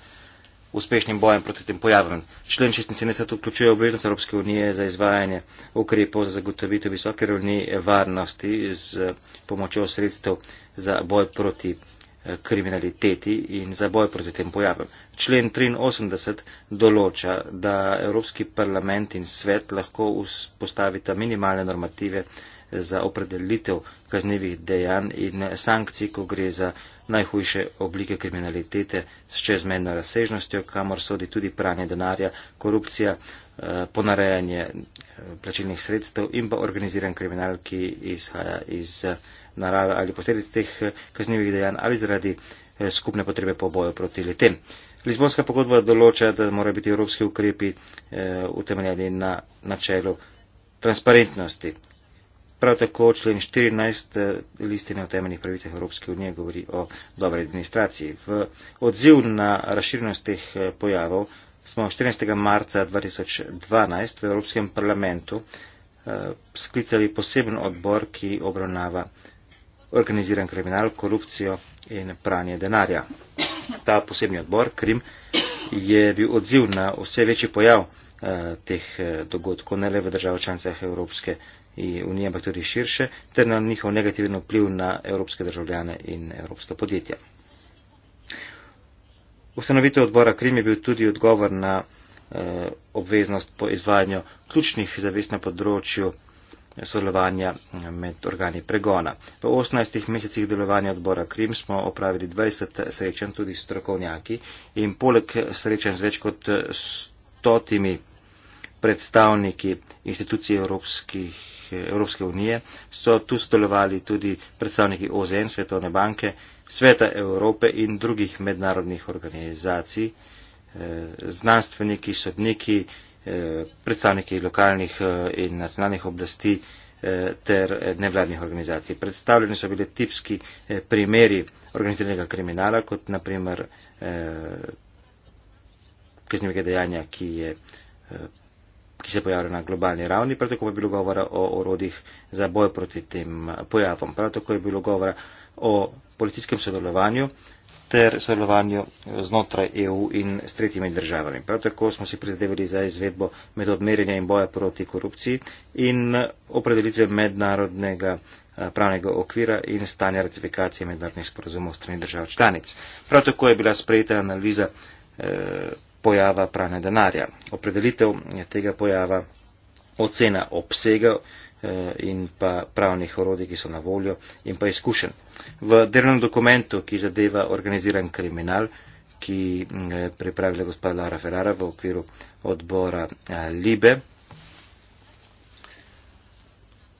uspešnim bojem proti tem pojavam. Člen 76 vključuje obveznost Evropske unije za izvajanje ukrepov za zagotovitev visoke ravni varnosti z pomočjo sredstev za boj proti eh, kriminaliteti in za boj proti tem pojavam. Člen 83 določa, da Evropski parlament in svet lahko postavita minimalne normative za opredelitev kaznevih dejanj in sankcij, ko gre za najhujše oblike kriminalitete s čezmerno razsežnostjo, kamor sodi tudi pranje denarja, korupcija, eh, ponarejanje eh, plačilnih sredstev in pa organiziran kriminal, ki izhaja iz eh, narave ali posledic teh kaznevih dejanj ali zaradi skupne potrebe po boju proti letem. Lizbonska pogodba določa, da morajo biti evropski ukrepi eh, utemeljeni na načelu transparentnosti. Prav tako člen 14 eh, listine o temeljnih pravicah Evropske unije govori o dobri administraciji. V odziv na razširnost teh eh, pojavov smo 14. marca 2012 v Evropskem parlamentu eh, sklicali poseben odbor, ki obravnava organiziran kriminal, korupcijo in pranje denarja. Ta posebni odbor, Krim, je bil odziv na vse večji pojav teh dogodkov, ne le v državah članicah Evropske unije unije, ampak tudi širše, ter na njihov negativen vpliv na evropske državljane in evropska podjetja. Ustanovitev odbora Krim je bil tudi odgovor na eh, obveznost po izvajanju ključnih zavest na področju eh, sodelovanja eh, med organi pregona. V 18 mesecih delovanja odbora Krim smo opravili 20 srečanj tudi s strokovnjaki in poleg srečanj z več kot eh, stotimi predstavniki institucij evropskih Evropske unije, so tu sodelovali tudi predstavniki OZN, Svetovne banke, Sveta Evrope in drugih mednarodnih organizacij, eh, znanstveniki, sodniki, eh, predstavniki lokalnih eh, in nacionalnih oblasti ter nevladnih organizacij. Predstavljeni so bili tipski primeri organiziranega kriminala, kot naprimer kaznivega dejanja, ki je ki se pojavlja na globalni ravni, prav tako pa je bilo govora o orodjih za boj proti tem pojavom. Prav tako je bilo govora o policijskem sodelovanju ter sodelovanju znotraj EU in s tretjimi državami. Prav tako smo si prizadevali za izvedbo metod merjenja in boja proti korupciji in opredelitve mednarodnega eh, pravnega okvira in stanja ratifikacije mednarodnih sporozumov strani držav članic. Prav tako je bila sprejeta analiza eh, pojava pranja denarja. Opredelitev tega pojava, ocena obsega eh, in pa pravnih orodij, ki so na voljo in pa izkušen. V delnem dokumentu, ki zadeva organiziran kriminal, ki mm, je pripravila gospod Lara Ferrara v okviru odbora eh, Libe,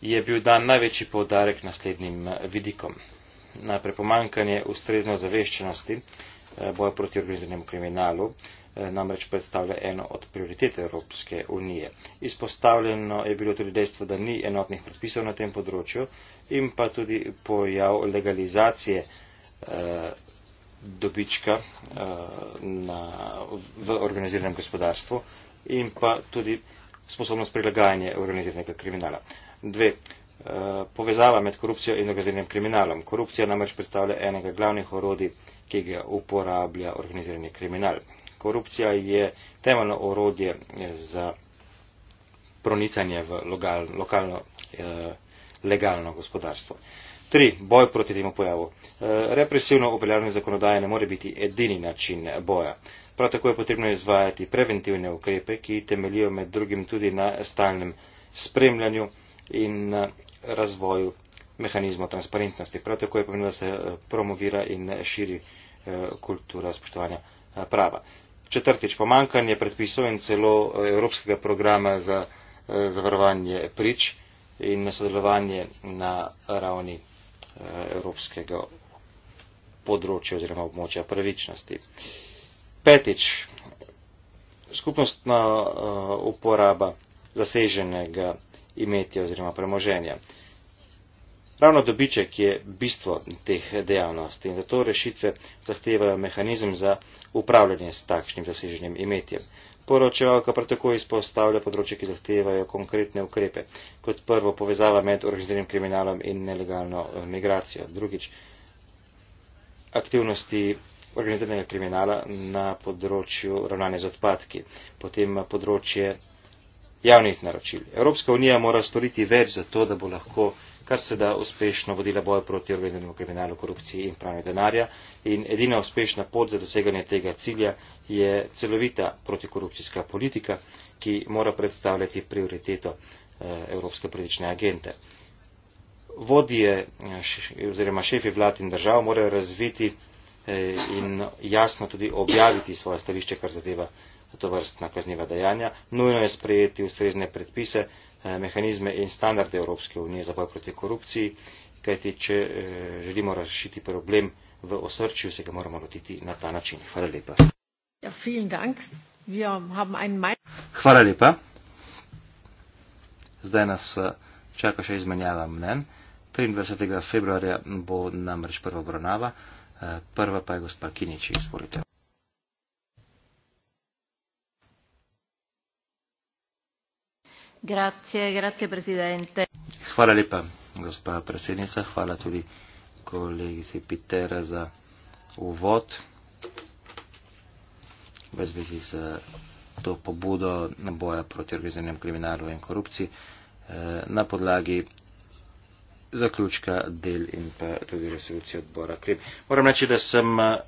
je bil dan največji povdarek naslednjim eh, vidikom. Najprej pomankanje ustrezno zaveščenosti boja proti organiziranemu kriminalu, Eh, namreč predstavlja eno od prioritet Evropske unije. Izpostavljeno je bilo tudi dejstvo, da ni enotnih predpisov na tem področju in pa tudi pojav legalizacije eh, dobička eh, na, v organiziranem gospodarstvu in pa tudi sposobnost prilagajanja organiziranega kriminala. Dve. Eh, povezava med korupcijo in organiziranim kriminalom. Korupcija namreč predstavlja enega glavnih orodij, ki ga uporablja organizirani kriminal korupcija je temeljno orodje eh, za pronicanje v lokal, lokalno eh, legalno gospodarstvo. Tri, boj proti temu pojavu. Eh, represivno upeljavanje zakonodaje ne more biti edini način boja. Prav tako je potrebno izvajati preventivne ukrepe, ki temelijo med drugim tudi na stalnem spremljanju in razvoju mehanizmov transparentnosti. Prav tako je pomembno, da se eh, promovira in širi kultura spoštovanja prava četrtič pomankanje predpisov in celo eh, evropskega programa za eh, zavarovanje prič in sodelovanje na ravni eh, evropskega področja oziroma območja pravičnosti. Petič, skupnostna uporaba zaseženega imetja oziroma premoženja ravno dobiček je bistvo teh dejavnosti in zato rešitve zahtevajo mehanizem za upravljanje s takšnim zaseženjem imetjem. Poročevalka prav tako izpostavlja področje, ki zahtevajo konkretne ukrepe. Kot prvo povezava med organiziranim kriminalom in nelegalno eh, migracijo. Drugič, aktivnosti organiziranega kriminala na področju ravnanja z odpadki. Potem eh, področje javnih naročil. Evropska unija mora storiti več za to, da bo lahko kar se da uspešno vodila boj proti organiziranemu kriminalu, korupciji in pranju denarja. In edina uspešna pot za doseganje tega cilja je celovita protikorupcijska politika, ki mora predstavljati prioriteto eh, Evropske politične agente. Vodje eh, oziroma šefi vlad in držav morajo razviti eh, in jasno tudi objaviti svoje stališče, kar zadeva to vrstna kazniva dejanja. Nujno je sprejeti ustrezne predpise, Eh, mehanizme in standarde Evropske unije za boj proti korupciji, kajti če eh, želimo rešiti problem v osrčju, se ga moramo lotiti na ta način. Hvala lepa. Ja, Hvala lepa. Zdaj nas eh, čaka še izmenjava mnen. 23. februarja bo namreč prva obravnava, prva pa je gospa Kiniči, izvolite. Grazie, grazie Presidente. Hvala lepa, gospa predsednica. Hvala tudi kolegici Pitera za uvod v zvezi z to pobudo boja proti organiziranem kriminalu in korupciji eh, na podlagi zaključka del in pa tudi resolucije odbora Krim. Moram reči, da sem eh,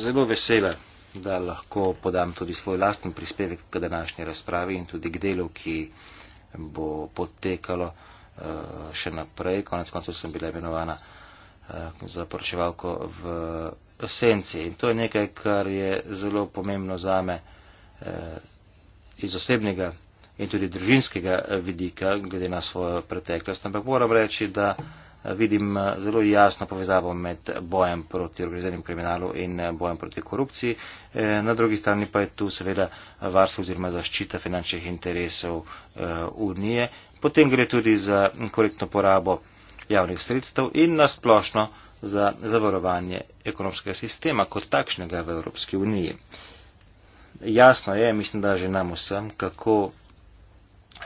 zelo vesela da lahko podam tudi svoj lasten prispevek k današnji razpravi in tudi k delu, ki bo potekalo eh, še naprej. Konec koncev sem bila imenovana eh, za poročevalko v senci in to je nekaj, kar je zelo pomembno za me eh, iz osebnega in tudi družinskega vidika, glede na svojo preteklost. Ampak moram reči, da vidim eh, zelo jasno povezavo med bojem proti organiziranim kriminalu in eh, bojem proti korupciji. Eh, na drugi strani pa je tu seveda varstvo oziroma zaščita finančnih interesov Unije. Potem gre tudi za korektno porabo javnih sredstev in nasplošno za zavarovanje ekonomskega sistema kot takšnega v Evropski uniji. Jasno je, mislim, da že nam vsem, kako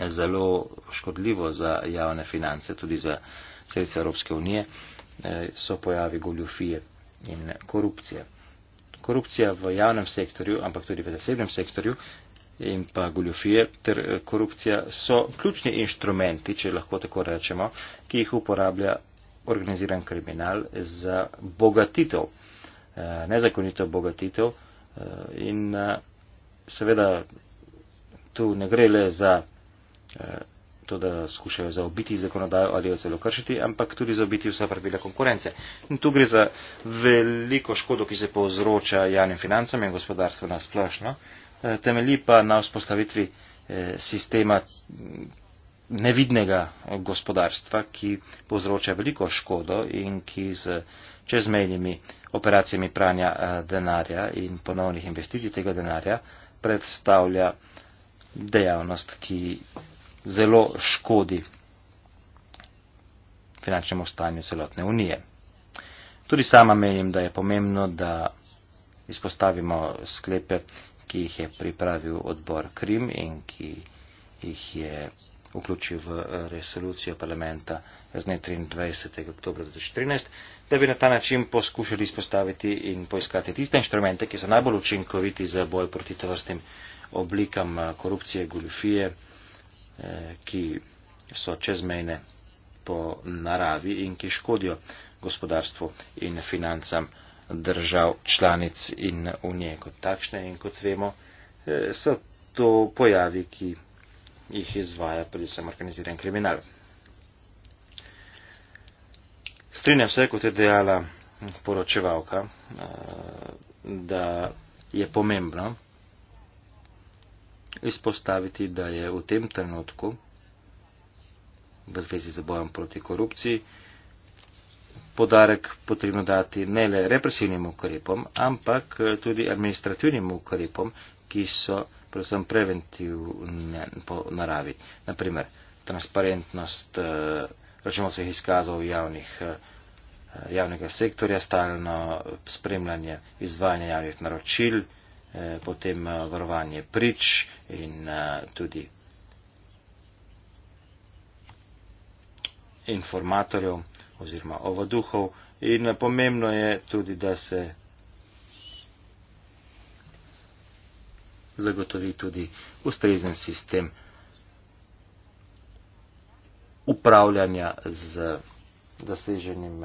zelo škodljivo za javne finance, tudi za posledica Evropske unije, eh, so pojavi goljufije in korupcije. Korupcija v javnem sektorju, ampak tudi v zasebnem sektorju in pa goljufije ter eh, korupcija so ključni inštrumenti, če lahko tako rečemo, ki jih uporablja organiziran kriminal za bogatitev, eh, nezakonito bogatitev in seveda tu ne gre le za to, da skušajo zaobiti zakonodajo ali jo celo kršiti, ampak tudi zaobiti vsa pravila konkurence. In tu gre za veliko škodo, ki se povzroča javnim financam in gospodarstvu na splošno, e, temelji pa na vzpostavitvi e, sistema nevidnega gospodarstva, ki povzroča veliko škodo in ki z čezmejnimi operacijami pranja e, denarja in ponovnih investicij tega denarja predstavlja dejavnost, ki zelo škodi finančnemu stanju celotne unije. Tudi sama menim, da je pomembno, da izpostavimo sklepe, ki jih je pripravil odbor Krim in ki jih je vključil v eh, resolucijo parlamenta z dne 23. oktober 2014, da bi na ta način poskušali izpostaviti in poiskati tiste inštrumente, ki so najbolj učinkoviti za boj proti tovrstim oblikam eh, korupcije, goljofije, Eh, ki so čezmejne po naravi in ki škodijo gospodarstvu in financam držav članic in v njej kot takšne. In kot vemo, eh, so to pojavi, ki jih izvaja predvsem organiziran kriminal. Strinjam se, kot je dejala poročevalka, eh, da je pomembno, izpostaviti, da je v tem trenutku v zvezi z bojem proti korupciji podarek potrebno dati ne le represivnim ukrepom, ampak eh, tudi administrativnim ukrepom, ki so predvsem preventivne po naravi. Naprimer, transparentnost eh, računovodskih izkazov javnih, eh, javnega sektorja, stalno spremljanje izvajanja javnih naročil, Eh, potem eh, varovanje prič in eh, tudi informatorjev oziroma ovoduhov. In pomembno je tudi, da se zagotovi tudi ustrezen sistem upravljanja z zaseženim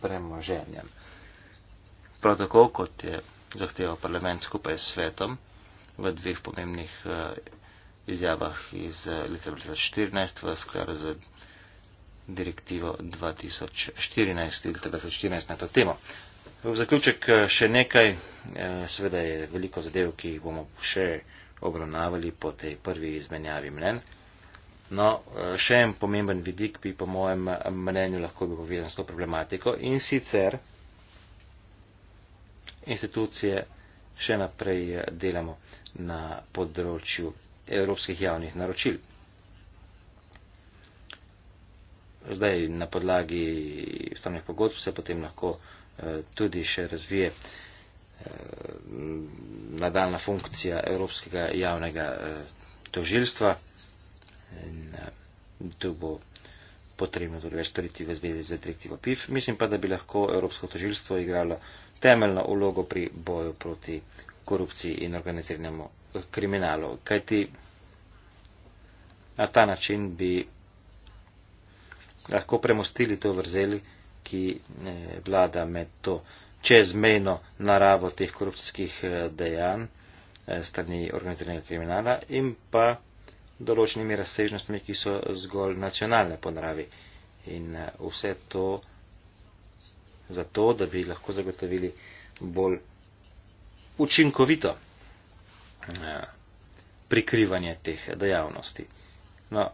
premoženjem. Prav tako kot je zahteva parlament skupaj s svetom v dveh pomembnih eh, izjavah iz eh, leta 2014 v skladu z direktivo 2014 in leta 2014 na to temo. V zaključek eh, še nekaj, seveda je veliko zadev, ki jih bomo še obravnavali po tej prvi izmenjavi mnen. No, še en pomemben vidik bi po mojem mnenju lahko bil povezan s to problematiko in sicer institucije še naprej delamo na področju evropskih javnih naročil. Zdaj na podlagi ustavnih pogodb se potem lahko eh, tudi še razvije eh, nadaljna funkcija Evropskega javnega eh, tožilstva. Tu bo potrebno tudi več storiti v zvezi z direktivo PIF. Mislim pa, da bi lahko Evropsko tožilstvo igralo temeljno ulogo pri boju proti korupciji in organiziranemu kriminalu. Kajti na ta način bi lahko premostili to vrzeli, ki eh, vlada med to čezmejno naravo teh korupcijskih eh, dejanj eh, strani organiziranega kriminala in pa določenimi razsežnostmi, ki so zgolj nacionalne po naravi. In vse to za to, da bi lahko zagotovili bolj učinkovito eh, prikrivanje teh dejavnosti. No,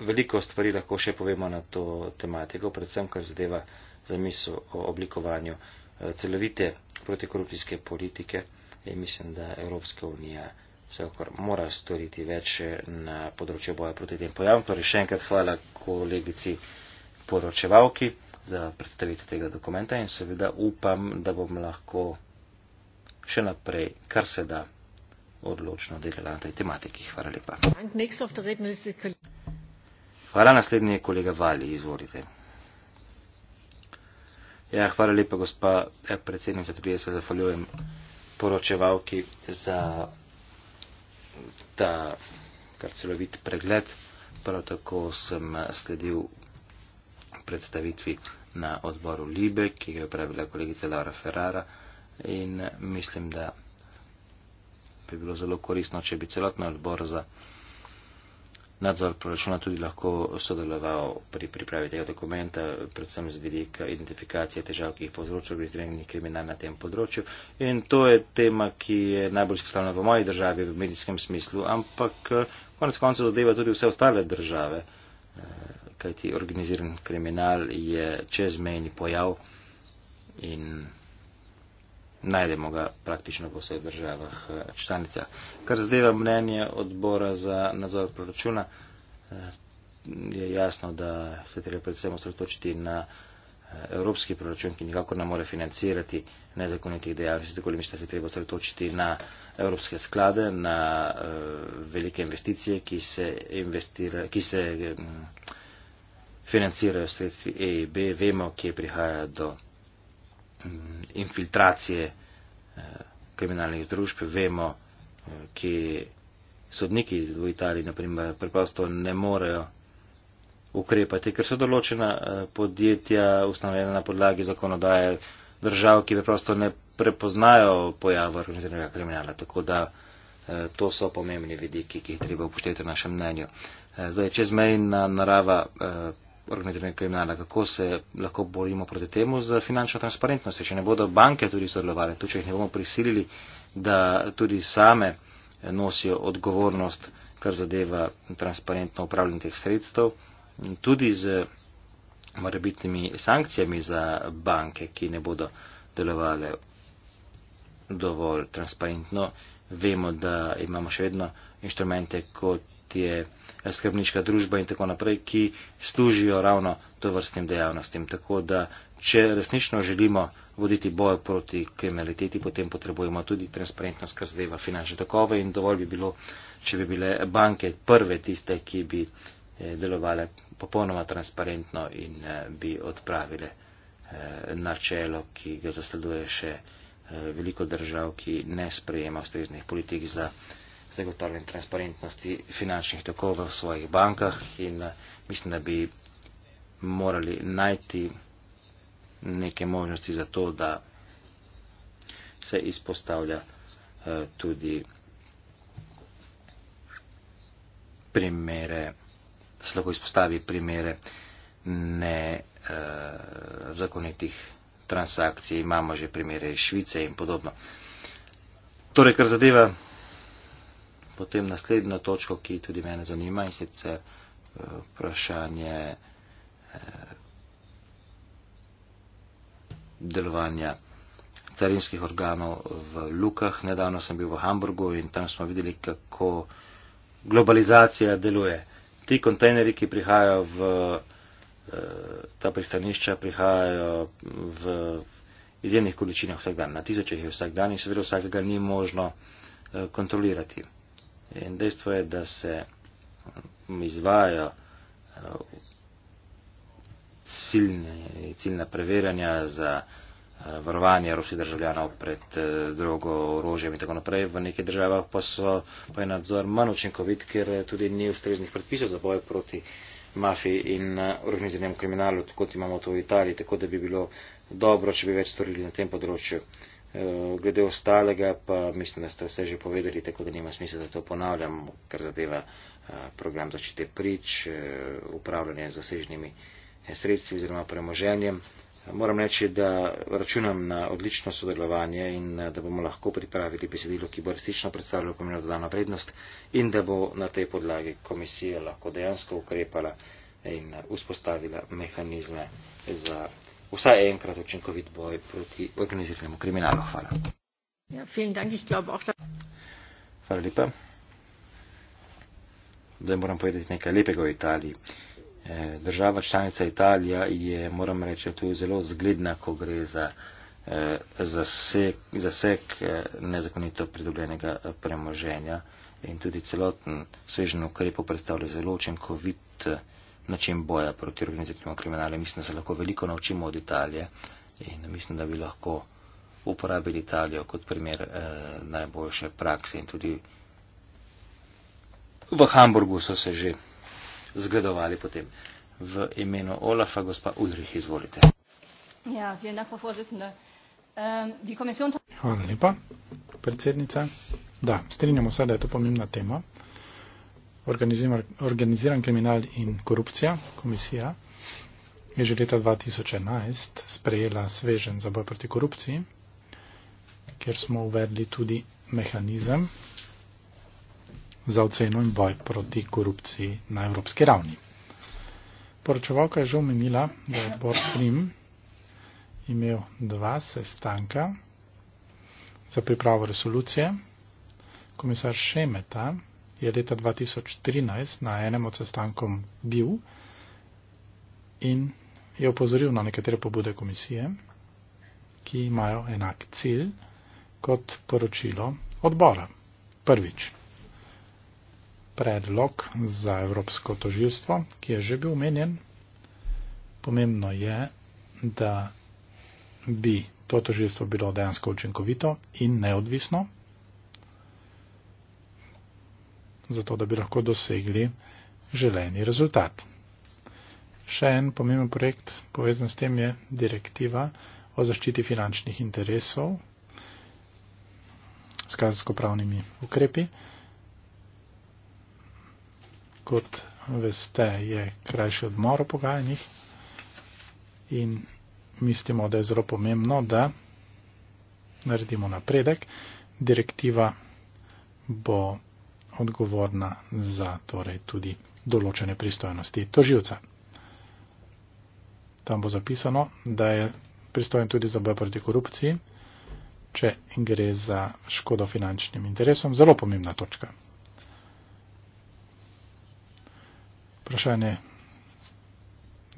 veliko stvari lahko še povemo na to tematiko, predvsem kar zadeva zamisel o oblikovanju eh, celovite protikorupcijske politike in mislim, da Evropska unija vsekakor mora storiti več eh, na področju boja proti tem pojavom. Torej še enkrat hvala kolegici poročevalki za predstavitev tega dokumenta in seveda upam, da bom lahko še naprej, kar se da, odločno delala na tej tematiki. Hvala lepa. Hvala, naslednji je kolega Vali, izvolite. Ja, hvala lepa, gospa ja, predsednica, tudi jaz se zahvaljujem poročevalki za ta kar celovit pregled. Prav tako sem sledil predstavitvi na odboru Libe, ki ga je pravila kolegica Laura Ferrara in mislim, da bi bilo zelo korisno, če bi celotno odbor za nadzor proračuna tudi lahko sodeloval pri pripravi tega dokumenta, predvsem z vidika identifikacije težav, ki jih povzroča izrednji kriminal na tem področju. In to je tema, ki je najbolj izpostavljena v moji državi v medijskem smislu, ampak konec koncev zadeva tudi vse ostale države. Eh, kajti organiziran kriminal je čezmejni pojav in najdemo ga praktično po vseh državah eh, članica. Kar zadeva mnenje odbora za nadzor proračuna, eh, je jasno, da se treba predvsem osredotočiti na eh, evropski proračun, ki nikako ne more financirati nezakonitih dejavnosti, tako mislim, da se treba osredotočiti na evropske sklade, na velike investicije, ki se, investira, ki se financirajo sredstvi EIB, vemo, kje prihaja do mm, infiltracije eh, kriminalnih združb, vemo, eh, kje sodniki v Italiji naprimer, preprosto ne morejo ukrepati, ker so določena eh, podjetja ustanovljena na podlagi zakonodaje držav, ki preprosto ne prepoznajo pojav organiziranega kriminala. Tako da to so pomembni vidiki, ki jih treba upoštevati v našem mnenju. Zdaj, čezmejna narava organiziranega kriminala, kako se lahko borimo proti temu z finančno transparentnostjo, če ne bodo banke tudi sodelovali, tudi če jih ne bomo prisilili, da tudi same nosijo odgovornost, kar zadeva transparentno upravljanje teh sredstev, tudi z morebitnimi sankcijami za banke, ki ne bodo delovali dovolj transparentno. Vemo, da imamo še vedno inštrumente, kot je Eh, skrbniška družba in tako naprej, ki služijo ravno to vrstnim dejavnostim. Tako da, če resnično želimo voditi bojo proti kriminaliteti, potem potrebujemo tudi transparentnost, kar zdajva finančne takove in dovolj bi bilo, če bi bile banke prve tiste, ki bi eh, delovale popolnoma transparentno in eh, bi odpravile načelo, ki ga zasleduje še veliko držav, ki ne sprejema ustreznih politik za zagotavljanje transparentnosti finančnih tokov v svojih bankah in eh, mislim, da bi morali najti neke možnosti za to, da se izpostavlja eh, tudi primere, da se lahko izpostavi primere nezakonitih eh, transakcij. Imamo že primere iz Švice in podobno. Torej, kar zadeva potem naslednjo točko, ki tudi mene zanima in sicer eh, vprašanje eh, delovanja carinskih organov v Lukah. Nedavno sem bil v Hamburgu in tam smo videli, kako globalizacija deluje. Ti kontejneri, ki prihajajo v eh, ta pristanišča, prihajajo v izjemnih količinah vsak dan, na tisoče jih je vsak dan in seveda vsakega ni možno kontrolirati. In dejstvo je, da se izvajajo eh, ciljna preverjanja za eh, varovanje evropskih državljanov pred eh, drogo orožjem in tako naprej. V nekih državah pa, so, pa je nadzor manj učinkovit, ker tudi ni ustreznih predpisov za boj proti mafiji in organiziranem kriminalu, kot imamo to v Italiji, tako da bi bilo dobro, če bi več storili na tem področju. Eh, glede ostalega pa mislim, da ste vse že povedali, tako da nima smisla, da to ponavljam, kar zadeva eh, program začite prič, eh, upravljanje z zasežnimi sredstvi oziroma premoženjem. Moram reči, da računam na odlično sodelovanje in da bomo lahko pripravili besedilo, ki bo resnično predstavljalo pomembno dodano vrednost in da bo na tej podlagi komisija lahko dejansko ukrepala in vzpostavila mehanizme za vsaj enkrat učinkovit boj proti organiziranemu kriminalu. Hvala. Ja, dank, ich glaub, auch da... Hvala lepa. Zdaj moram povedati nekaj lepega o Italiji. Eh, država članica Italija je, moram reči, tudi zelo zgledna, ko gre za eh, zasek, zasek eh, nezakonito pridobljenega premoženja in tudi celoten svežen ukrep predstavlja zelo učinkovit način boja proti organiziranemu kriminalu. Mislim, da se lahko veliko naučimo od Italije in mislim, da bi lahko uporabili Italijo kot primer eh, najboljše prakse. In tudi v Hamburgu so se že zgledovali potem. V imenu Olafa, gospa Ulrich, izvolite. Ja, ähm, Hvala lepa, predsednica. Da, strinjamo se, da je to pomembna tema organiziran kriminal in korupcija, komisija, je že leta 2011 sprejela svežen za boj proti korupciji, kjer smo uvedli tudi mehanizem za oceno in boj proti korupciji na evropski ravni. Poročevalka je že omenila, da je odbor Krim imel dva sestanka za pripravo resolucije. Komisar Šemeta je leta 2013 na enem od sestankov bil in je opozoril na nekatere pobude komisije, ki imajo enak cilj kot poročilo odbora. Prvič, predlog za Evropsko toživstvo, ki je že bil omenjen, pomembno je, da bi to toživstvo bilo dejansko učinkovito in neodvisno. zato da bi lahko dosegli želeni rezultat. Še en pomemben projekt povezan s tem je direktiva o zaščiti finančnih interesov s kazensko-pravnimi ukrepi. Kot veste, je krajši odmor v pogajanjih in mislimo, da je zelo pomembno, da naredimo napredek. Direktiva bo odgovorna za torej tudi določene pristojnosti toživca. Tam bo zapisano, da je pristojen tudi za boj proti korupciji, če gre za škodo finančnim interesom. Zelo pomembna točka. Vprašanje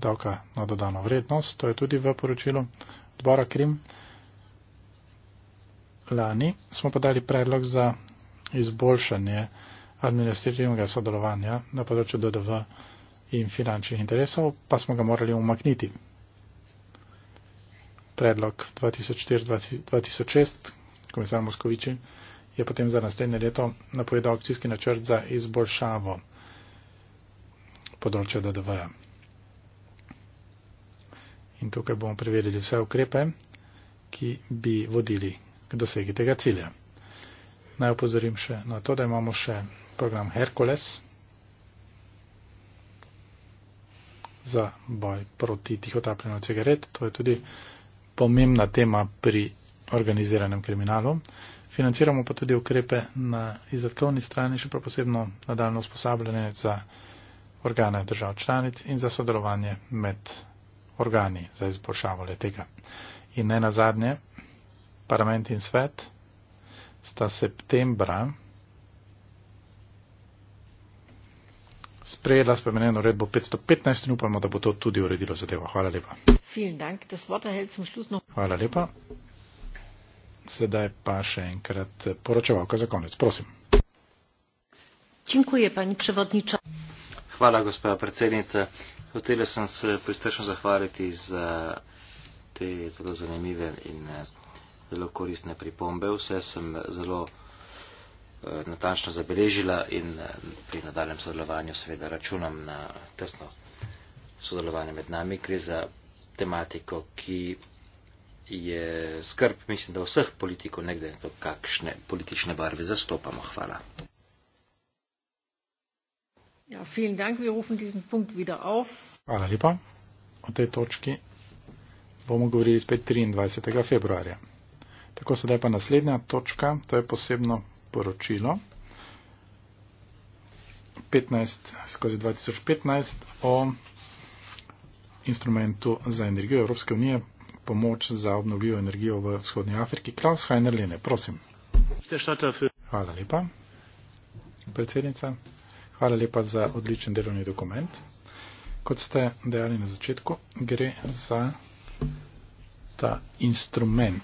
davka na dodano vrednost, to je tudi v poročilu odbora Krim. Lani smo pa dali predlog za izboljšanje administrativnega sodelovanja na področju DDV in finančnih interesov, pa smo ga morali umakniti. Predlog 2004-2006, komisar Moskoviči, je potem za naslednje leto napovedal akcijski načrt za izboljšavo področja DDV. -ja. In tukaj bomo preverili vse ukrepe, ki bi vodili k dosegi tega cilja. Naj opozorim še na to, da imamo še program Herkules za boj proti tihotapljenju cigaret. To je tudi pomembna tema pri organiziranem kriminalu. Financiramo pa tudi ukrepe na izdatkovni strani, še posebno nadaljno usposabljanje za organe držav članic in za sodelovanje med organi za izboljšavo le tega. In ne nazadnje, parlament in svet sta septembra sprejela spremenjeno redbo 515 in upamo, da bo to tudi uredilo zadevo. Hvala lepa. Dank. Das Wort zum Hvala lepa. Sedaj pa še enkrat poročevalka za konec. Prosim. Činkuje, Hvala, gospod predsednica. Hotel sem se pristrčno zahvaliti za te zelo zanimive in eh, zelo koristne pripombe. Vse sem zelo Eh, natančno zabeležila in eh, pri nadaljem sodelovanju seveda računam na tesno sodelovanje med nami. Gre za tematiko, ki je skrb, mislim, da vseh politikov nekde to, kakšne politične barve zastopamo. Hvala. Ja, vielen Dank. Wir rufen diesen Punkt wieder auf. Hvala lepa. O tej točki bomo govorili spet 23. februarja. Tako sedaj pa naslednja točka, to je posebno poročilo 15 skozi 2015 o instrumentu za energijo Evropske unije, pomoč za obnovljivo energijo v vzhodnji Afriki. Klaus Heiner Lene, prosim. Hvala lepa, predsednica. Hvala lepa za odličen delovni dokument. Kot ste dejali na začetku, gre za ta instrument.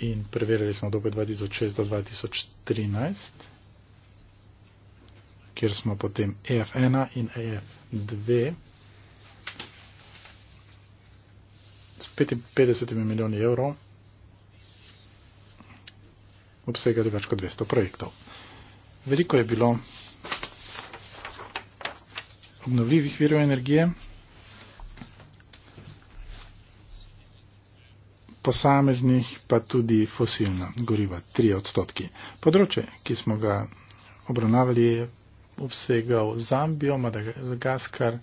in preverili smo dobe 2006 do 2013, kjer smo potem e AF1 in AF2. E s 55 milijoni evrov obsegali več kot 200 projektov. Veliko je bilo obnovljivih virov energije. posameznih pa tudi fosilna goriva, 3 odstotki. Področje, ki smo ga obravnavali, je obsegal Zambijo, Madagaskar,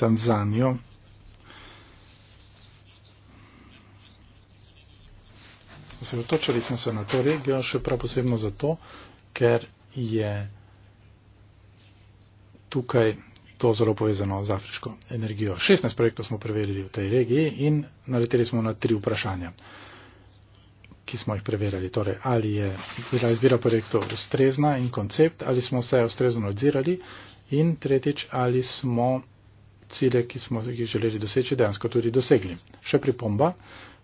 Tanzanijo. Zavrtočili smo se na to regijo še prav posebno zato, ker je tukaj to zelo povezano z afriško energijo. 16 projektov smo preverili v tej regiji in naleteli smo na tri vprašanja, ki smo jih preverili. Torej, ali je bila izbira projektov ustrezna in koncept, ali smo se ustrezno odzirali in tretjič, ali smo cilje, ki smo jih želeli doseči, dejansko tudi dosegli. Še pripomba,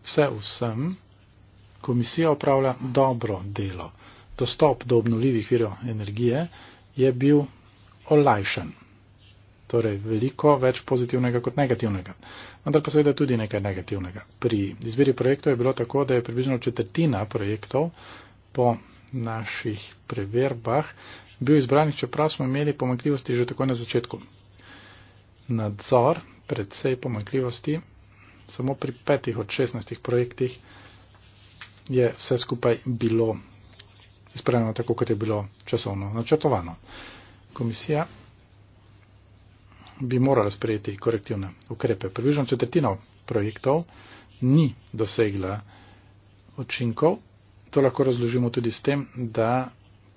vse vsem komisija opravlja dobro delo. Dostop do obnovljivih virov energije je bil olajšan torej veliko več pozitivnega kot negativnega. Vendar pa seveda tudi nekaj negativnega. Pri izbiri projektov je bilo tako, da je približno četrtina projektov po naših preverbah bil izbranih, čeprav smo imeli pomankljivosti že tako na začetku. Nadzor predvsej pomankljivosti samo pri petih od šestnestih projektih je vse skupaj bilo izpravljeno tako, kot je bilo časovno načrtovano. Komisija bi morala sprejeti korektivne ukrepe. Približno četrtina projektov ni dosegla učinkov. To lahko razložimo tudi s tem, da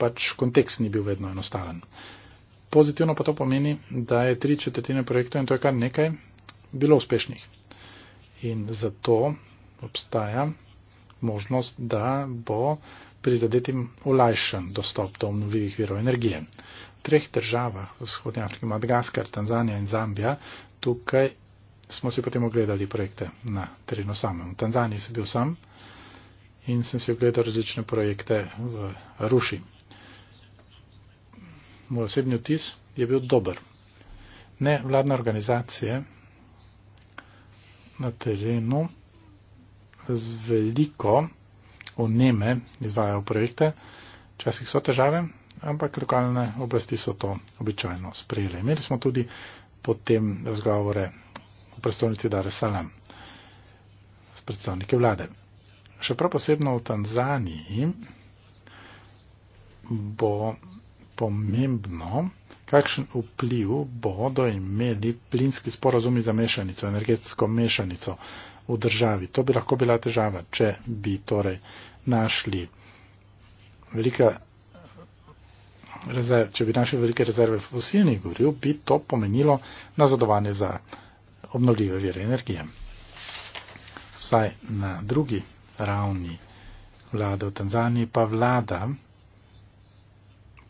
pač kontekst ni bil vedno enostaven. Pozitivno pa to pomeni, da je tri četrtine projektov in to je kar nekaj bilo uspešnih. In zato obstaja možnost, da bo prizadetim olajšan dostop do obnovljivih virov energije treh državah v vzhodnji Afriki, Madagaskar, Tanzanija in Zambija, tukaj smo si potem ogledali projekte na terenu samem. V Tanzaniji sem bil sam in sem si ogledal različne projekte v Ruši. Moj osebni vtis je bil dober. Ne vladne organizacije na terenu z veliko oneme izvajajo projekte, včasih so težave, ampak lokalne oblasti so to običajno sprejele. Imeli smo tudi potem razgovore v prestolnici Dar es Salaam s predstavniki vlade. Še prav posebno v Tanzaniji bo pomembno, kakšen vpliv bodo imeli plinski sporozumi za mešanico, energetsko mešanico v državi. To bi lahko bila težava, če bi torej našli velika rezerv, če bi našli velike rezerve fosilnih goril, bi to pomenilo nazadovanje za obnovljive vire energije. Vsaj na drugi ravni vlade v Tanzaniji pa vlada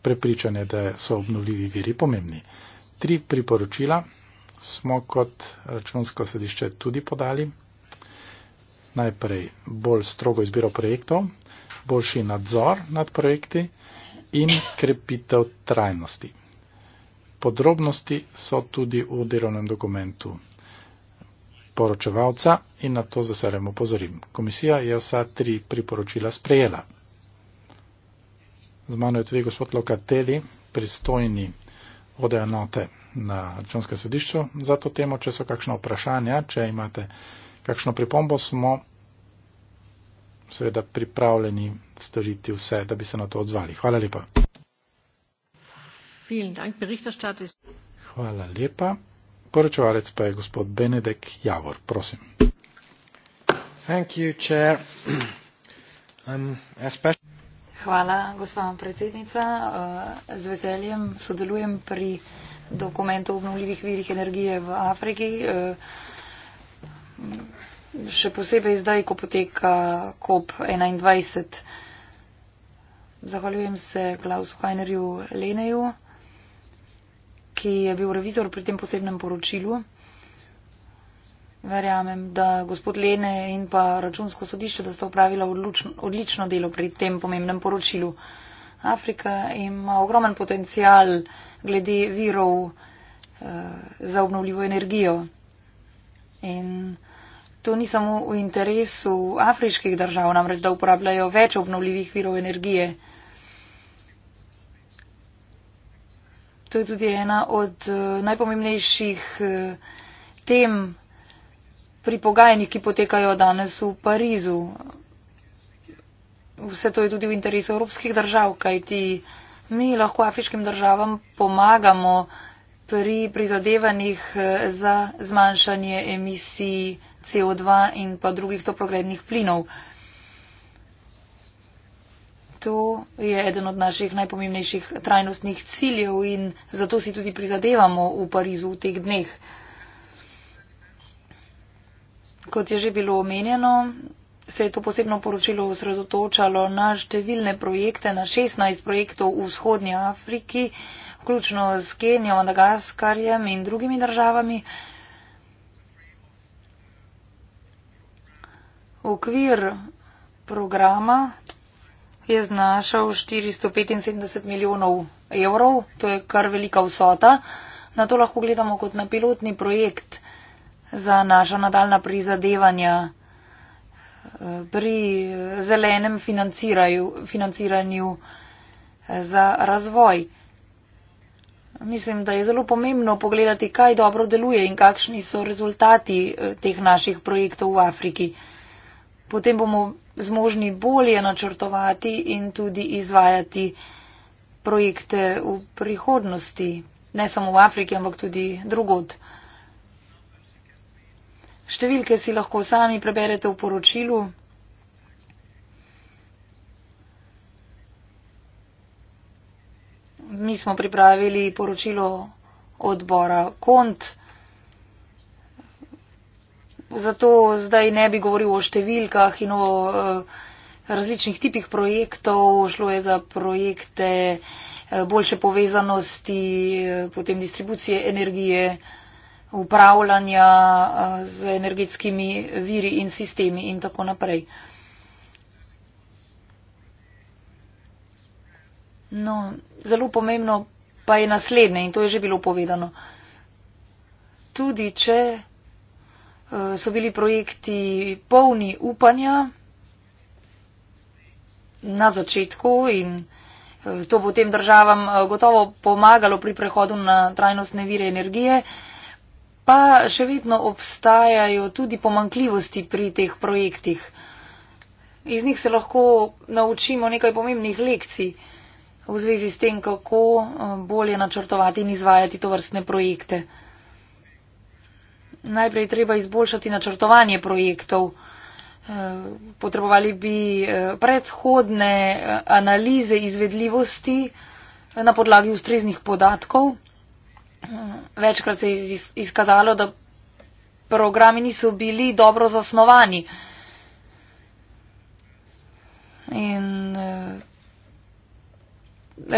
prepričanje, da so obnovljivi viri pomembni. Tri priporočila smo kot računsko sedišče tudi podali. Najprej bolj strogo izbiro projektov, boljši nadzor nad projekti in krepitev trajnosti. Podrobnosti so tudi v delovnem dokumentu poročevalca in na to z veseljem upozorim. Komisija je vsa tri priporočila sprejela. Z mano je tudi gospod Lokateli, pristojni vode enote na računskem sodišču. Za to temo, če so kakšno vprašanja, če imate kakšno pripombo, smo seveda pripravljeni storiti vse, da bi se na to odzvali. Hvala lepa. Hvala lepa. Poročevalec pa je gospod Benedek Javor. Prosim. Um, Hvala, gospa predsednica. Uh, z veseljem sodelujem pri dokumentu obnovljivih virih energije v Afriki. Uh, še posebej zdaj, ko poteka COP21. Zahvaljujem se Klausu Heinerju Leneju, ki je bil revizor pri tem posebnem poročilu. Verjamem, da gospod Lene in pa računsko sodišče, da sta upravila odlično, odlično delo pri tem pomembnem poročilu. Afrika ima ogromen potencial glede virov eh, za obnovljivo energijo. In to ni samo v interesu afriških držav, namreč da uporabljajo več obnovljivih virov energije. To je tudi ena od eh, najpomembnejših eh, tem pri pogajanjih, ki potekajo danes v Parizu. Vse to je tudi v interesu evropskih držav, kajti mi lahko afriškim državam pomagamo pri prizadevanjih eh, za zmanjšanje emisij CO2 in pa drugih toplogrednih plinov. To je eden od naših najpomembnejših trajnostnih ciljev in zato si tudi prizadevamo v Parizu v teh dneh. Kot je že bilo omenjeno, se je to posebno poročilo osredotočalo na številne projekte, na 16 projektov v vzhodnji Afriki, vključno s Kenijo, Madagaskarjem in drugimi državami. okvir programa je znašal 475 milijonov evrov, to je kar velika vsota. Na to lahko gledamo kot na pilotni projekt za naša nadaljna prizadevanja eh, pri zelenem financiranju eh, za razvoj. Mislim, da je zelo pomembno pogledati, kaj dobro deluje in kakšni so rezultati eh, teh naših projektov v Afriki potem bomo zmožni bolje načrtovati in tudi izvajati projekte v prihodnosti, ne samo v Afriki, ampak tudi drugod. Številke si lahko sami preberete v poročilu. Mi smo pripravili poročilo odbora KONT. Zato zdaj ne bi govoril o številkah in o eh, različnih tipih projektov. Šlo je za projekte eh, boljše povezanosti, eh, potem distribucije energije, upravljanja z energetskimi viri in sistemi in tako naprej. No, zelo pomembno pa je naslednje in to je že bilo povedano. Tudi če Eh, so bili projekti polni upanja na začetku in eh, to bo tem državam eh, gotovo pomagalo pri prehodu na trajnostne vire energije, pa še vedno obstajajo tudi pomankljivosti pri teh projektih. Iz njih se lahko naučimo nekaj pomembnih lekcij v zvezi s tem, kako bolje načrtovati in izvajati to vrstne projekte najprej treba izboljšati načrtovanje projektov. Eh, potrebovali bi eh, predhodne eh, analize izvedljivosti na podlagi ustreznih podatkov. Večkrat se je izkazalo, da programi niso bili dobro zasnovani. In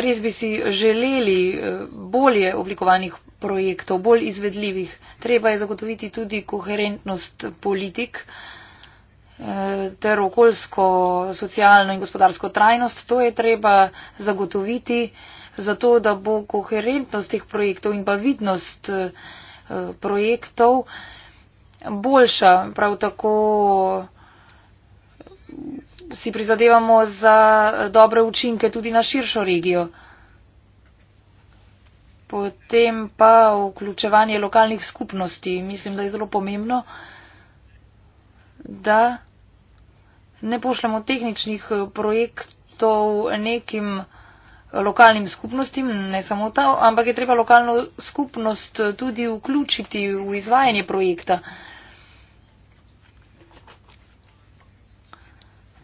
res bi si želeli eh, bolje oblikovanih projektov, bolj izvedljivih. Treba je zagotoviti tudi koherentnost politik eh, ter okoljsko, socialno in gospodarsko trajnost. To je treba zagotoviti zato, da bo koherentnost teh projektov in pa vidnost eh, projektov boljša. Prav tako si prizadevamo za dobre učinke tudi na širšo regijo. Potem pa vključevanje lokalnih skupnosti. Mislim, da je zelo pomembno, da ne pošljemo tehničnih projektov nekim lokalnim skupnostim, ne samo ta, ampak je treba lokalno skupnost tudi vključiti v izvajanje projekta.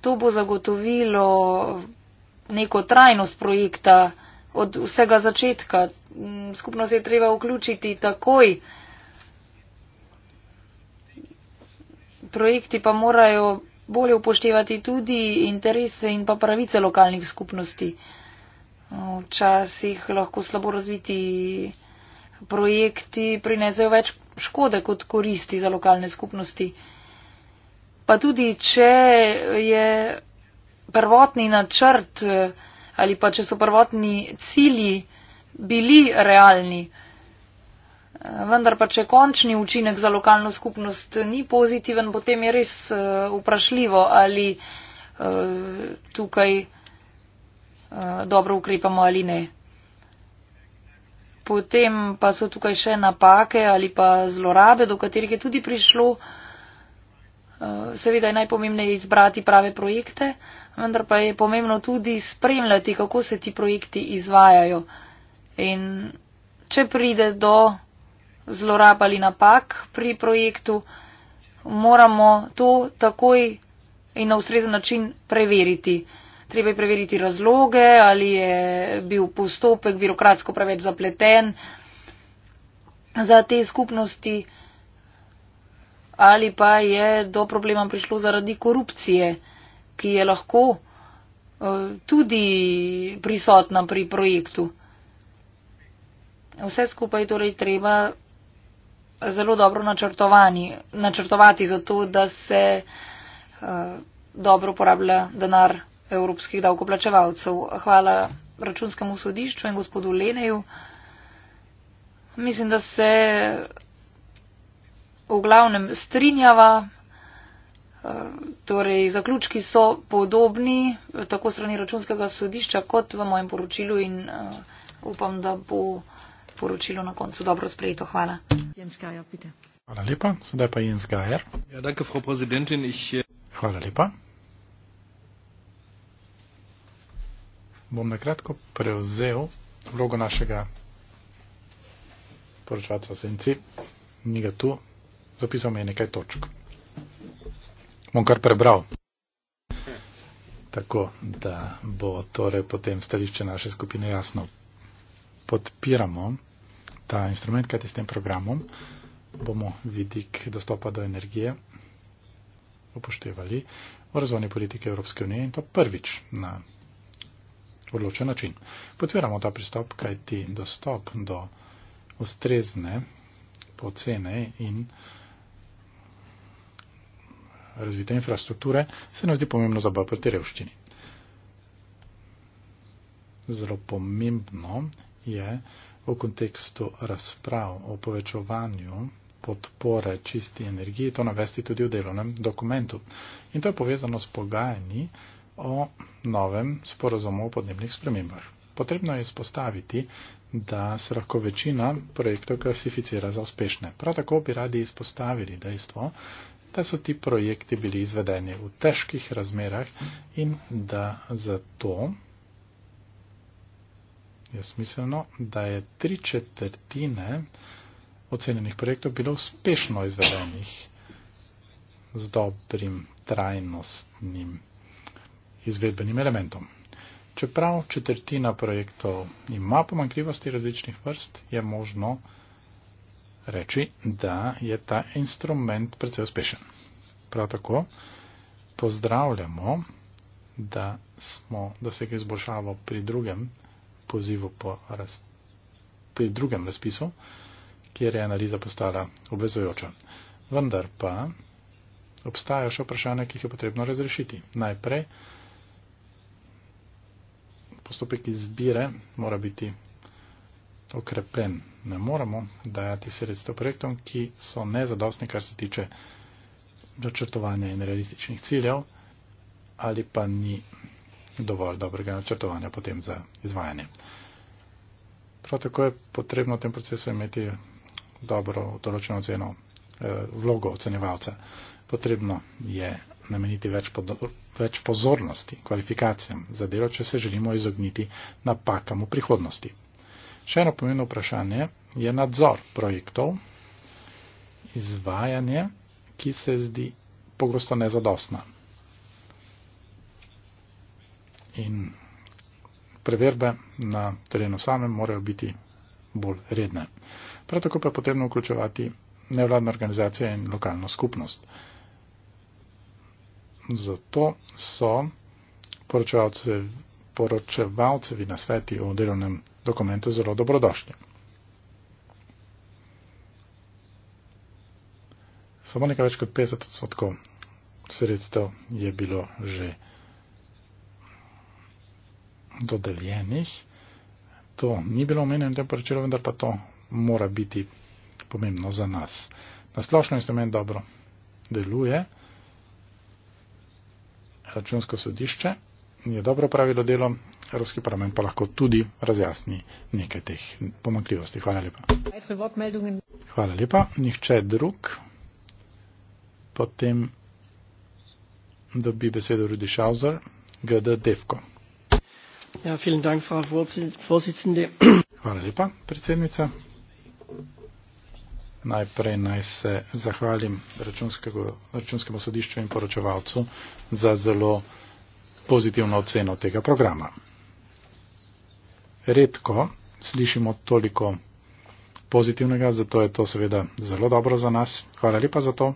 to bo zagotovilo neko trajnost projekta od vsega začetka. Mm, Skupno se je treba vključiti takoj. Projekti pa morajo bolje upoštevati tudi interese in pa pravice lokalnih skupnosti. Včasih lahko slabo razviti projekti prinesejo več škode kot koristi za lokalne skupnosti pa tudi če je prvotni načrt eh, ali pa če so prvotni cilji bili realni. Eh, vendar pa, če končni učinek za lokalno skupnost ni pozitiven, potem je res eh, vprašljivo, ali tukaj dobro ukrepamo ali ne. Potem pa so tukaj še napake ali pa zlorabe, do katerih je tudi prišlo. Seveda je najpomembneje izbrati prave projekte, vendar pa je pomembno tudi spremljati, kako se ti projekti izvajajo. In če pride do zlorab ali napak pri projektu, moramo to takoj in na ustrezen način preveriti. Treba je preveriti razloge, ali je bil postopek birokratsko preveč zapleten za te skupnosti ali pa je do problema prišlo zaradi korupcije, ki je lahko eh, tudi prisotna pri projektu. Vse skupaj torej treba zelo dobro načrtovati, zato da se eh, dobro porablja denar evropskih davkoplačevalcev. Hvala računskemu sodišču in gospodu Leneju. Mislim, da se v glavnem strinjava. Torej, zaključki so podobni, tako strani računskega sodišča, kot v mojem poročilu in uh, upam, da bo poročilo na koncu dobro sprejeto. Hvala. Hvala lepa. Sedaj pa Jens Gajer. Ja, danke, frau prezidentin. Ich... Äh, Hvala lepa. Bom nakratko prevzel vlogo našega poročevalca Senci. Ni ga tu zapisal mi je nekaj točk. Bom kar prebral. Tako, da bo torej potem stališče naše skupine jasno. Podpiramo ta instrument, kajti s tem programom bomo vidik dostopa do energije upoštevali v razvojni politike Evropske unije in to prvič na odločen način. Podpiramo ta pristop, kajti dostop do ustrezne pocene in uh, razvite infrastrukture, se nam zdi pomembno za boj proti revščini. Zelo pomembno je v kontekstu razprav o povečovanju podpore čisti energiji to navesti tudi v delovnem dokumentu. In to je povezano s pogajanji o novem sporozumu o podnebnih spremembah. Potrebno je izpostaviti, da se lahko večina projektov klasificira za uspešne. Prav tako bi radi izpostavili dejstvo, da so ti projekti bili izvedeni v težkih razmerah in da zato je smiselno, da je tri četrtine ocenjenih projektov bilo uspešno izvedenih z dobrim trajnostnim izvedbenim elementom. Čeprav četrtina projektov ima pomankljivosti različnih vrst, je možno, reči, da je ta instrument precej uspešen. Prav tako pozdravljamo, da smo dosegli izboljšavo pri drugem pozivu po raz, pri drugem razpisu, kjer je analiza postala obvezujoča. Vendar pa obstajajo še vprašanja, ki jih je potrebno razrešiti. Najprej postopek izbire mora biti okrepen. Ne moremo dajati sredstev projektom, ki so nezadostni, kar se tiče načrtovanja in realističnih ciljev, ali pa ni dovolj dobrega načrtovanja potem za izvajanje. Prav tako je potrebno v tem procesu imeti dobro določeno oceno, eh, vlogo ocenjevalca. Potrebno je nameniti več, podo, več pozornosti kvalifikacijam za delo, če se želimo izogniti napakam v prihodnosti. Še eno pomembno vprašanje je nadzor projektov, izvajanje, ki se zdi pogosto nezadostna. In preverbe na terenu samem morajo biti bolj redne. Prav tako pa je potrebno vključevati nevladne organizacije in lokalno skupnost. Zato so poročevalcevi nasveti o delovnem dokumente zelo dobrodošli. Samo nekaj več kot 50 odstotkov sredstev je bilo že dodeljenih. To ni bilo omenjeno v tem poročilu, vendar pa to mora biti pomembno za nas. Na splošno instrument dobro deluje. Računsko sodišče je dobro pravilo delo, Evropski parlament pa lahko tudi razjasni nekaj teh pomankljivosti. Hvala lepa. Hvala lepa. Nihče drug. Potem dobi besedo Rudi Šauzer, GD Devko. Ja, dank, Hvala lepa, predsednica. Najprej naj se zahvalim računskemu sodišču in poročevalcu za zelo pozitivno oceno tega programa. Redko slišimo toliko pozitivnega, zato je to seveda zelo dobro za nas. Hvala lepa za to.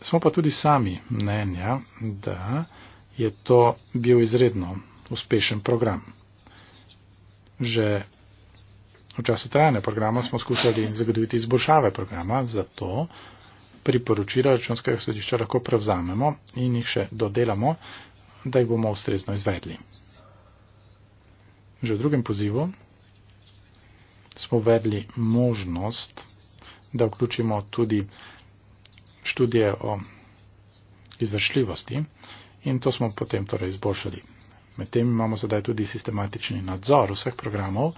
Smo pa tudi sami mnenja, da je to bil izredno uspešen program. Že v času trajanja programa smo skušali zagotoviti izboljšave programa, zato priporočila računskega sodišča lahko prevzamemo in jih še dodelamo, da jih bomo ustrezno izvedli. Že v drugem pozivu smo uvedli možnost, da vključimo tudi študije o izvršljivosti in to smo potem torej izboljšali. Medtem imamo zdaj tudi sistematični nadzor vseh programov,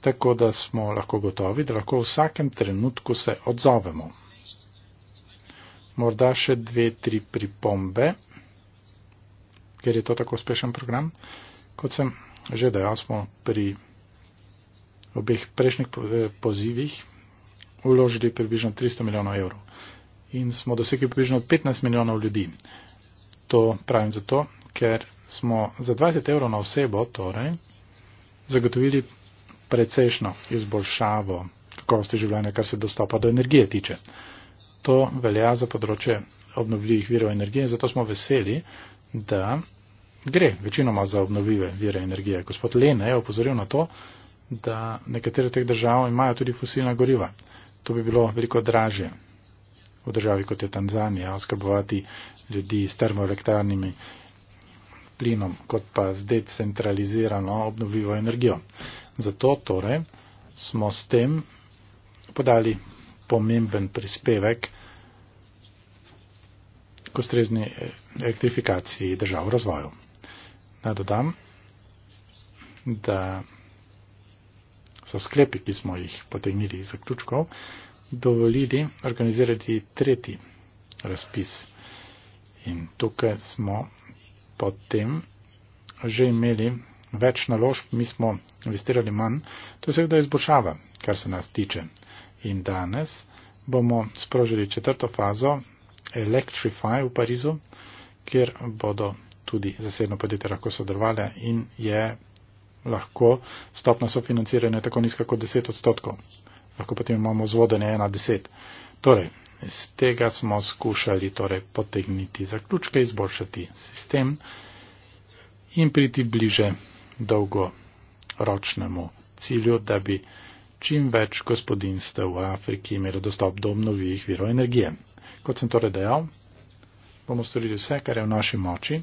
tako da smo lahko gotovi, da lahko v vsakem trenutku se odzovemo morda še dve, tri pripombe, ker je to tako uspešen program. Kot sem že dejal, smo pri obeh prejšnjih eh, pozivih uložili približno 300 milijonov evrov in smo dosegli približno 15 milijonov ljudi. To pravim zato, ker smo za 20 evrov na osebo torej, zagotovili precejšno izboljšavo kakovosti življenja, kar se dostopa do energije tiče to velja za področje obnovljivih virov energije, zato smo veseli, da gre večinoma za obnovljive vire energije. Gospod Lene je opozoril na to, da nekatere teh držav imajo tudi fosilna goriva. To bi bilo veliko draže v državi kot je Tanzanija oskrbovati ljudi s termoelektrarnimi plinom, kot pa z decentralizirano obnovljivo energijo. Zato torej smo s tem podali pomemben prispevek k ustrezni eh, elektrifikaciji držav v razvoju. Naj dodam, da so sklepi, ki smo jih potegnili iz zaključkov, dovolili organizirati tretji razpis. In tukaj smo potem že imeli več naložb, mi smo investirali manj. To je seveda izboljšava, kar se nas tiče. In danes bomo sprožili četrto fazo Electrify v Parizu, kjer bodo tudi zasebno podjetje lahko sodelovali in je lahko stopna sofinanciranja tako nizka kot 10 odstotkov. Lahko potem imamo zvodene 1 na 10. Torej, iz tega smo skušali torej, potegniti zaključke, izboljšati sistem in priti bliže dolgoročnemu cilju, da bi čim več gospodinstev v Afriki imelo dostop do obnovih virov energije. Kot sem torej dejal, bomo storili vse, kar je v naši moči,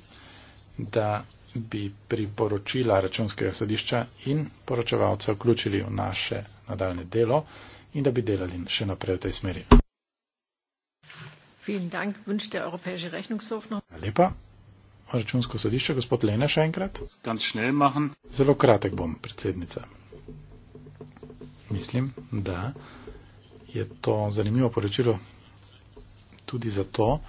da bi priporočila računskega sodišča in poročevalca vključili v naše nadaljne delo in da bi delali še naprej v tej smeri. Lepa. Računsko sodišče, gospod Lene, še enkrat. Zelo kratek bom, predsednica mislim, da je to zanimivo poročilo tudi zato,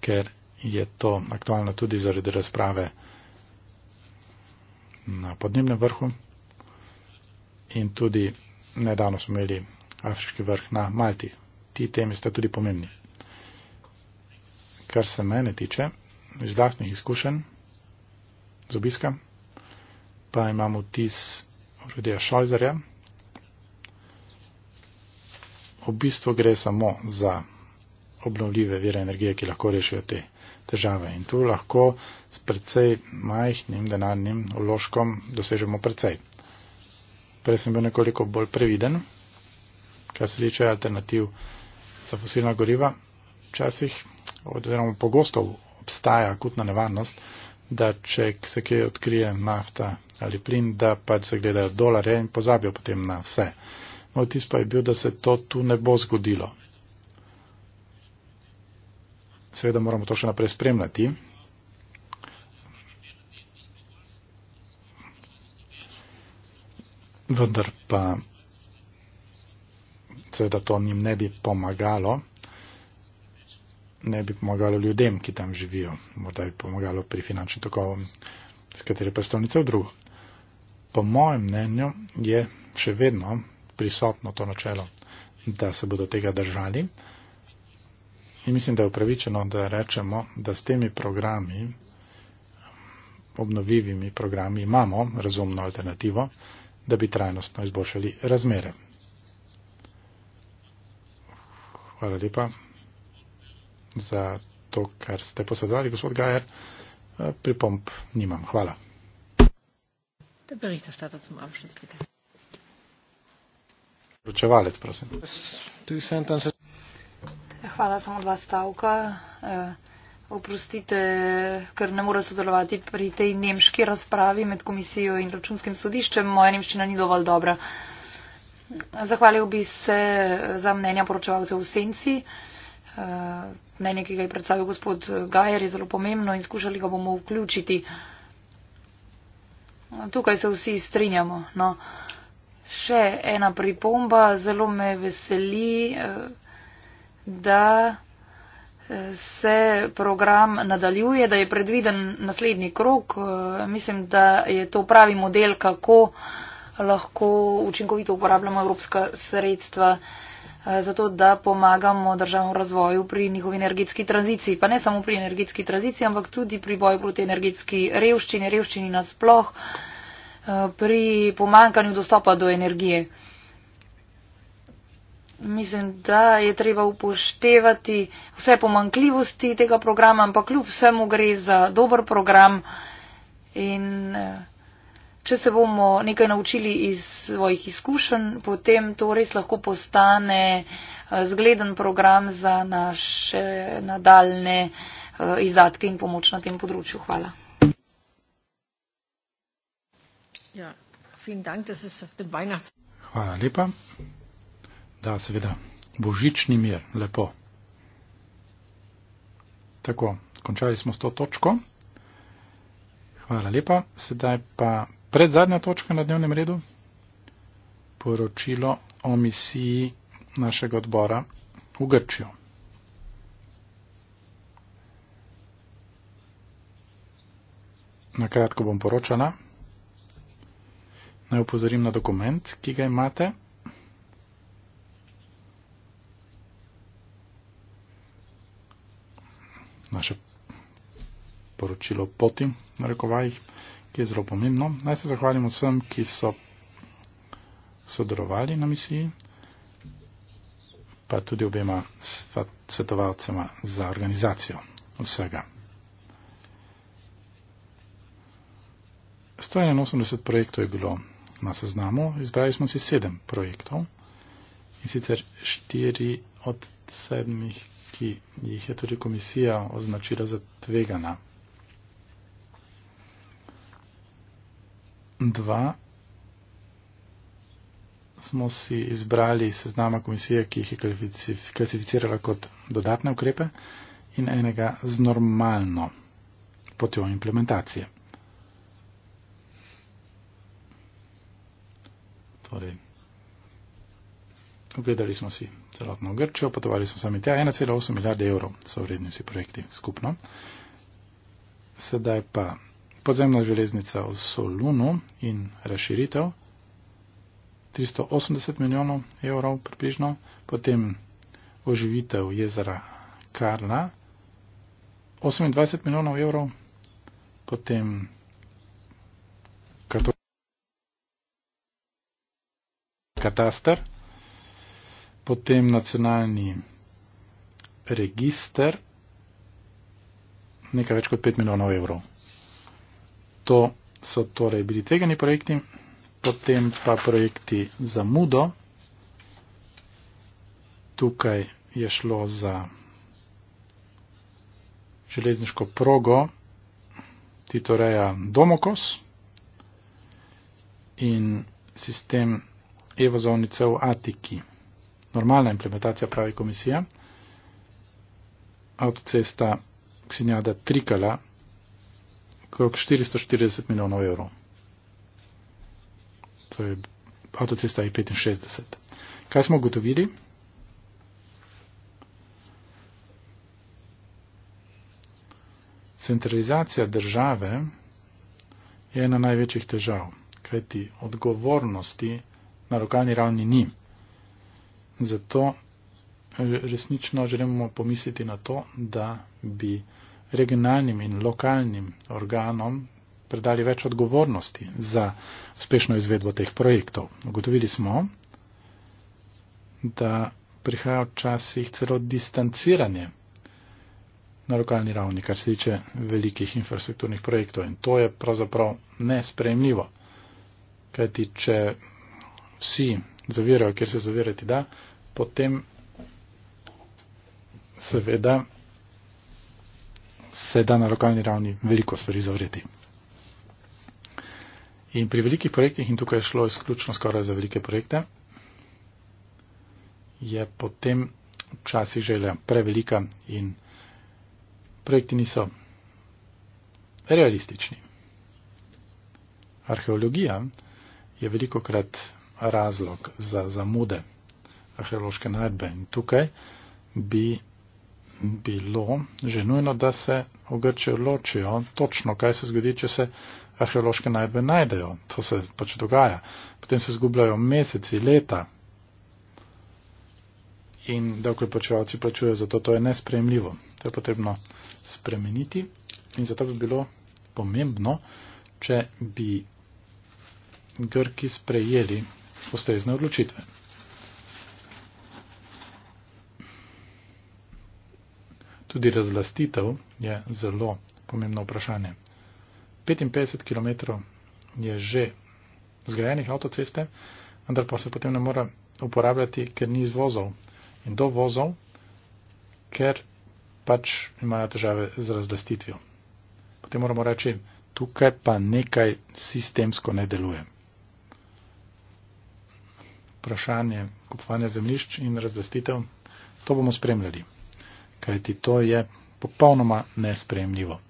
ker je to aktualno tudi zaradi razprave na podnebnem vrhu in tudi nedavno smo imeli afriški vrh na Malti. Ti temi sta tudi pomembni. Kar se mene tiče, iz vlastnih izkušenj, z obiska, pa imamo vtis Rudija Šojzarja, v bistvu gre samo za obnovljive vire energije, ki lahko rešijo te težave. In tu lahko s precej majhnim denarnim vložkom dosežemo precej. Prej sem bil nekoliko bolj previden, kar se tiče alternativ za fosilna goriva. Včasih, oziroma pogosto obstaja akutna nevarnost, da če se kje odkrije nafta ali plin, da pač se gledajo dolare in pozabijo potem na vse. Moj tis pa je bil, da se to tu ne bo zgodilo. Seveda moramo to še naprej spremljati. Vendar pa seveda to njim ne bi pomagalo, ne bi pomagalo ljudem, ki tam živijo, morda bi pomagalo pri finančnem tokovu, s katerim predstavnice v drugo. Po mojem mnenju je še vedno prisotno to načelo, da se bodo tega držali. In mislim, da je upravičeno, da rečemo, da s temi programi, obnovljivimi programi, imamo razumno alternativo, da bi trajnostno izboljšali razmere. Hvala lepa za to, kar ste posedovali, gospod Gajer. Pripomp nimam. Hvala. Der Berichterstatter zum Abschluss, bitte poročevalec, prosim. Hvala, samo dva stavka. Eh, oprostite, ker ne morem sodelovati pri tej nemški razpravi med komisijo in računskim sodiščem. Moja nemščina ni dovolj dobra. Zahvalil bi se za mnenja poročevalcev v senci. Eh, mnenje, ki ga je predstavil gospod Gajer, je zelo pomembno in skušali ga bomo vključiti. Tukaj se vsi strinjamo. No. Uh, Še ena pripomba, zelo me veseli, eh, da eh, se program nadaljuje, da je predviden naslednji krok. Eh, mislim, da je to pravi model, kako lahko učinkovito uporabljamo evropska sredstva zato, da pomagamo državam v razvoju pri njihovi energetski tranziciji. Pa ne samo pri energetski tranziciji, ampak tudi pri boju proti energetski revščini, revščini nasploh pri pomankanju dostopa do energije. Mislim, da je treba upoštevati vse pomankljivosti tega programa, ampak kljub vsemu gre za dober program in eh, če se bomo nekaj naučili iz svojih izkušenj, potem to res lahko postane eh, zgleden program za naše nadaljne eh, izdatke in pomoč na tem področju. Hvala. Ja, dank, Hvala lepa. Da, seveda, božični mir, lepo. Tako, končali smo s to točko. Hvala lepa. Sedaj pa predzadnja točka na dnevnem redu. Poročilo o misiji našega odbora v Grčijo. Na kratko bom poročala. Naj upozorim na dokument, ki ga imate. Naše poročilo poti, na rekovajih, ki je zelo pomembno. Naj se zahvalim vsem, ki so sodelovali na misiji, pa tudi obema svetovalcema za organizacijo vsega. 181 projektov je bilo na seznamu. Izbrali smo si sedem projektov in sicer štiri od sedmih, ki jih je tudi komisija označila za tvegana. Dva smo si izbrali seznama komisije, ki jih je klasificirala kot dodatne ukrepe in enega z normalno potjo implementacije. Torej, ogledali smo si celotno Grčijo, potovali smo sami tja, 1,8 milijarde evrov so vredni vsi projekti skupno. Sedaj pa podzemna železnica v Solunu in razširitev, 380 milijonov evrov približno, potem oživitev jezera Karla, 28 milijonov evrov, potem katastar, potem nacionalni register, nekaj več kot 5 milijonov evrov. To so torej bili tvegani projekti, potem pa projekti za mudo. Tukaj je šlo za železniško progo Titoreja Domokos in sistem e-vozovnice v Atiki. Normalna implementacija pravi komisija. Avtocesta Ksinjada Trikala, krok 440 milijonov evrov. To je avtocesta e I-65. Kaj smo ugotovili? Centralizacija države je ena največjih težav, kajti odgovornosti na lokalni ravni ni. Zato eh, resnično želimo pomisliti na to, da bi regionalnim in lokalnim organom predali več odgovornosti za uspešno izvedbo teh projektov. Ugotovili smo, da prihaja včasih celo distanciranje na lokalni ravni, kar se tiče velikih infrastrukturnih projektov. In to je pravzaprav nespremljivo. Kajti, če vsi zavirajo, kjer se zavirati da, potem seveda se da na lokalni ravni veliko stvari zavreti. In pri velikih projektih, in tukaj je šlo izključno skoraj za velike projekte, je potem včasih želja prevelika in projekti niso realistični. Arheologija je veliko krat razlog za zamude arheološke najdbe. In tukaj bi bilo že nujno, da se v Grčijo ločijo točno, kaj se zgodi, če se arheološke najdbe najdejo. To se pač dogaja. Potem se zgubljajo meseci, leta in da okrepočevalci plačujejo za to, to je nespremljivo. To je potrebno spremeniti in zato bi bilo pomembno, če bi Grki sprejeli ustrezne odločitve. Tudi razlastitev je zelo pomembno vprašanje. 55 km je že zgrajenih avtoceste, vendar pa se potem ne more uporabljati, ker ni izvozov in dovozov, ker pač imajo težave z razlastitvijo. Potem moramo reči, tukaj pa nekaj sistemsko ne deluje vprašanje kupovanja zemljišč in razvestitev, to bomo spremljali, kajti to je popolnoma nespremljivo.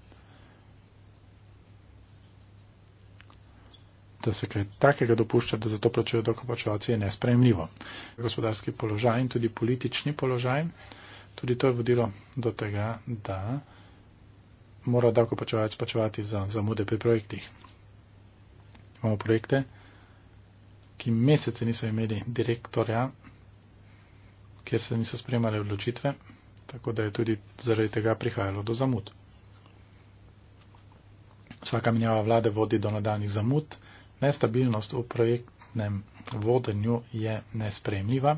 Da se kaj takega dopušča, da zato plačujejo dokopočevalci, je nespremljivo. Gospodarski položaj in tudi politični položaj, tudi to je vodilo do tega, da mora dokopočevalc plačevati za zamude pri projektih. Imamo projekte, ki mesece niso imeli direktorja, kjer se niso sprejemale odločitve, tako da je tudi zaradi tega prihajalo do zamud. Vsaka menjava vlade vodi do nadaljnih zamud, nestabilnost v projektnem vodenju je nespremljiva.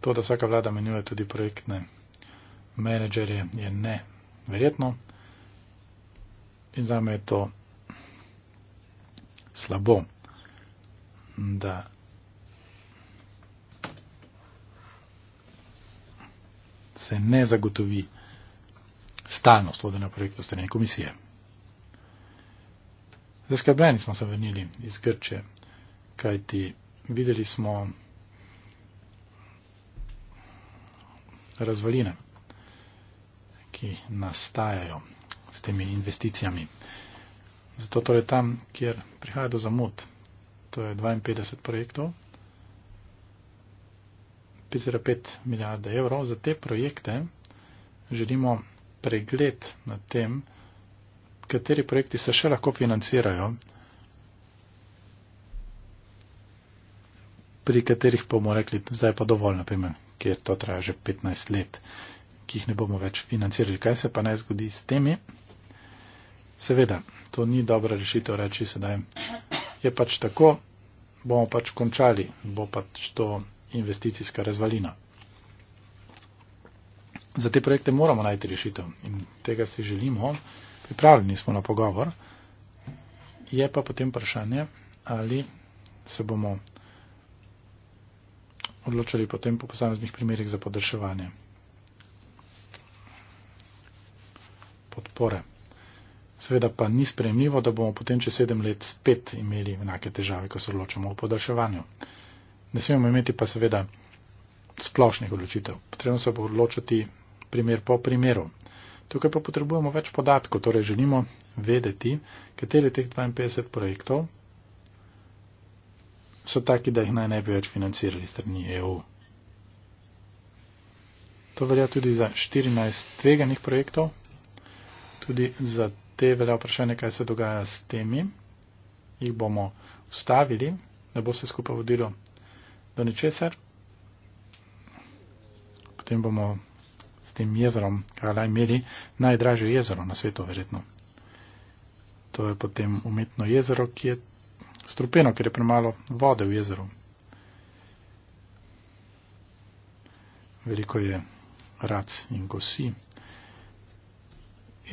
To, da vsaka vlada menjuje tudi projektne menedžerje, je neverjetno. In za me je to slabo da se ne zagotovi stalnost vodenja projektov strani komisije. Zaskrbljeni smo se vrnili iz Grče, kajti videli smo razvaline, ki nastajajo s temi investicijami. Zato torej tam, kjer prihaja do zamud, to je 52 projektov, 5,5 milijarde evrov. Za te projekte želimo pregled na tem, kateri projekti se še lahko financirajo, pri katerih pa bomo rekli, zdaj je pa dovolj, naprimer, kjer to traja že 15 let, ki jih ne bomo več financirali. Kaj se pa naj zgodi s temi? Seveda, to ni dobra rešitev reči sedaj, je pač tako, bomo pač končali, bo pač to investicijska razvalina. Za te projekte moramo najti rešitev in tega si želimo, pripravljeni smo na pogovor. Je pa potem vprašanje, ali se bomo odločili potem po posameznih primerjih za podrševanje podpore. Seveda pa ni sprejemljivo, da bomo potem čez sedem let spet imeli enake težave, ko se odločimo o podaljševanju. Ne smemo imeti pa seveda splošnih odločitev. Potrebno se bo odločiti primer po primeru. Tukaj pa potrebujemo več podatkov, torej želimo vedeti, kateri teh 52 projektov so taki, da jih naj ne bi več financirali strani EU. To velja tudi za 14 tveganih projektov, tudi za te velja vprašanje, kaj se dogaja s temi, jih bomo ustavili, da bo se skupaj vodilo do ničesar. Potem bomo s tem jezerom, kaj naj imeli, najdražje jezero na svetu, verjetno. To je potem umetno jezero, ki je strupeno, ker je premalo vode v jezeru. Veliko je rac in gosi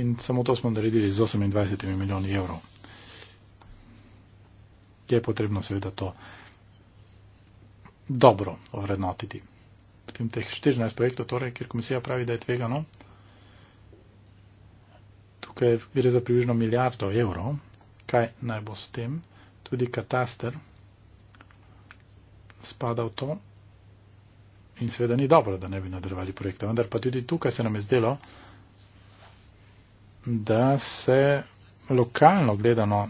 in samo to smo naredili z 28 milijoni evrov. Je potrebno seveda to dobro ovrednotiti. Potem teh 14 projektov, torej, kjer komisija pravi, da je tvegano, tukaj gre za približno milijardo evrov, kaj naj bo s tem, tudi kataster spada v to in seveda ni dobro, da ne bi nadaljevali projekta, vendar pa tudi tukaj se nam je zdelo, da se lokalno gledano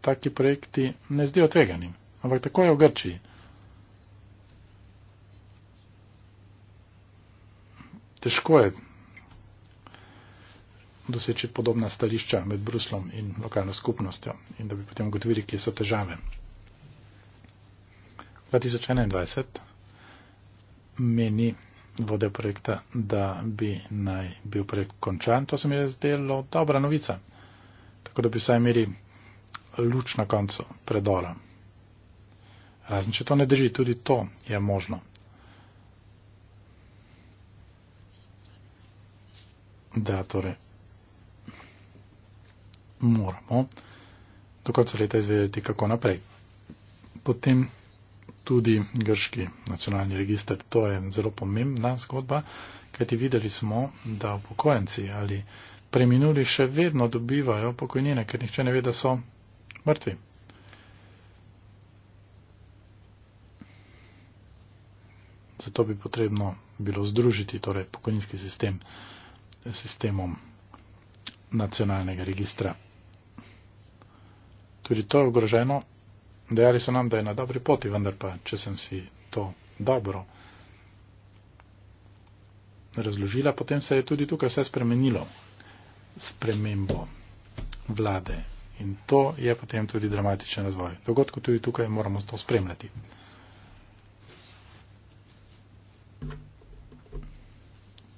taki projekti ne zdijo tveganim. Ampak tako je v Grčiji. Težko je doseči podobna stališča med Bruslom in lokalno skupnostjo in da bi potem ugotovili, kje so težave. 2021 meni vodja projekta, da bi naj bil projekt končan. To se mi je zdelo dobra novica. Tako da bi vsaj imeli luč na koncu predora. Razen, če to ne drži, tudi to je možno. Da, torej, moramo do konca leta izvedeti, kako naprej. Potem tudi grški nacionalni registr. To je zelo pomembna zgodba, kajti videli smo, da upokojenci ali preminuli še vedno dobivajo pokojnine, ker nihče ne ve, da so mrtvi. Zato bi potrebno bilo združiti torej, pokojninski sistem s sistemom nacionalnega registra. Tudi to je ogroženo Dejali so nam, da je na dobri poti, vendar pa, če sem si to dobro razložila, potem se je tudi tukaj vse spremenilo. Spremembo vlade. In to je potem tudi dramatičen razvoj. Dogodko tudi tukaj moramo to spremljati.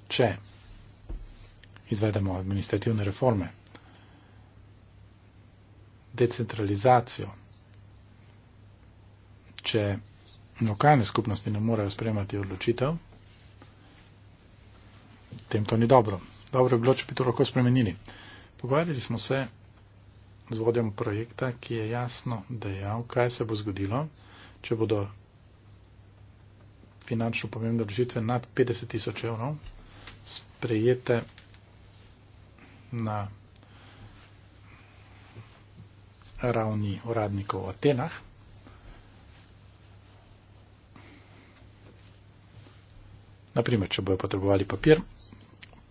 Če izvedemo administrativne reforme, decentralizacijo, če lokalne skupnosti ne morejo spremati odločitev, tem to ni dobro. Dobro je bilo, če bi to lahko spremenili. Pogovarjali smo se z vodjem projekta, ki je jasno dejal, kaj se bo zgodilo, če bodo finančno pomembne odložitve nad 50 tisoč evrov sprejete na ravni uradnikov v Atenah. Naprimer, če bojo potrebovali papir,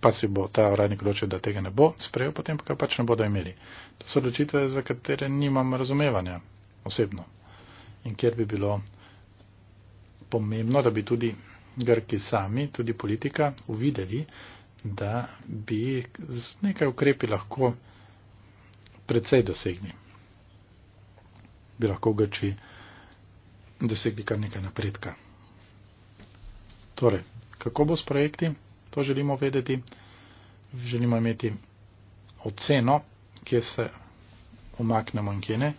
pa si bo ta uradnik odločil, da tega ne bo sprejel, potem pa ga pač ne bodo imeli. To so odločitve, za katere nimam razumevanja osebno. In kjer bi bilo pomembno, da bi tudi Grki sami, tudi politika, uvideli, da bi z nekaj ukrepi lahko precej dosegli. Bi lahko Grči dosegli kar nekaj napredka. Torej, kako bo s projekti, to želimo vedeti. Želimo imeti oceno, kje se umaknemo in kje ne.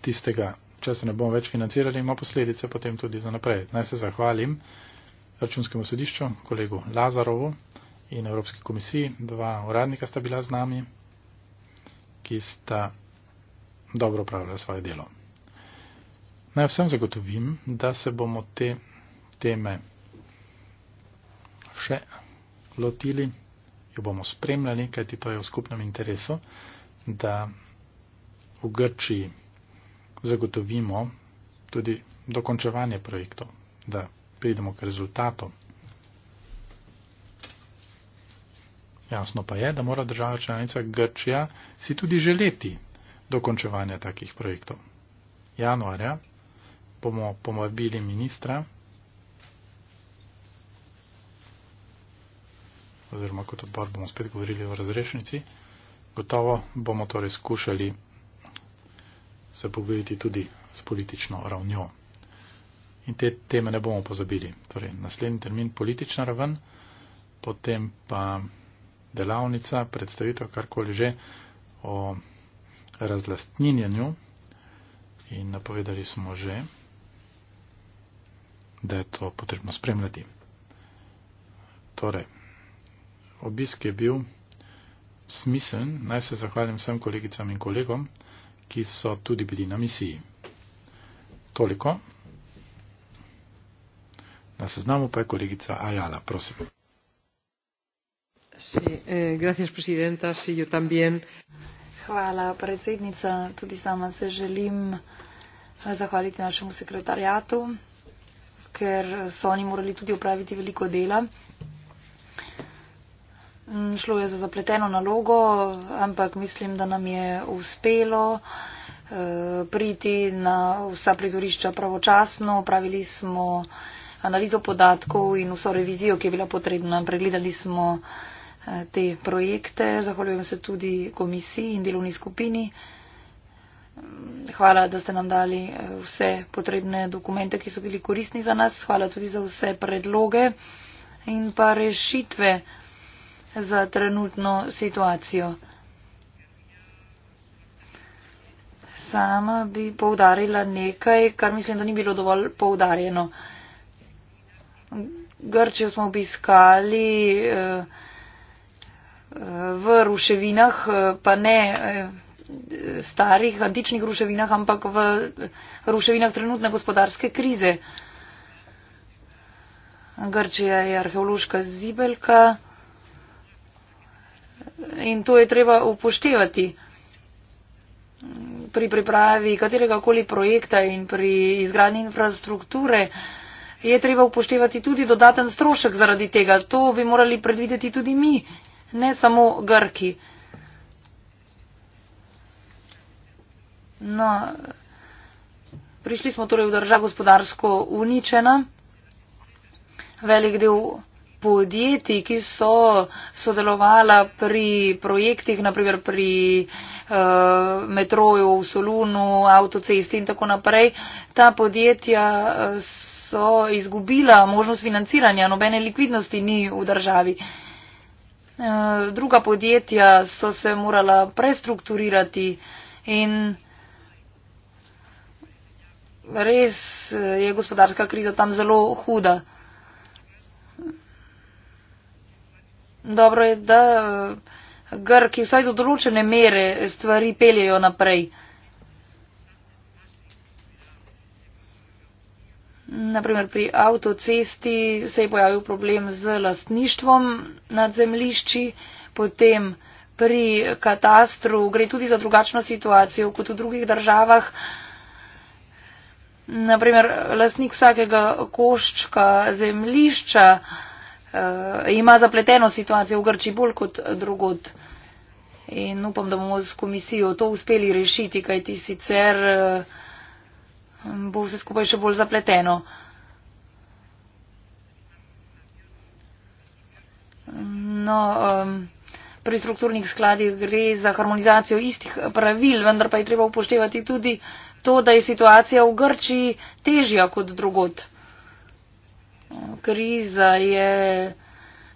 Tistega, če se ne bomo več financirali, ima posledice potem tudi za naprej. Naj se zahvalim računskemu sodišču, kolegu Lazarovu in Evropski komisiji. Dva uradnika sta bila z nami, ki sta dobro upravljala svoje delo. Naj vsem zagotovim, da se bomo te teme še lotili, jo bomo spremljali, kajti to je v skupnem interesu, da v Grčiji zagotovimo tudi dokončevanje projektov, da pridemo k rezultatu. Jasno pa je, da mora država članica Grčija si tudi želeti dokončevanja takih projektov. Januarja bomo pomabili ministra, oziroma kot odbor bomo spet govorili o razrešnici. Gotovo bomo torej skušali se pogovoriti tudi s politično ravnjo. In te teme ne bomo pozabili. Torej, naslednji termin politična raven, potem pa delavnica, predstavitev, karkoli že o razlastninjenju. In napovedali smo že, da je to potrebno spremljati. Torej, obisk je bil smisen. Naj se zahvalim vsem kolegicam in kolegom, ki so tudi bili na misiji. Toliko. Na seznamu pa je kolegica Ajala, prosim. Sí, eh, gracias, presidenta, sí, yo también. Hvala, predsednica. Tudi sama se želim eh, zahvaliti našemu sekretarjatu, ker so oni morali tudi upraviti veliko dela. Mm, šlo je za zapleteno nalogo, ampak mislim, da nam je uspelo eh, priti na vsa prizorišča pravočasno. Pravili smo analizo podatkov in vso revizijo, ki je bila potrebna. Pregledali smo eh, te projekte. Zahvaljujem se tudi komisiji in delovni skupini. Mm, hvala, da ste nam dali eh, vse potrebne dokumente, ki so bili koristni za nas. Hvala tudi za vse predloge in pa rešitve za trenutno situacijo. Sama bi poudarila nekaj, kar mislim, da ni bilo dovolj poudarjeno. Grčijo smo obiskali eh, v ruševinah, pa ne eh, starih antičnih ruševinah, ampak v ruševinah trenutne gospodarske krize. Grčija je arheološka zibelka in to je treba upoštevati pri pripravi katerega koli projekta in pri izgradnji infrastrukture. Je treba upoštevati tudi dodaten strošek zaradi tega. To bi morali predvideti tudi mi, ne samo Grki. No, prišli smo torej v državo gospodarsko uničena. Velik del podjetij, ki so sodelovala pri projektih, naprimer pri uh, metroju v Solunu, avtocesti in tako naprej, ta podjetja eh, so izgubila možnost financiranja, nobene likvidnosti ni v državi. Eh, druga podjetja so se morala prestrukturirati in res je gospodarska kriza tam zelo huda. dobro je, da eh, Grki vsaj do določene mere stvari peljejo naprej. Naprimer, pri avtocesti se je pojavil problem z lastništvom nad zemlišči, potem pri katastru gre tudi za drugačno situacijo kot v drugih državah. Naprimer, lastnik vsakega koščka zemlišča Eh, ima zapleteno situacijo v Grči bolj kot drugot. In upam, da bomo s komisijo to uspeli rešiti, kajti sicer eh, bo vse skupaj še bolj zapleteno. No, um, pri strukturnih skladih gre za harmonizacijo istih pravil, vendar pa je treba upoštevati tudi to, da je situacija v Grčiji težja kot drugot. Kriza je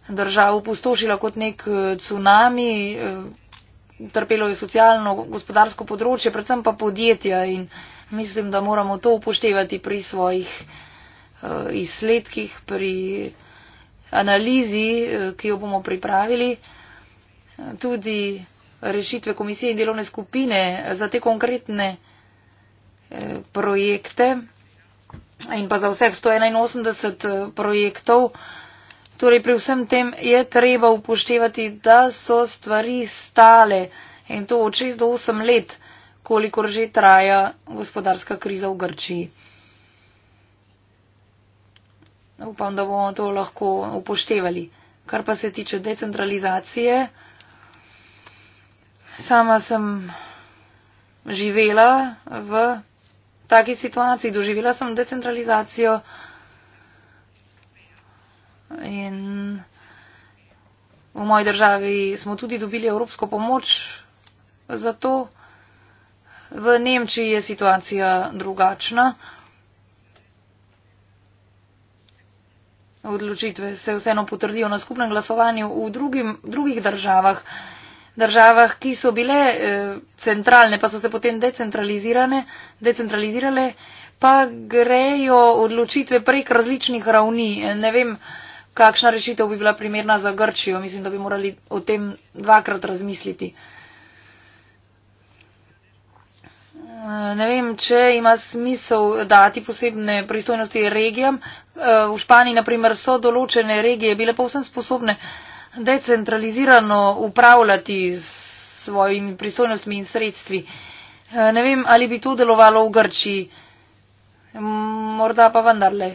državo pustošila kot nek eh, tsunami, eh, trpelo je socialno, gospodarsko področje, predvsem pa podjetja in mislim, da moramo to upoštevati pri svojih eh, izsledkih, pri analizi, ki jo bomo pripravili. Tudi rešitve komisije in delovne skupine za te konkretne projekte in pa za vseh 181 eh, projektov. Torej pri vsem tem je treba upoštevati, da so stvari stale in to od 6 do 8 let, kolikor že traja gospodarska kriza v Grčiji. Upam, da bomo to lahko upoštevali. Kar pa se tiče decentralizacije, sama sem živela v taki situaciji. Doživela sem decentralizacijo in v moji državi smo tudi dobili evropsko pomoč za to. V Nemčiji je situacija drugačna. Odločitve se vseeno potrdijo na skupnem glasovanju v drugim, drugih državah državah, ki so bile eh, centralne, pa so se potem decentralizirale, pa grejo odločitve prek različnih ravni. Ne vem, kakšna rešitev bi bila primerna za Grčijo. Mislim, da bi morali o tem dvakrat razmisliti. Eh, ne vem, če ima smisel dati posebne pristojnosti regijam. Eh, v Španiji, na primer, so določene regije bile povsem sposobne uh, decentralizirano upravljati s svojimi pristojnostmi in sredstvi. Eh, ne vem, ali bi to delovalo v Grči, morda pa vendarle.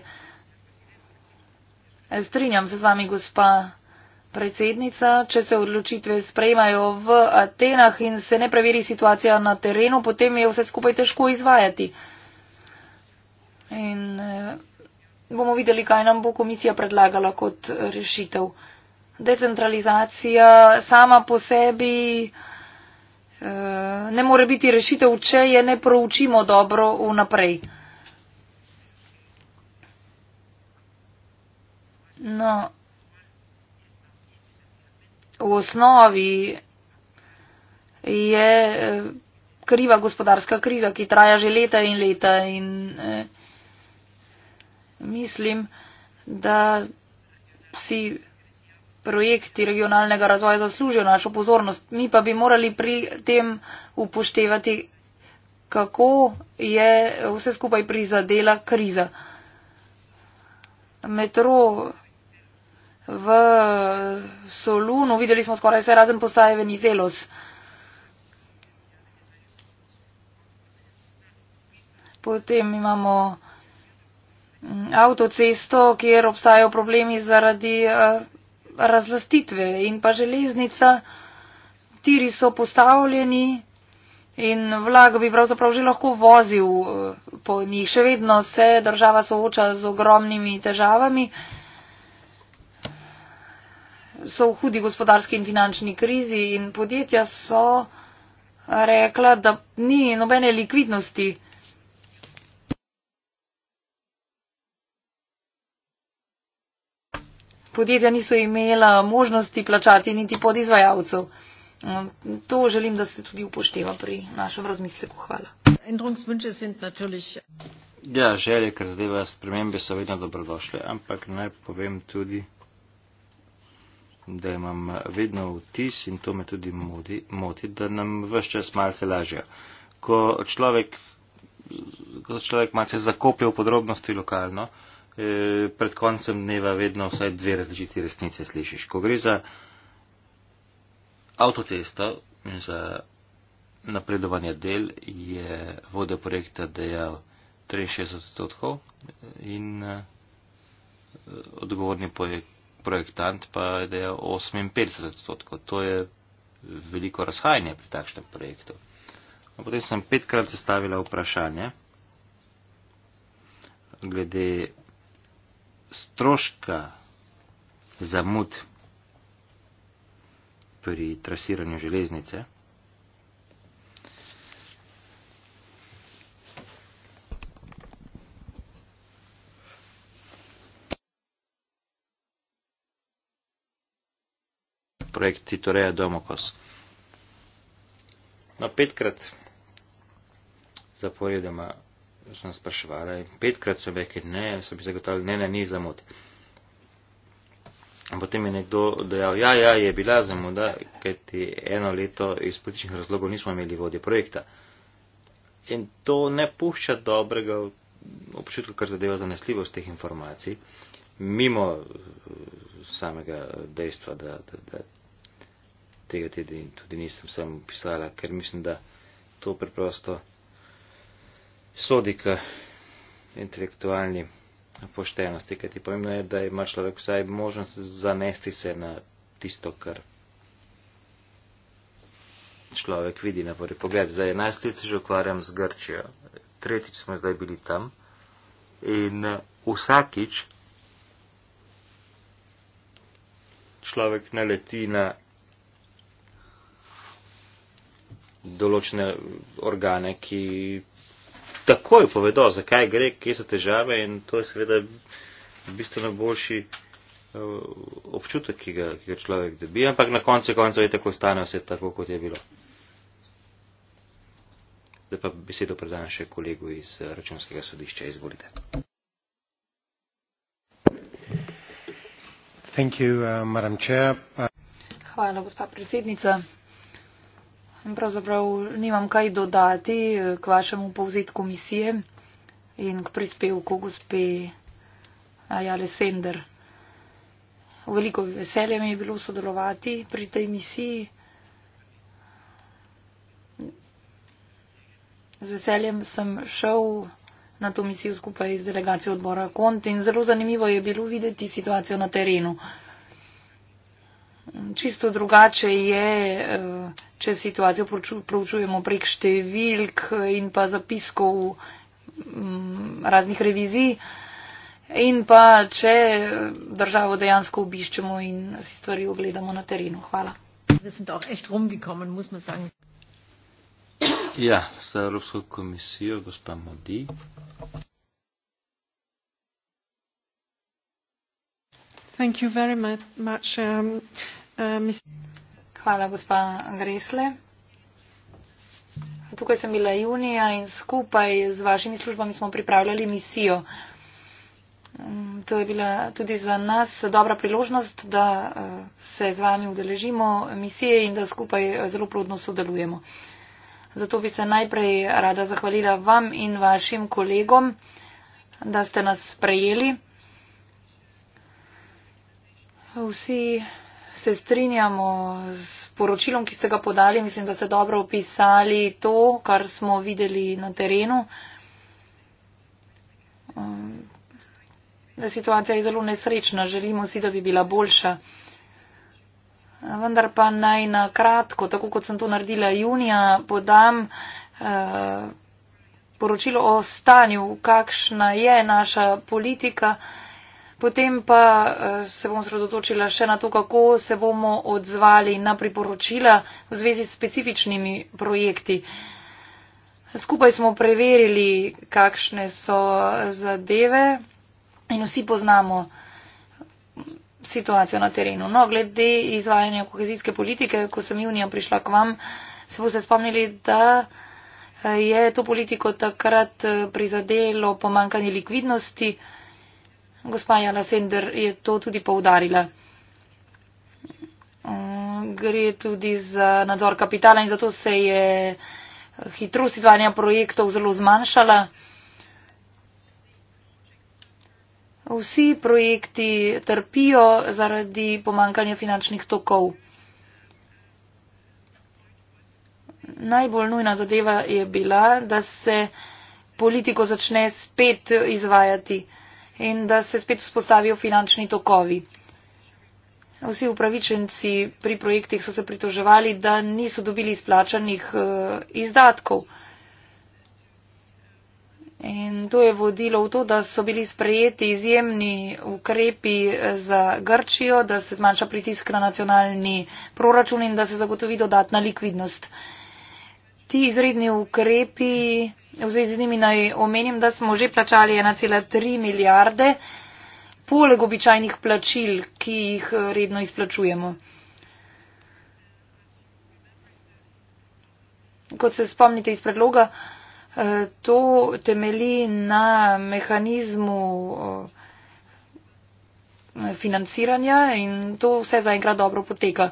Eh, strinjam se z vami, gospa predsednica, če se odločitve sprejmajo v Atenah in se ne preveri situacija na terenu, potem je vse skupaj težko izvajati. In eh, bomo videli, kaj nam bo komisija predlagala kot rešitev decentralizacija sama po sebi eh, ne more biti rešitev, če je ne proučimo dobro vnaprej. No, v osnovi je eh, kriva gospodarska kriza, ki traja že leta in leta in eh, mislim, da si projekti regionalnega razvoja zaslužijo našo pozornost. Mi pa bi morali pri tem upoštevati, kako je vse skupaj prizadela kriza. Metro v Solunu videli smo skoraj vse razen postaje Venizelos. Potem imamo mm, avtocesto, kjer obstajajo problemi zaradi uh, razlastitve in pa železnica, tiri so postavljeni in vlago bi pravzaprav že lahko vozil eh, po njih. Še vedno se država sooča z ogromnimi težavami. So v hudi gospodarski in finančni krizi in podjetja so rekla, da ni nobene likvidnosti. podjetja niso imela možnosti plačati niti podizvajalcev. Mm, to želim, da se tudi upošteva pri našem razmisleku. Hvala. Ja, želje, ker zadeva spremembe, so vedno dobrodošle, ampak naj povem tudi, da imam vedno vtis in to me tudi modi, moti, da nam vse čas malce lažje. Ko človek, ko človek malce zakopje v podrobnosti lokalno, uh, Eh, pred koncem dneva vedno vsaj dve različici resnice slišiš. Ko gre za avtocesto in za napredovanje del, je vodja projekta dejal 63 odstotkov in eh, odgovorni projektant pa je dejal 58 odstotkov. To je veliko razhajanje pri takšnem projektu. A potem sem petkrat zastavila vprašanje glede stroška zamud pri trasiranju železnice. Projekt Titoreja Domokos. Na no, petkrat zaporedoma sem spraševala in petkrat sem rekel, ne, sem jih zagotovila, ne, ne, ni zamud. Potem je nekdo dejal, ja, ja, je bila zamuda, ker ti eno leto iz političnih razlogov nismo imeli vodje projekta. In to ne pušča dobrega občutka, kar zadeva zanesljivost teh informacij, mimo eh, samega dejstva, da, da, da tega tudi nisem sem pisala, ker mislim, da to preprosto sodi k intelektualni poštenosti, kajti pomembno je, da ima človek vsaj možnost zanesti se na tisto, kar človek vidi na prvi pogled. Zdaj 11 let se že ukvarjam z Grčijo. Tretjič smo zdaj bili tam in eh, vsakič človek naleti na določene organe, ki takoj povedo, zakaj gre, kje so težave in to je seveda bistveno boljši eh, občutek, ki ga, ki ga človek dobi, ampak na koncu koncev je tako stane vse tako, kot je bilo. Zdaj pa besedo predajam še kolegu iz eh, računskega sodišča. Izvolite. Thank you, uh, Hvala, gospa predsednica. In pravzaprav nimam kaj dodati eh, k vašemu povzetku misije in k prispevku gospe Ajale eh, Sender. Veliko veselje mi je bilo sodelovati pri tej misiji. Z veseljem sem šel na to misijo skupaj z delegacijo odbora Kont in zelo zanimivo je bilo videti situacijo na terenu čisto drugače je, eh, če situacijo proučujemo prek številk in pa zapiskov mm, raznih revizij in pa če državo dejansko obiščemo in si stvari ogledamo na terenu. Hvala. Ja, za Evropsko komisijo, gospa Modi. Thank you very much. Um, Hvala, gospa Gresle. Tukaj sem bila junija in skupaj z vašimi službami smo pripravljali misijo. Mm, to je bila tudi za nas dobra priložnost, da eh, se z vami udeležimo misije in da skupaj eh, zelo plodno sodelujemo. Zato bi se najprej rada zahvalila vam in vašim kolegom, da ste nas sprejeli. Vsi se strinjamo s poročilom, ki ste ga podali. Mislim, da ste dobro opisali to, kar smo videli na terenu. Da situacija je zelo nesrečna, želimo si, da bi bila boljša. Vendar pa naj na kratko, tako kot sem to naredila junija, podam eh, poročilo o stanju, kakšna je naša politika. Potem pa eh, se bom sredotočila še na to, kako se bomo odzvali na priporočila v zvezi s specifičnimi projekti. Skupaj smo preverili, kakšne so zadeve in vsi poznamo situacijo na terenu. No, glede izvajanja kohezijske politike, ko sem junija prišla k vam, se boste spomnili, da eh, je to politiko takrat eh, prizadelo pomankanje likvidnosti gospa Jana Sender je to tudi poudarila. Mm, gre tudi za nadzor kapitala in zato se je hitrost izvajanja projektov zelo zmanjšala. Vsi projekti trpijo zaradi pomankanja finančnih tokov. Najbolj nujna zadeva je bila, da se politiko začne spet izvajati in da se spet vzpostavijo finančni tokovi. Vsi upravičenci pri projektih so se pritoževali, da niso dobili izplačanih eh, izdatkov. In to je vodilo v to, da so bili sprejeti izjemni ukrepi eh, za Grčijo, da se zmanjša pritisk na nacionalni proračun in da se zagotovi dodatna likvidnost. Ti izredni ukrepi v zvezi z njimi naj omenim, da smo že plačali 1,3 milijarde poleg običajnih plačil, ki jih eh, redno izplačujemo. Kot se spomnite iz predloga, eh, to temeli na mehanizmu eh, financiranja in to vse zaenkrat dobro poteka.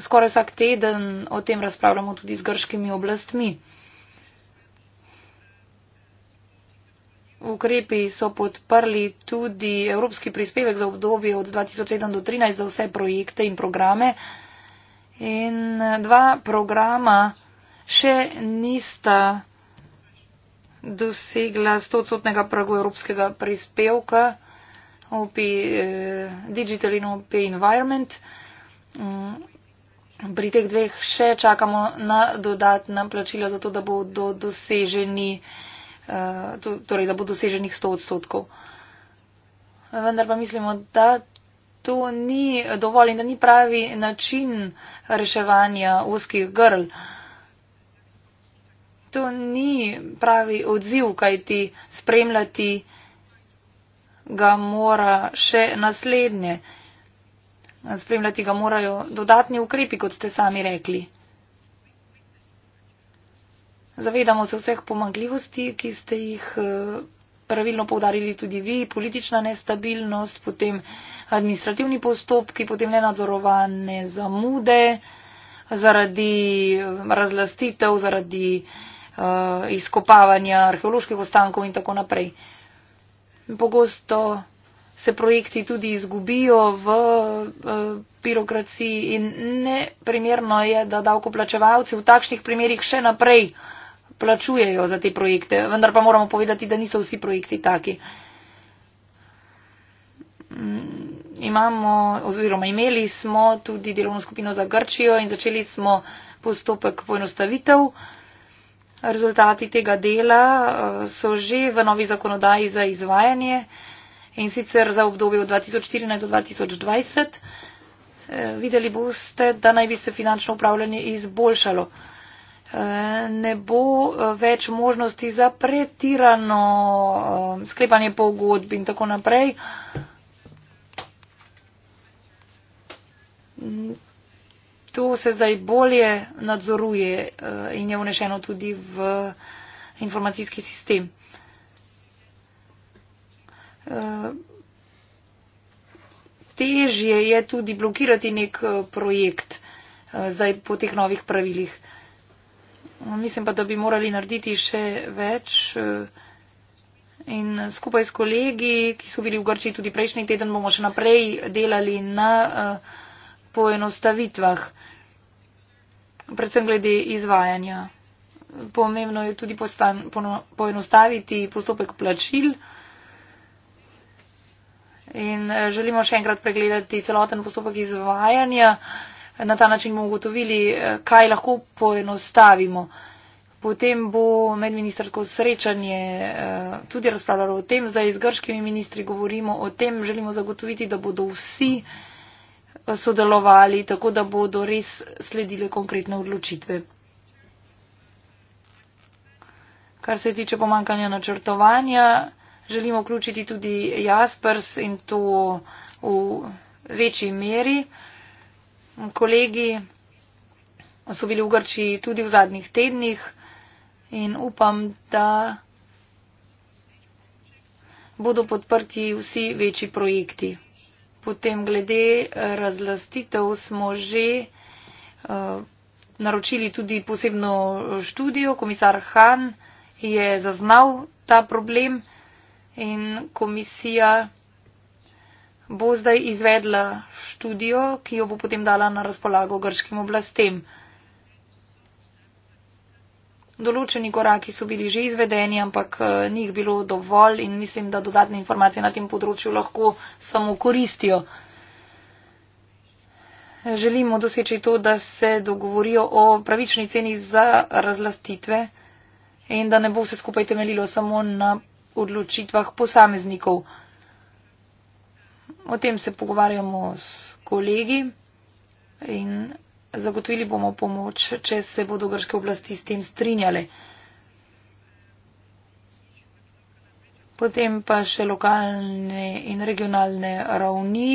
Skoraj vsak teden o tem razpravljamo tudi z grškimi oblastmi. ukrepi so podprli tudi evropski prispevek za obdobje od 2007 do 2013 za vse projekte in programe. In dva programa še nista dosegla 100-odstotnega pragu evropskega prispevka, OP eh, Digital in OP Environment. Mm, pri teh dveh še čakamo na dodatna plačila, zato da bodo doseženi. Eh, torej da bo doseženih 100 odstotkov. Eh, vendar pa mislimo, da to ni dovolj in da ni pravi način reševanja uskih grl. To ni pravi odziv, kaj ti spremljati ga mora še naslednje. Spremljati ga morajo dodatni ukrepi, kot ste sami rekli. Zavedamo se vseh pomagljivosti, ki ste jih eh, pravilno povdarili tudi vi, politična nestabilnost, potem administrativni postopki, potem nenadzorovane zamude zaradi eh, razlastitev, zaradi uh, izkopavanja arheoloških ostankov in tako naprej. Pogosto se projekti tudi izgubijo v birokraciji uh, in neprimerno je, da davkoplačevalci v takšnih primerjih še naprej plačujejo za te projekte, vendar pa moramo povedati, da niso vsi projekti taki. Mm, imamo oziroma imeli smo tudi delovno skupino za Grčijo in začeli smo postopek poenostavitev. Rezultati tega dela eh, so že v novi zakonodaji za izvajanje in sicer za obdobje od 2014 do 2020. Eh, videli boste, da naj bi se finančno upravljanje izboljšalo ne bo eh, več možnosti za pretirano eh, sklepanje pogodb in tako naprej. To se zdaj bolje nadzoruje eh, in je vnešeno tudi v informacijski sistem. Težje je tudi blokirati nek projekt zdaj po teh novih pravilih. Mislim pa, da bi morali narediti še več. Eh, in skupaj s kolegi, ki so bili v Grčiji tudi prejšnji teden, bomo še naprej delali na eh, poenostavitvah, predvsem glede izvajanja. Pomembno je tudi postan, poenostaviti postopek plačil in eh, želimo še enkrat pregledati celoten postopek izvajanja na ta način bomo ugotovili, eh, kaj lahko poenostavimo. Potem bo medministrsko srečanje eh, tudi razpravljalo o tem, zdaj z grškimi ministri govorimo o tem, želimo zagotoviti, da bodo vsi eh, sodelovali, tako da bodo res sledile konkretne odločitve. Kar se tiče pomankanja načrtovanja, želimo vključiti tudi Jaspers in to v večji meri. Uh, kolegi so bili v Grčiji tudi v zadnjih tednih in upam, da bodo podprti vsi večji projekti. Potem glede eh, razlastitev smo že eh, naročili tudi posebno študijo. Komisar Han je zaznal ta problem in komisija bo zdaj izvedla študijo, ki jo bo potem dala na razpolago grškim oblastem. Določeni koraki so bili že izvedeni, ampak eh, njih bilo dovolj in mislim, da dodatne informacije na tem področju lahko samo koristijo. Želimo doseči to, da se dogovorijo o pravični ceni za razlastitve in da ne bo vse skupaj temeljilo samo na odločitvah posameznikov. O tem se pogovarjamo s kolegi in zagotovili bomo pomoč, če se bodo grške oblasti s tem strinjale. Potem pa še lokalne in regionalne ravni.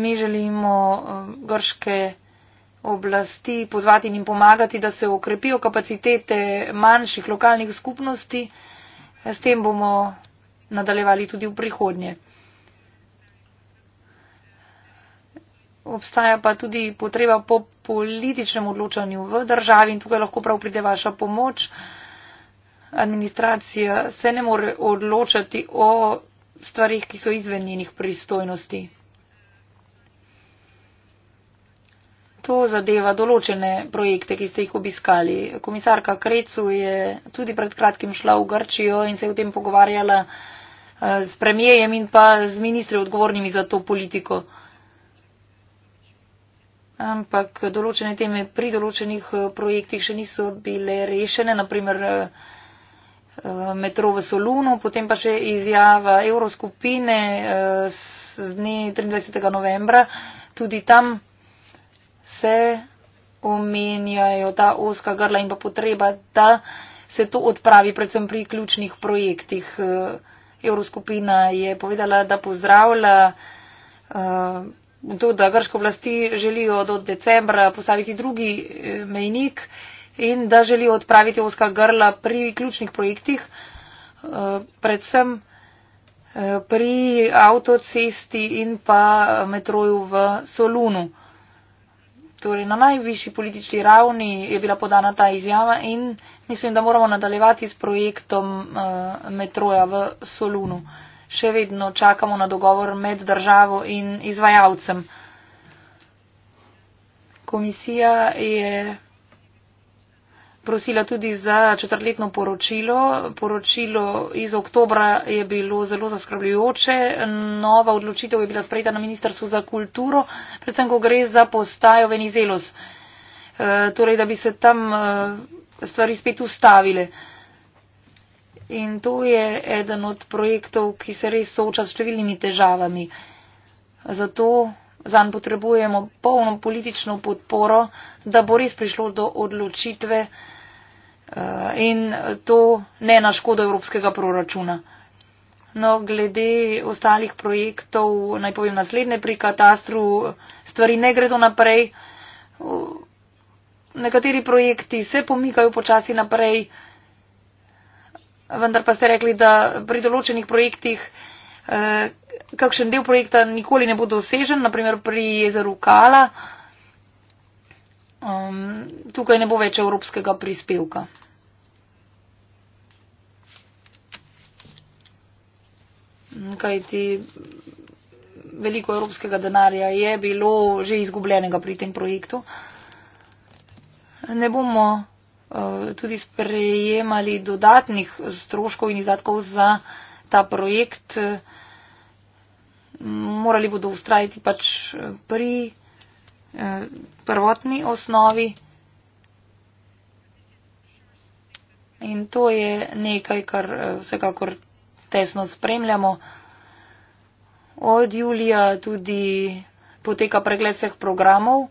Mi želimo um, grške oblasti pozvati in pomagati, da se okrepijo kapacitete manjših lokalnih skupnosti. S tem bomo nadaljevali tudi v prihodnje. obstaja pa tudi potreba po političnem odločanju v državi in tukaj lahko prav pride vaša pomoč. Administracija se ne more odločati o stvarih, ki so izven njenih pristojnosti. To zadeva določene projekte, ki ste jih obiskali. Komisarka Krecu je tudi pred kratkim šla v Grčijo in se je v tem pogovarjala eh, s premijejem in pa z ministri odgovornimi za to politiko ampak določene teme pri določenih eh, projektih še niso bile rešene, naprimer eh, eh, metro v Solunu, potem pa še izjava Evroskupine z dne 23. novembra. Tudi tam se omenjajo ta oska grla in pa potreba, da se to odpravi, predvsem pri ključnih projektih. Evroskupina je povedala, da pozdravlja to, da grške oblasti želijo do decembra postaviti drugi eh, mejnik in da želijo odpraviti oska grla pri ključnih projektih, eh, predvsem eh, pri avtocesti in pa metroju v Solunu. Torej, na najvišji politični ravni je bila podana ta izjava in mislim, da moramo nadaljevati s projektom metroja v Solunu še vedno čakamo na dogovor med državo in izvajalcem. Komisija je prosila tudi za četrletno poročilo. Poročilo iz oktobra je bilo zelo zaskrbljujoče. Nova odločitev je bila sprejeta na Ministrstvu za kulturo, predvsem, ko gre za postajo Venizelos. E, torej, da bi se tam e, stvari spet ustavile. E, in to je eden od projektov, ki se res sooča s številnimi težavami. Zato zanj potrebujemo polno politično podporo, da bo res prišlo do odločitve eh, in to ne na škodo evropskega proračuna. No, glede ostalih projektov, naj povem naslednje, pri katastru stvari ne gredo naprej. Nekateri projekti se pomikajo počasi naprej vendar pa ste rekli, da pri določenih projektih eh, kakšen del projekta nikoli ne bo dosežen, naprimer pri jezeru Kala. Um, tukaj ne bo več evropskega prispevka. Kaj ti veliko evropskega denarja je bilo že izgubljenega pri tem projektu. Ne bomo. Eh, tudi sprejemali dodatnih stroškov in izdatkov za ta projekt. Morali bodo ustrajiti pač pri eh, prvotni osnovi. In to je nekaj, kar eh, vsekakor tesno spremljamo. Od julija tudi poteka pregled vseh programov.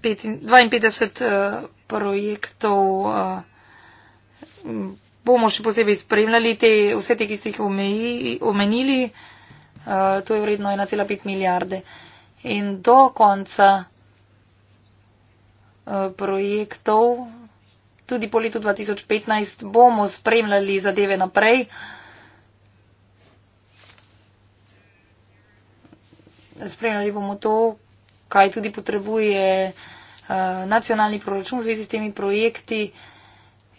52 eh, projektov. Eh, bomo še posebej spremljali te, vse te, ki ste jih omenili. Eh, to je vredno 1,5 milijarde. In do konca projektov, tudi po letu 2015, bomo spremljali zadeve naprej. Spremljali bomo to, kaj tudi potrebuje uh, nacionalni proračun v zvezi s temi projekti.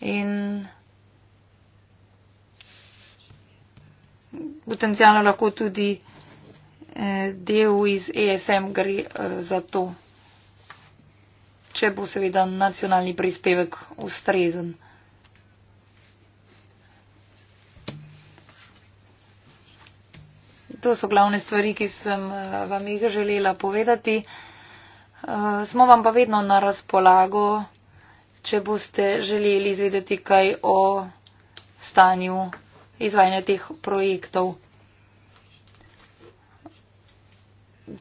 In potencijalno lahko tudi eh, del iz ESM gre eh, za to, če bo seveda nacionalni prispevek ustrezen. to so glavne stvari, ki sem eh, vam jih želela povedati. Eh, smo vam pa vedno na razpolago, če boste želeli izvedeti kaj o stanju izvajanja teh projektov.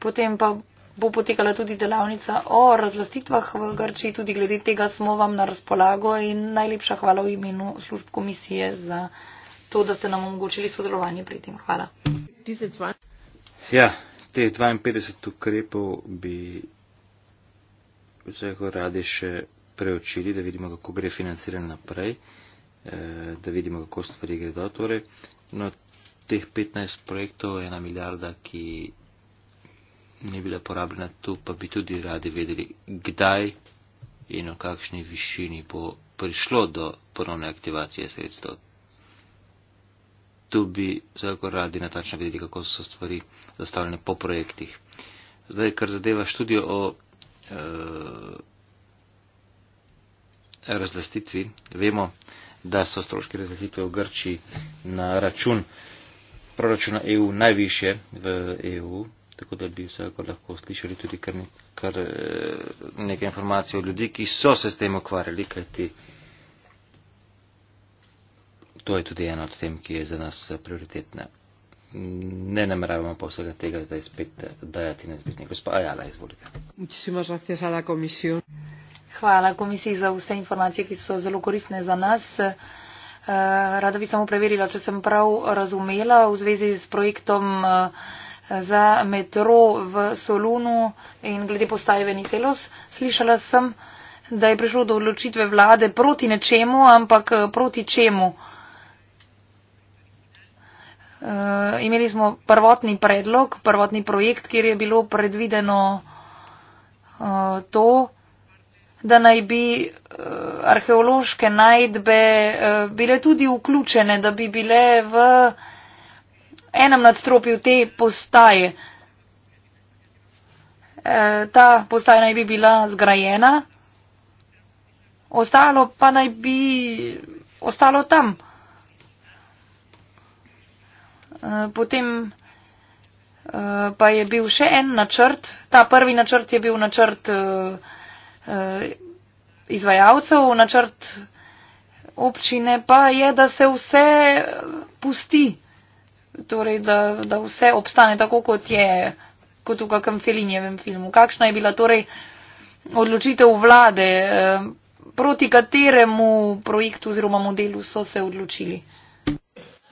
Potem pa bo potekala tudi delavnica o razlastitvah v Grčiji, tudi glede tega smo vam na razpolago in najlepša hvala v imenu služb komisije za to, da ste nam omogočili sodelovanje pri tem. Hvala. 2022? Ja, te 52 ukrepov bi vsekakor radi še preučili, da vidimo, kako gre financiranje naprej, eh, da vidimo, kako stvari gredo. Torej, no, teh 15 projektov, ena milijarda, ki ni bila porabljena tu, pa bi tudi radi vedeli, kdaj in v kakšni višini bo prišlo do ponovne aktivacije sredstev tu bi zelo radi natančno videli, kako so stvari zastavljene po projektih. Zdaj, kar zadeva študijo o eh, razlastitvi, vemo, da so stroški razlastitve v Grčiji na račun proračuna EU najviše v EU, tako da bi vsako lahko slišali tudi kar, kar eh, nekaj informacij o ljudi, ki so se s tem ukvarjali, kajti eh, to je tudi ena od tem, ki je za nas eh, prioritetna. Ne nameravamo pa vsega tega, da je spet eh, dajati na zbizni. Gospa Ajala, izvolite. Hvala komisiji za vse informacije, ki so zelo koristne za nas. Eh, rada bi samo preverila, če sem prav razumela v zvezi z projektom za metro v Solunu in glede postaje Veniselos. Slišala sem, da je prišlo do odločitve vlade proti nečemu, ampak proti čemu. Eh, imeli smo prvotni predlog, prvotni projekt, kjer je bilo predvideno uh, to, da naj bi uh, arheološke najdbe uh, bile tudi vključene, da bi bile v enem nadstropju te postaje. Ta postaja naj bi bila zgrajena, ostalo pa naj bi ostalo tam. Eh, potem eh, pa je bil še en načrt. Ta prvi načrt je bil načrt eh, izvajalcev, načrt občine pa je, da se vse pusti, torej da, da vse obstane tako, kot je, kot v kakem Felinjevem filmu. Kakšna je bila torej odločitev vlade, proti kateremu projektu oziroma modelu so se odločili?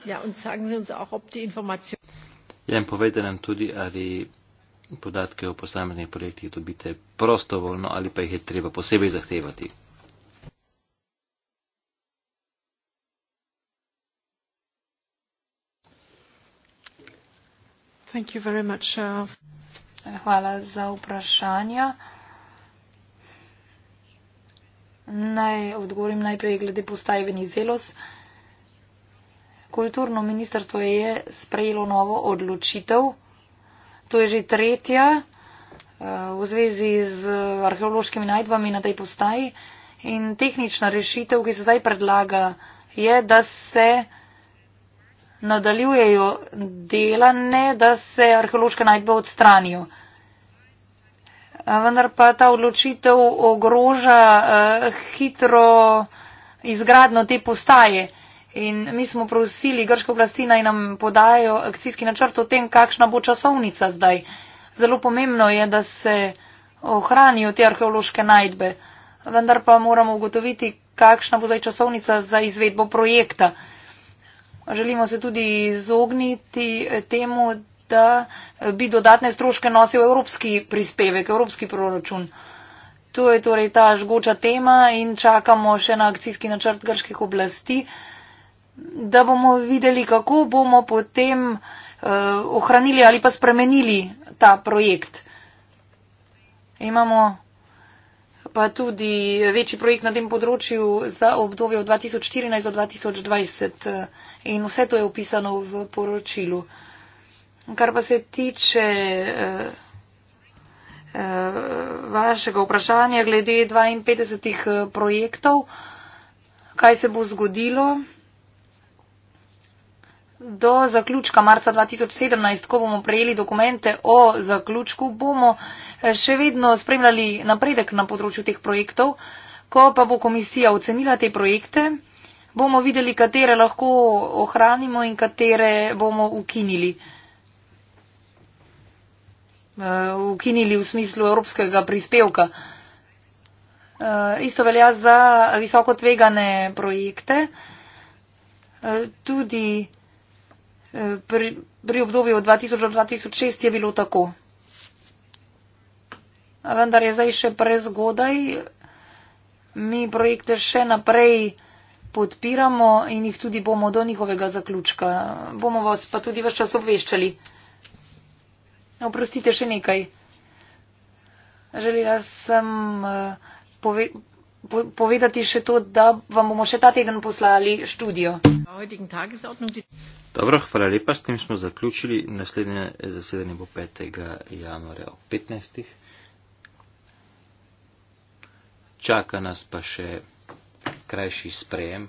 Ja, in sagen Sie uns auch, ob die Information. Ja, in povejte nam tudi, ali podatke o posameznih projektih dobite prostovoljno ali pa jih je treba posebej zahtevati. Much, uh... Hvala za vprašanja. Naj odgovorim najprej glede postaje Venizelos. Uh, Kulturno ministrstvo je sprejelo novo odločitev. To je že tretja eh, v zvezi z arheološkimi najdbami na tej postaji. In tehnična rešitev, ki se zdaj predlaga, je, da se nadaljujejo dela, ne da se arheološke najdbe odstranijo. Eh, vendar pa ta odločitev ogroža eh, hitro izgradno te postaje. In mi smo prosili grško oblasti naj nam podajo akcijski načrt o tem, kakšna bo časovnica zdaj. Zelo pomembno je, da se ohranijo te arheološke najdbe, vendar pa moramo ugotoviti, kakšna bo zdaj časovnica za izvedbo projekta. Želimo se tudi izogniti temu, da bi dodatne stroške nosil evropski prispevek, evropski proračun. To je torej ta žgoča tema in čakamo še na akcijski načrt grških oblasti da bomo videli, kako bomo potem uh, ohranili ali pa spremenili ta projekt. Imamo pa tudi večji projekt na tem področju za obdobje od 2014 do 2020 eh, in vse to je opisano v poročilu. Kar pa se tiče eh, vašega vprašanja glede 52 projektov, kaj se bo zgodilo? do zaključka marca 2017, ko bomo prejeli dokumente o zaključku, bomo eh, še vedno spremljali napredek na področju teh projektov. Ko pa bo komisija ocenila te projekte, bomo videli, katere lahko ohranimo in katere bomo ukinili. Eh, ukinili v smislu evropskega prispevka. Eh, isto velja za visoko tvegane projekte. Tudi pri, pri obdobju 2000 do 2006 je bilo tako. Vendar je zdaj še prezgodaj. Mi projekte še naprej podpiramo in jih tudi bomo do njihovega zaključka. Bomo vas pa tudi vse čas obveščali. Oprostite še nekaj. Želela sem uh, eh, povedati povedati še to, da vam bomo še ta teden poslali študijo. Dobro, hvala lepa. S tem smo zaključili. Naslednje zasedanje bo 5. januarja ob 15. Čaka nas pa še krajši sprejem.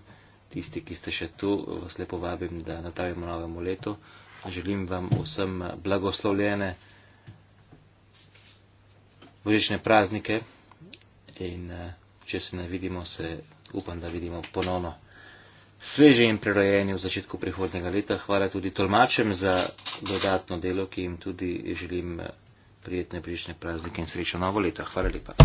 Tisti, ki ste še tu, vas lepo vabim, da nazdravimo novemu letu. Želim vam vsem blagoslovljene božične praznike. In, uh, če se ne vidimo, se upam, da vidimo ponovno. Sveže in prerojeni v začetku prihodnega leta. Hvala tudi tolmačem za dodatno delo, ki jim tudi želim prijetne prične praznike in srečno novo leto. Hvala lepa.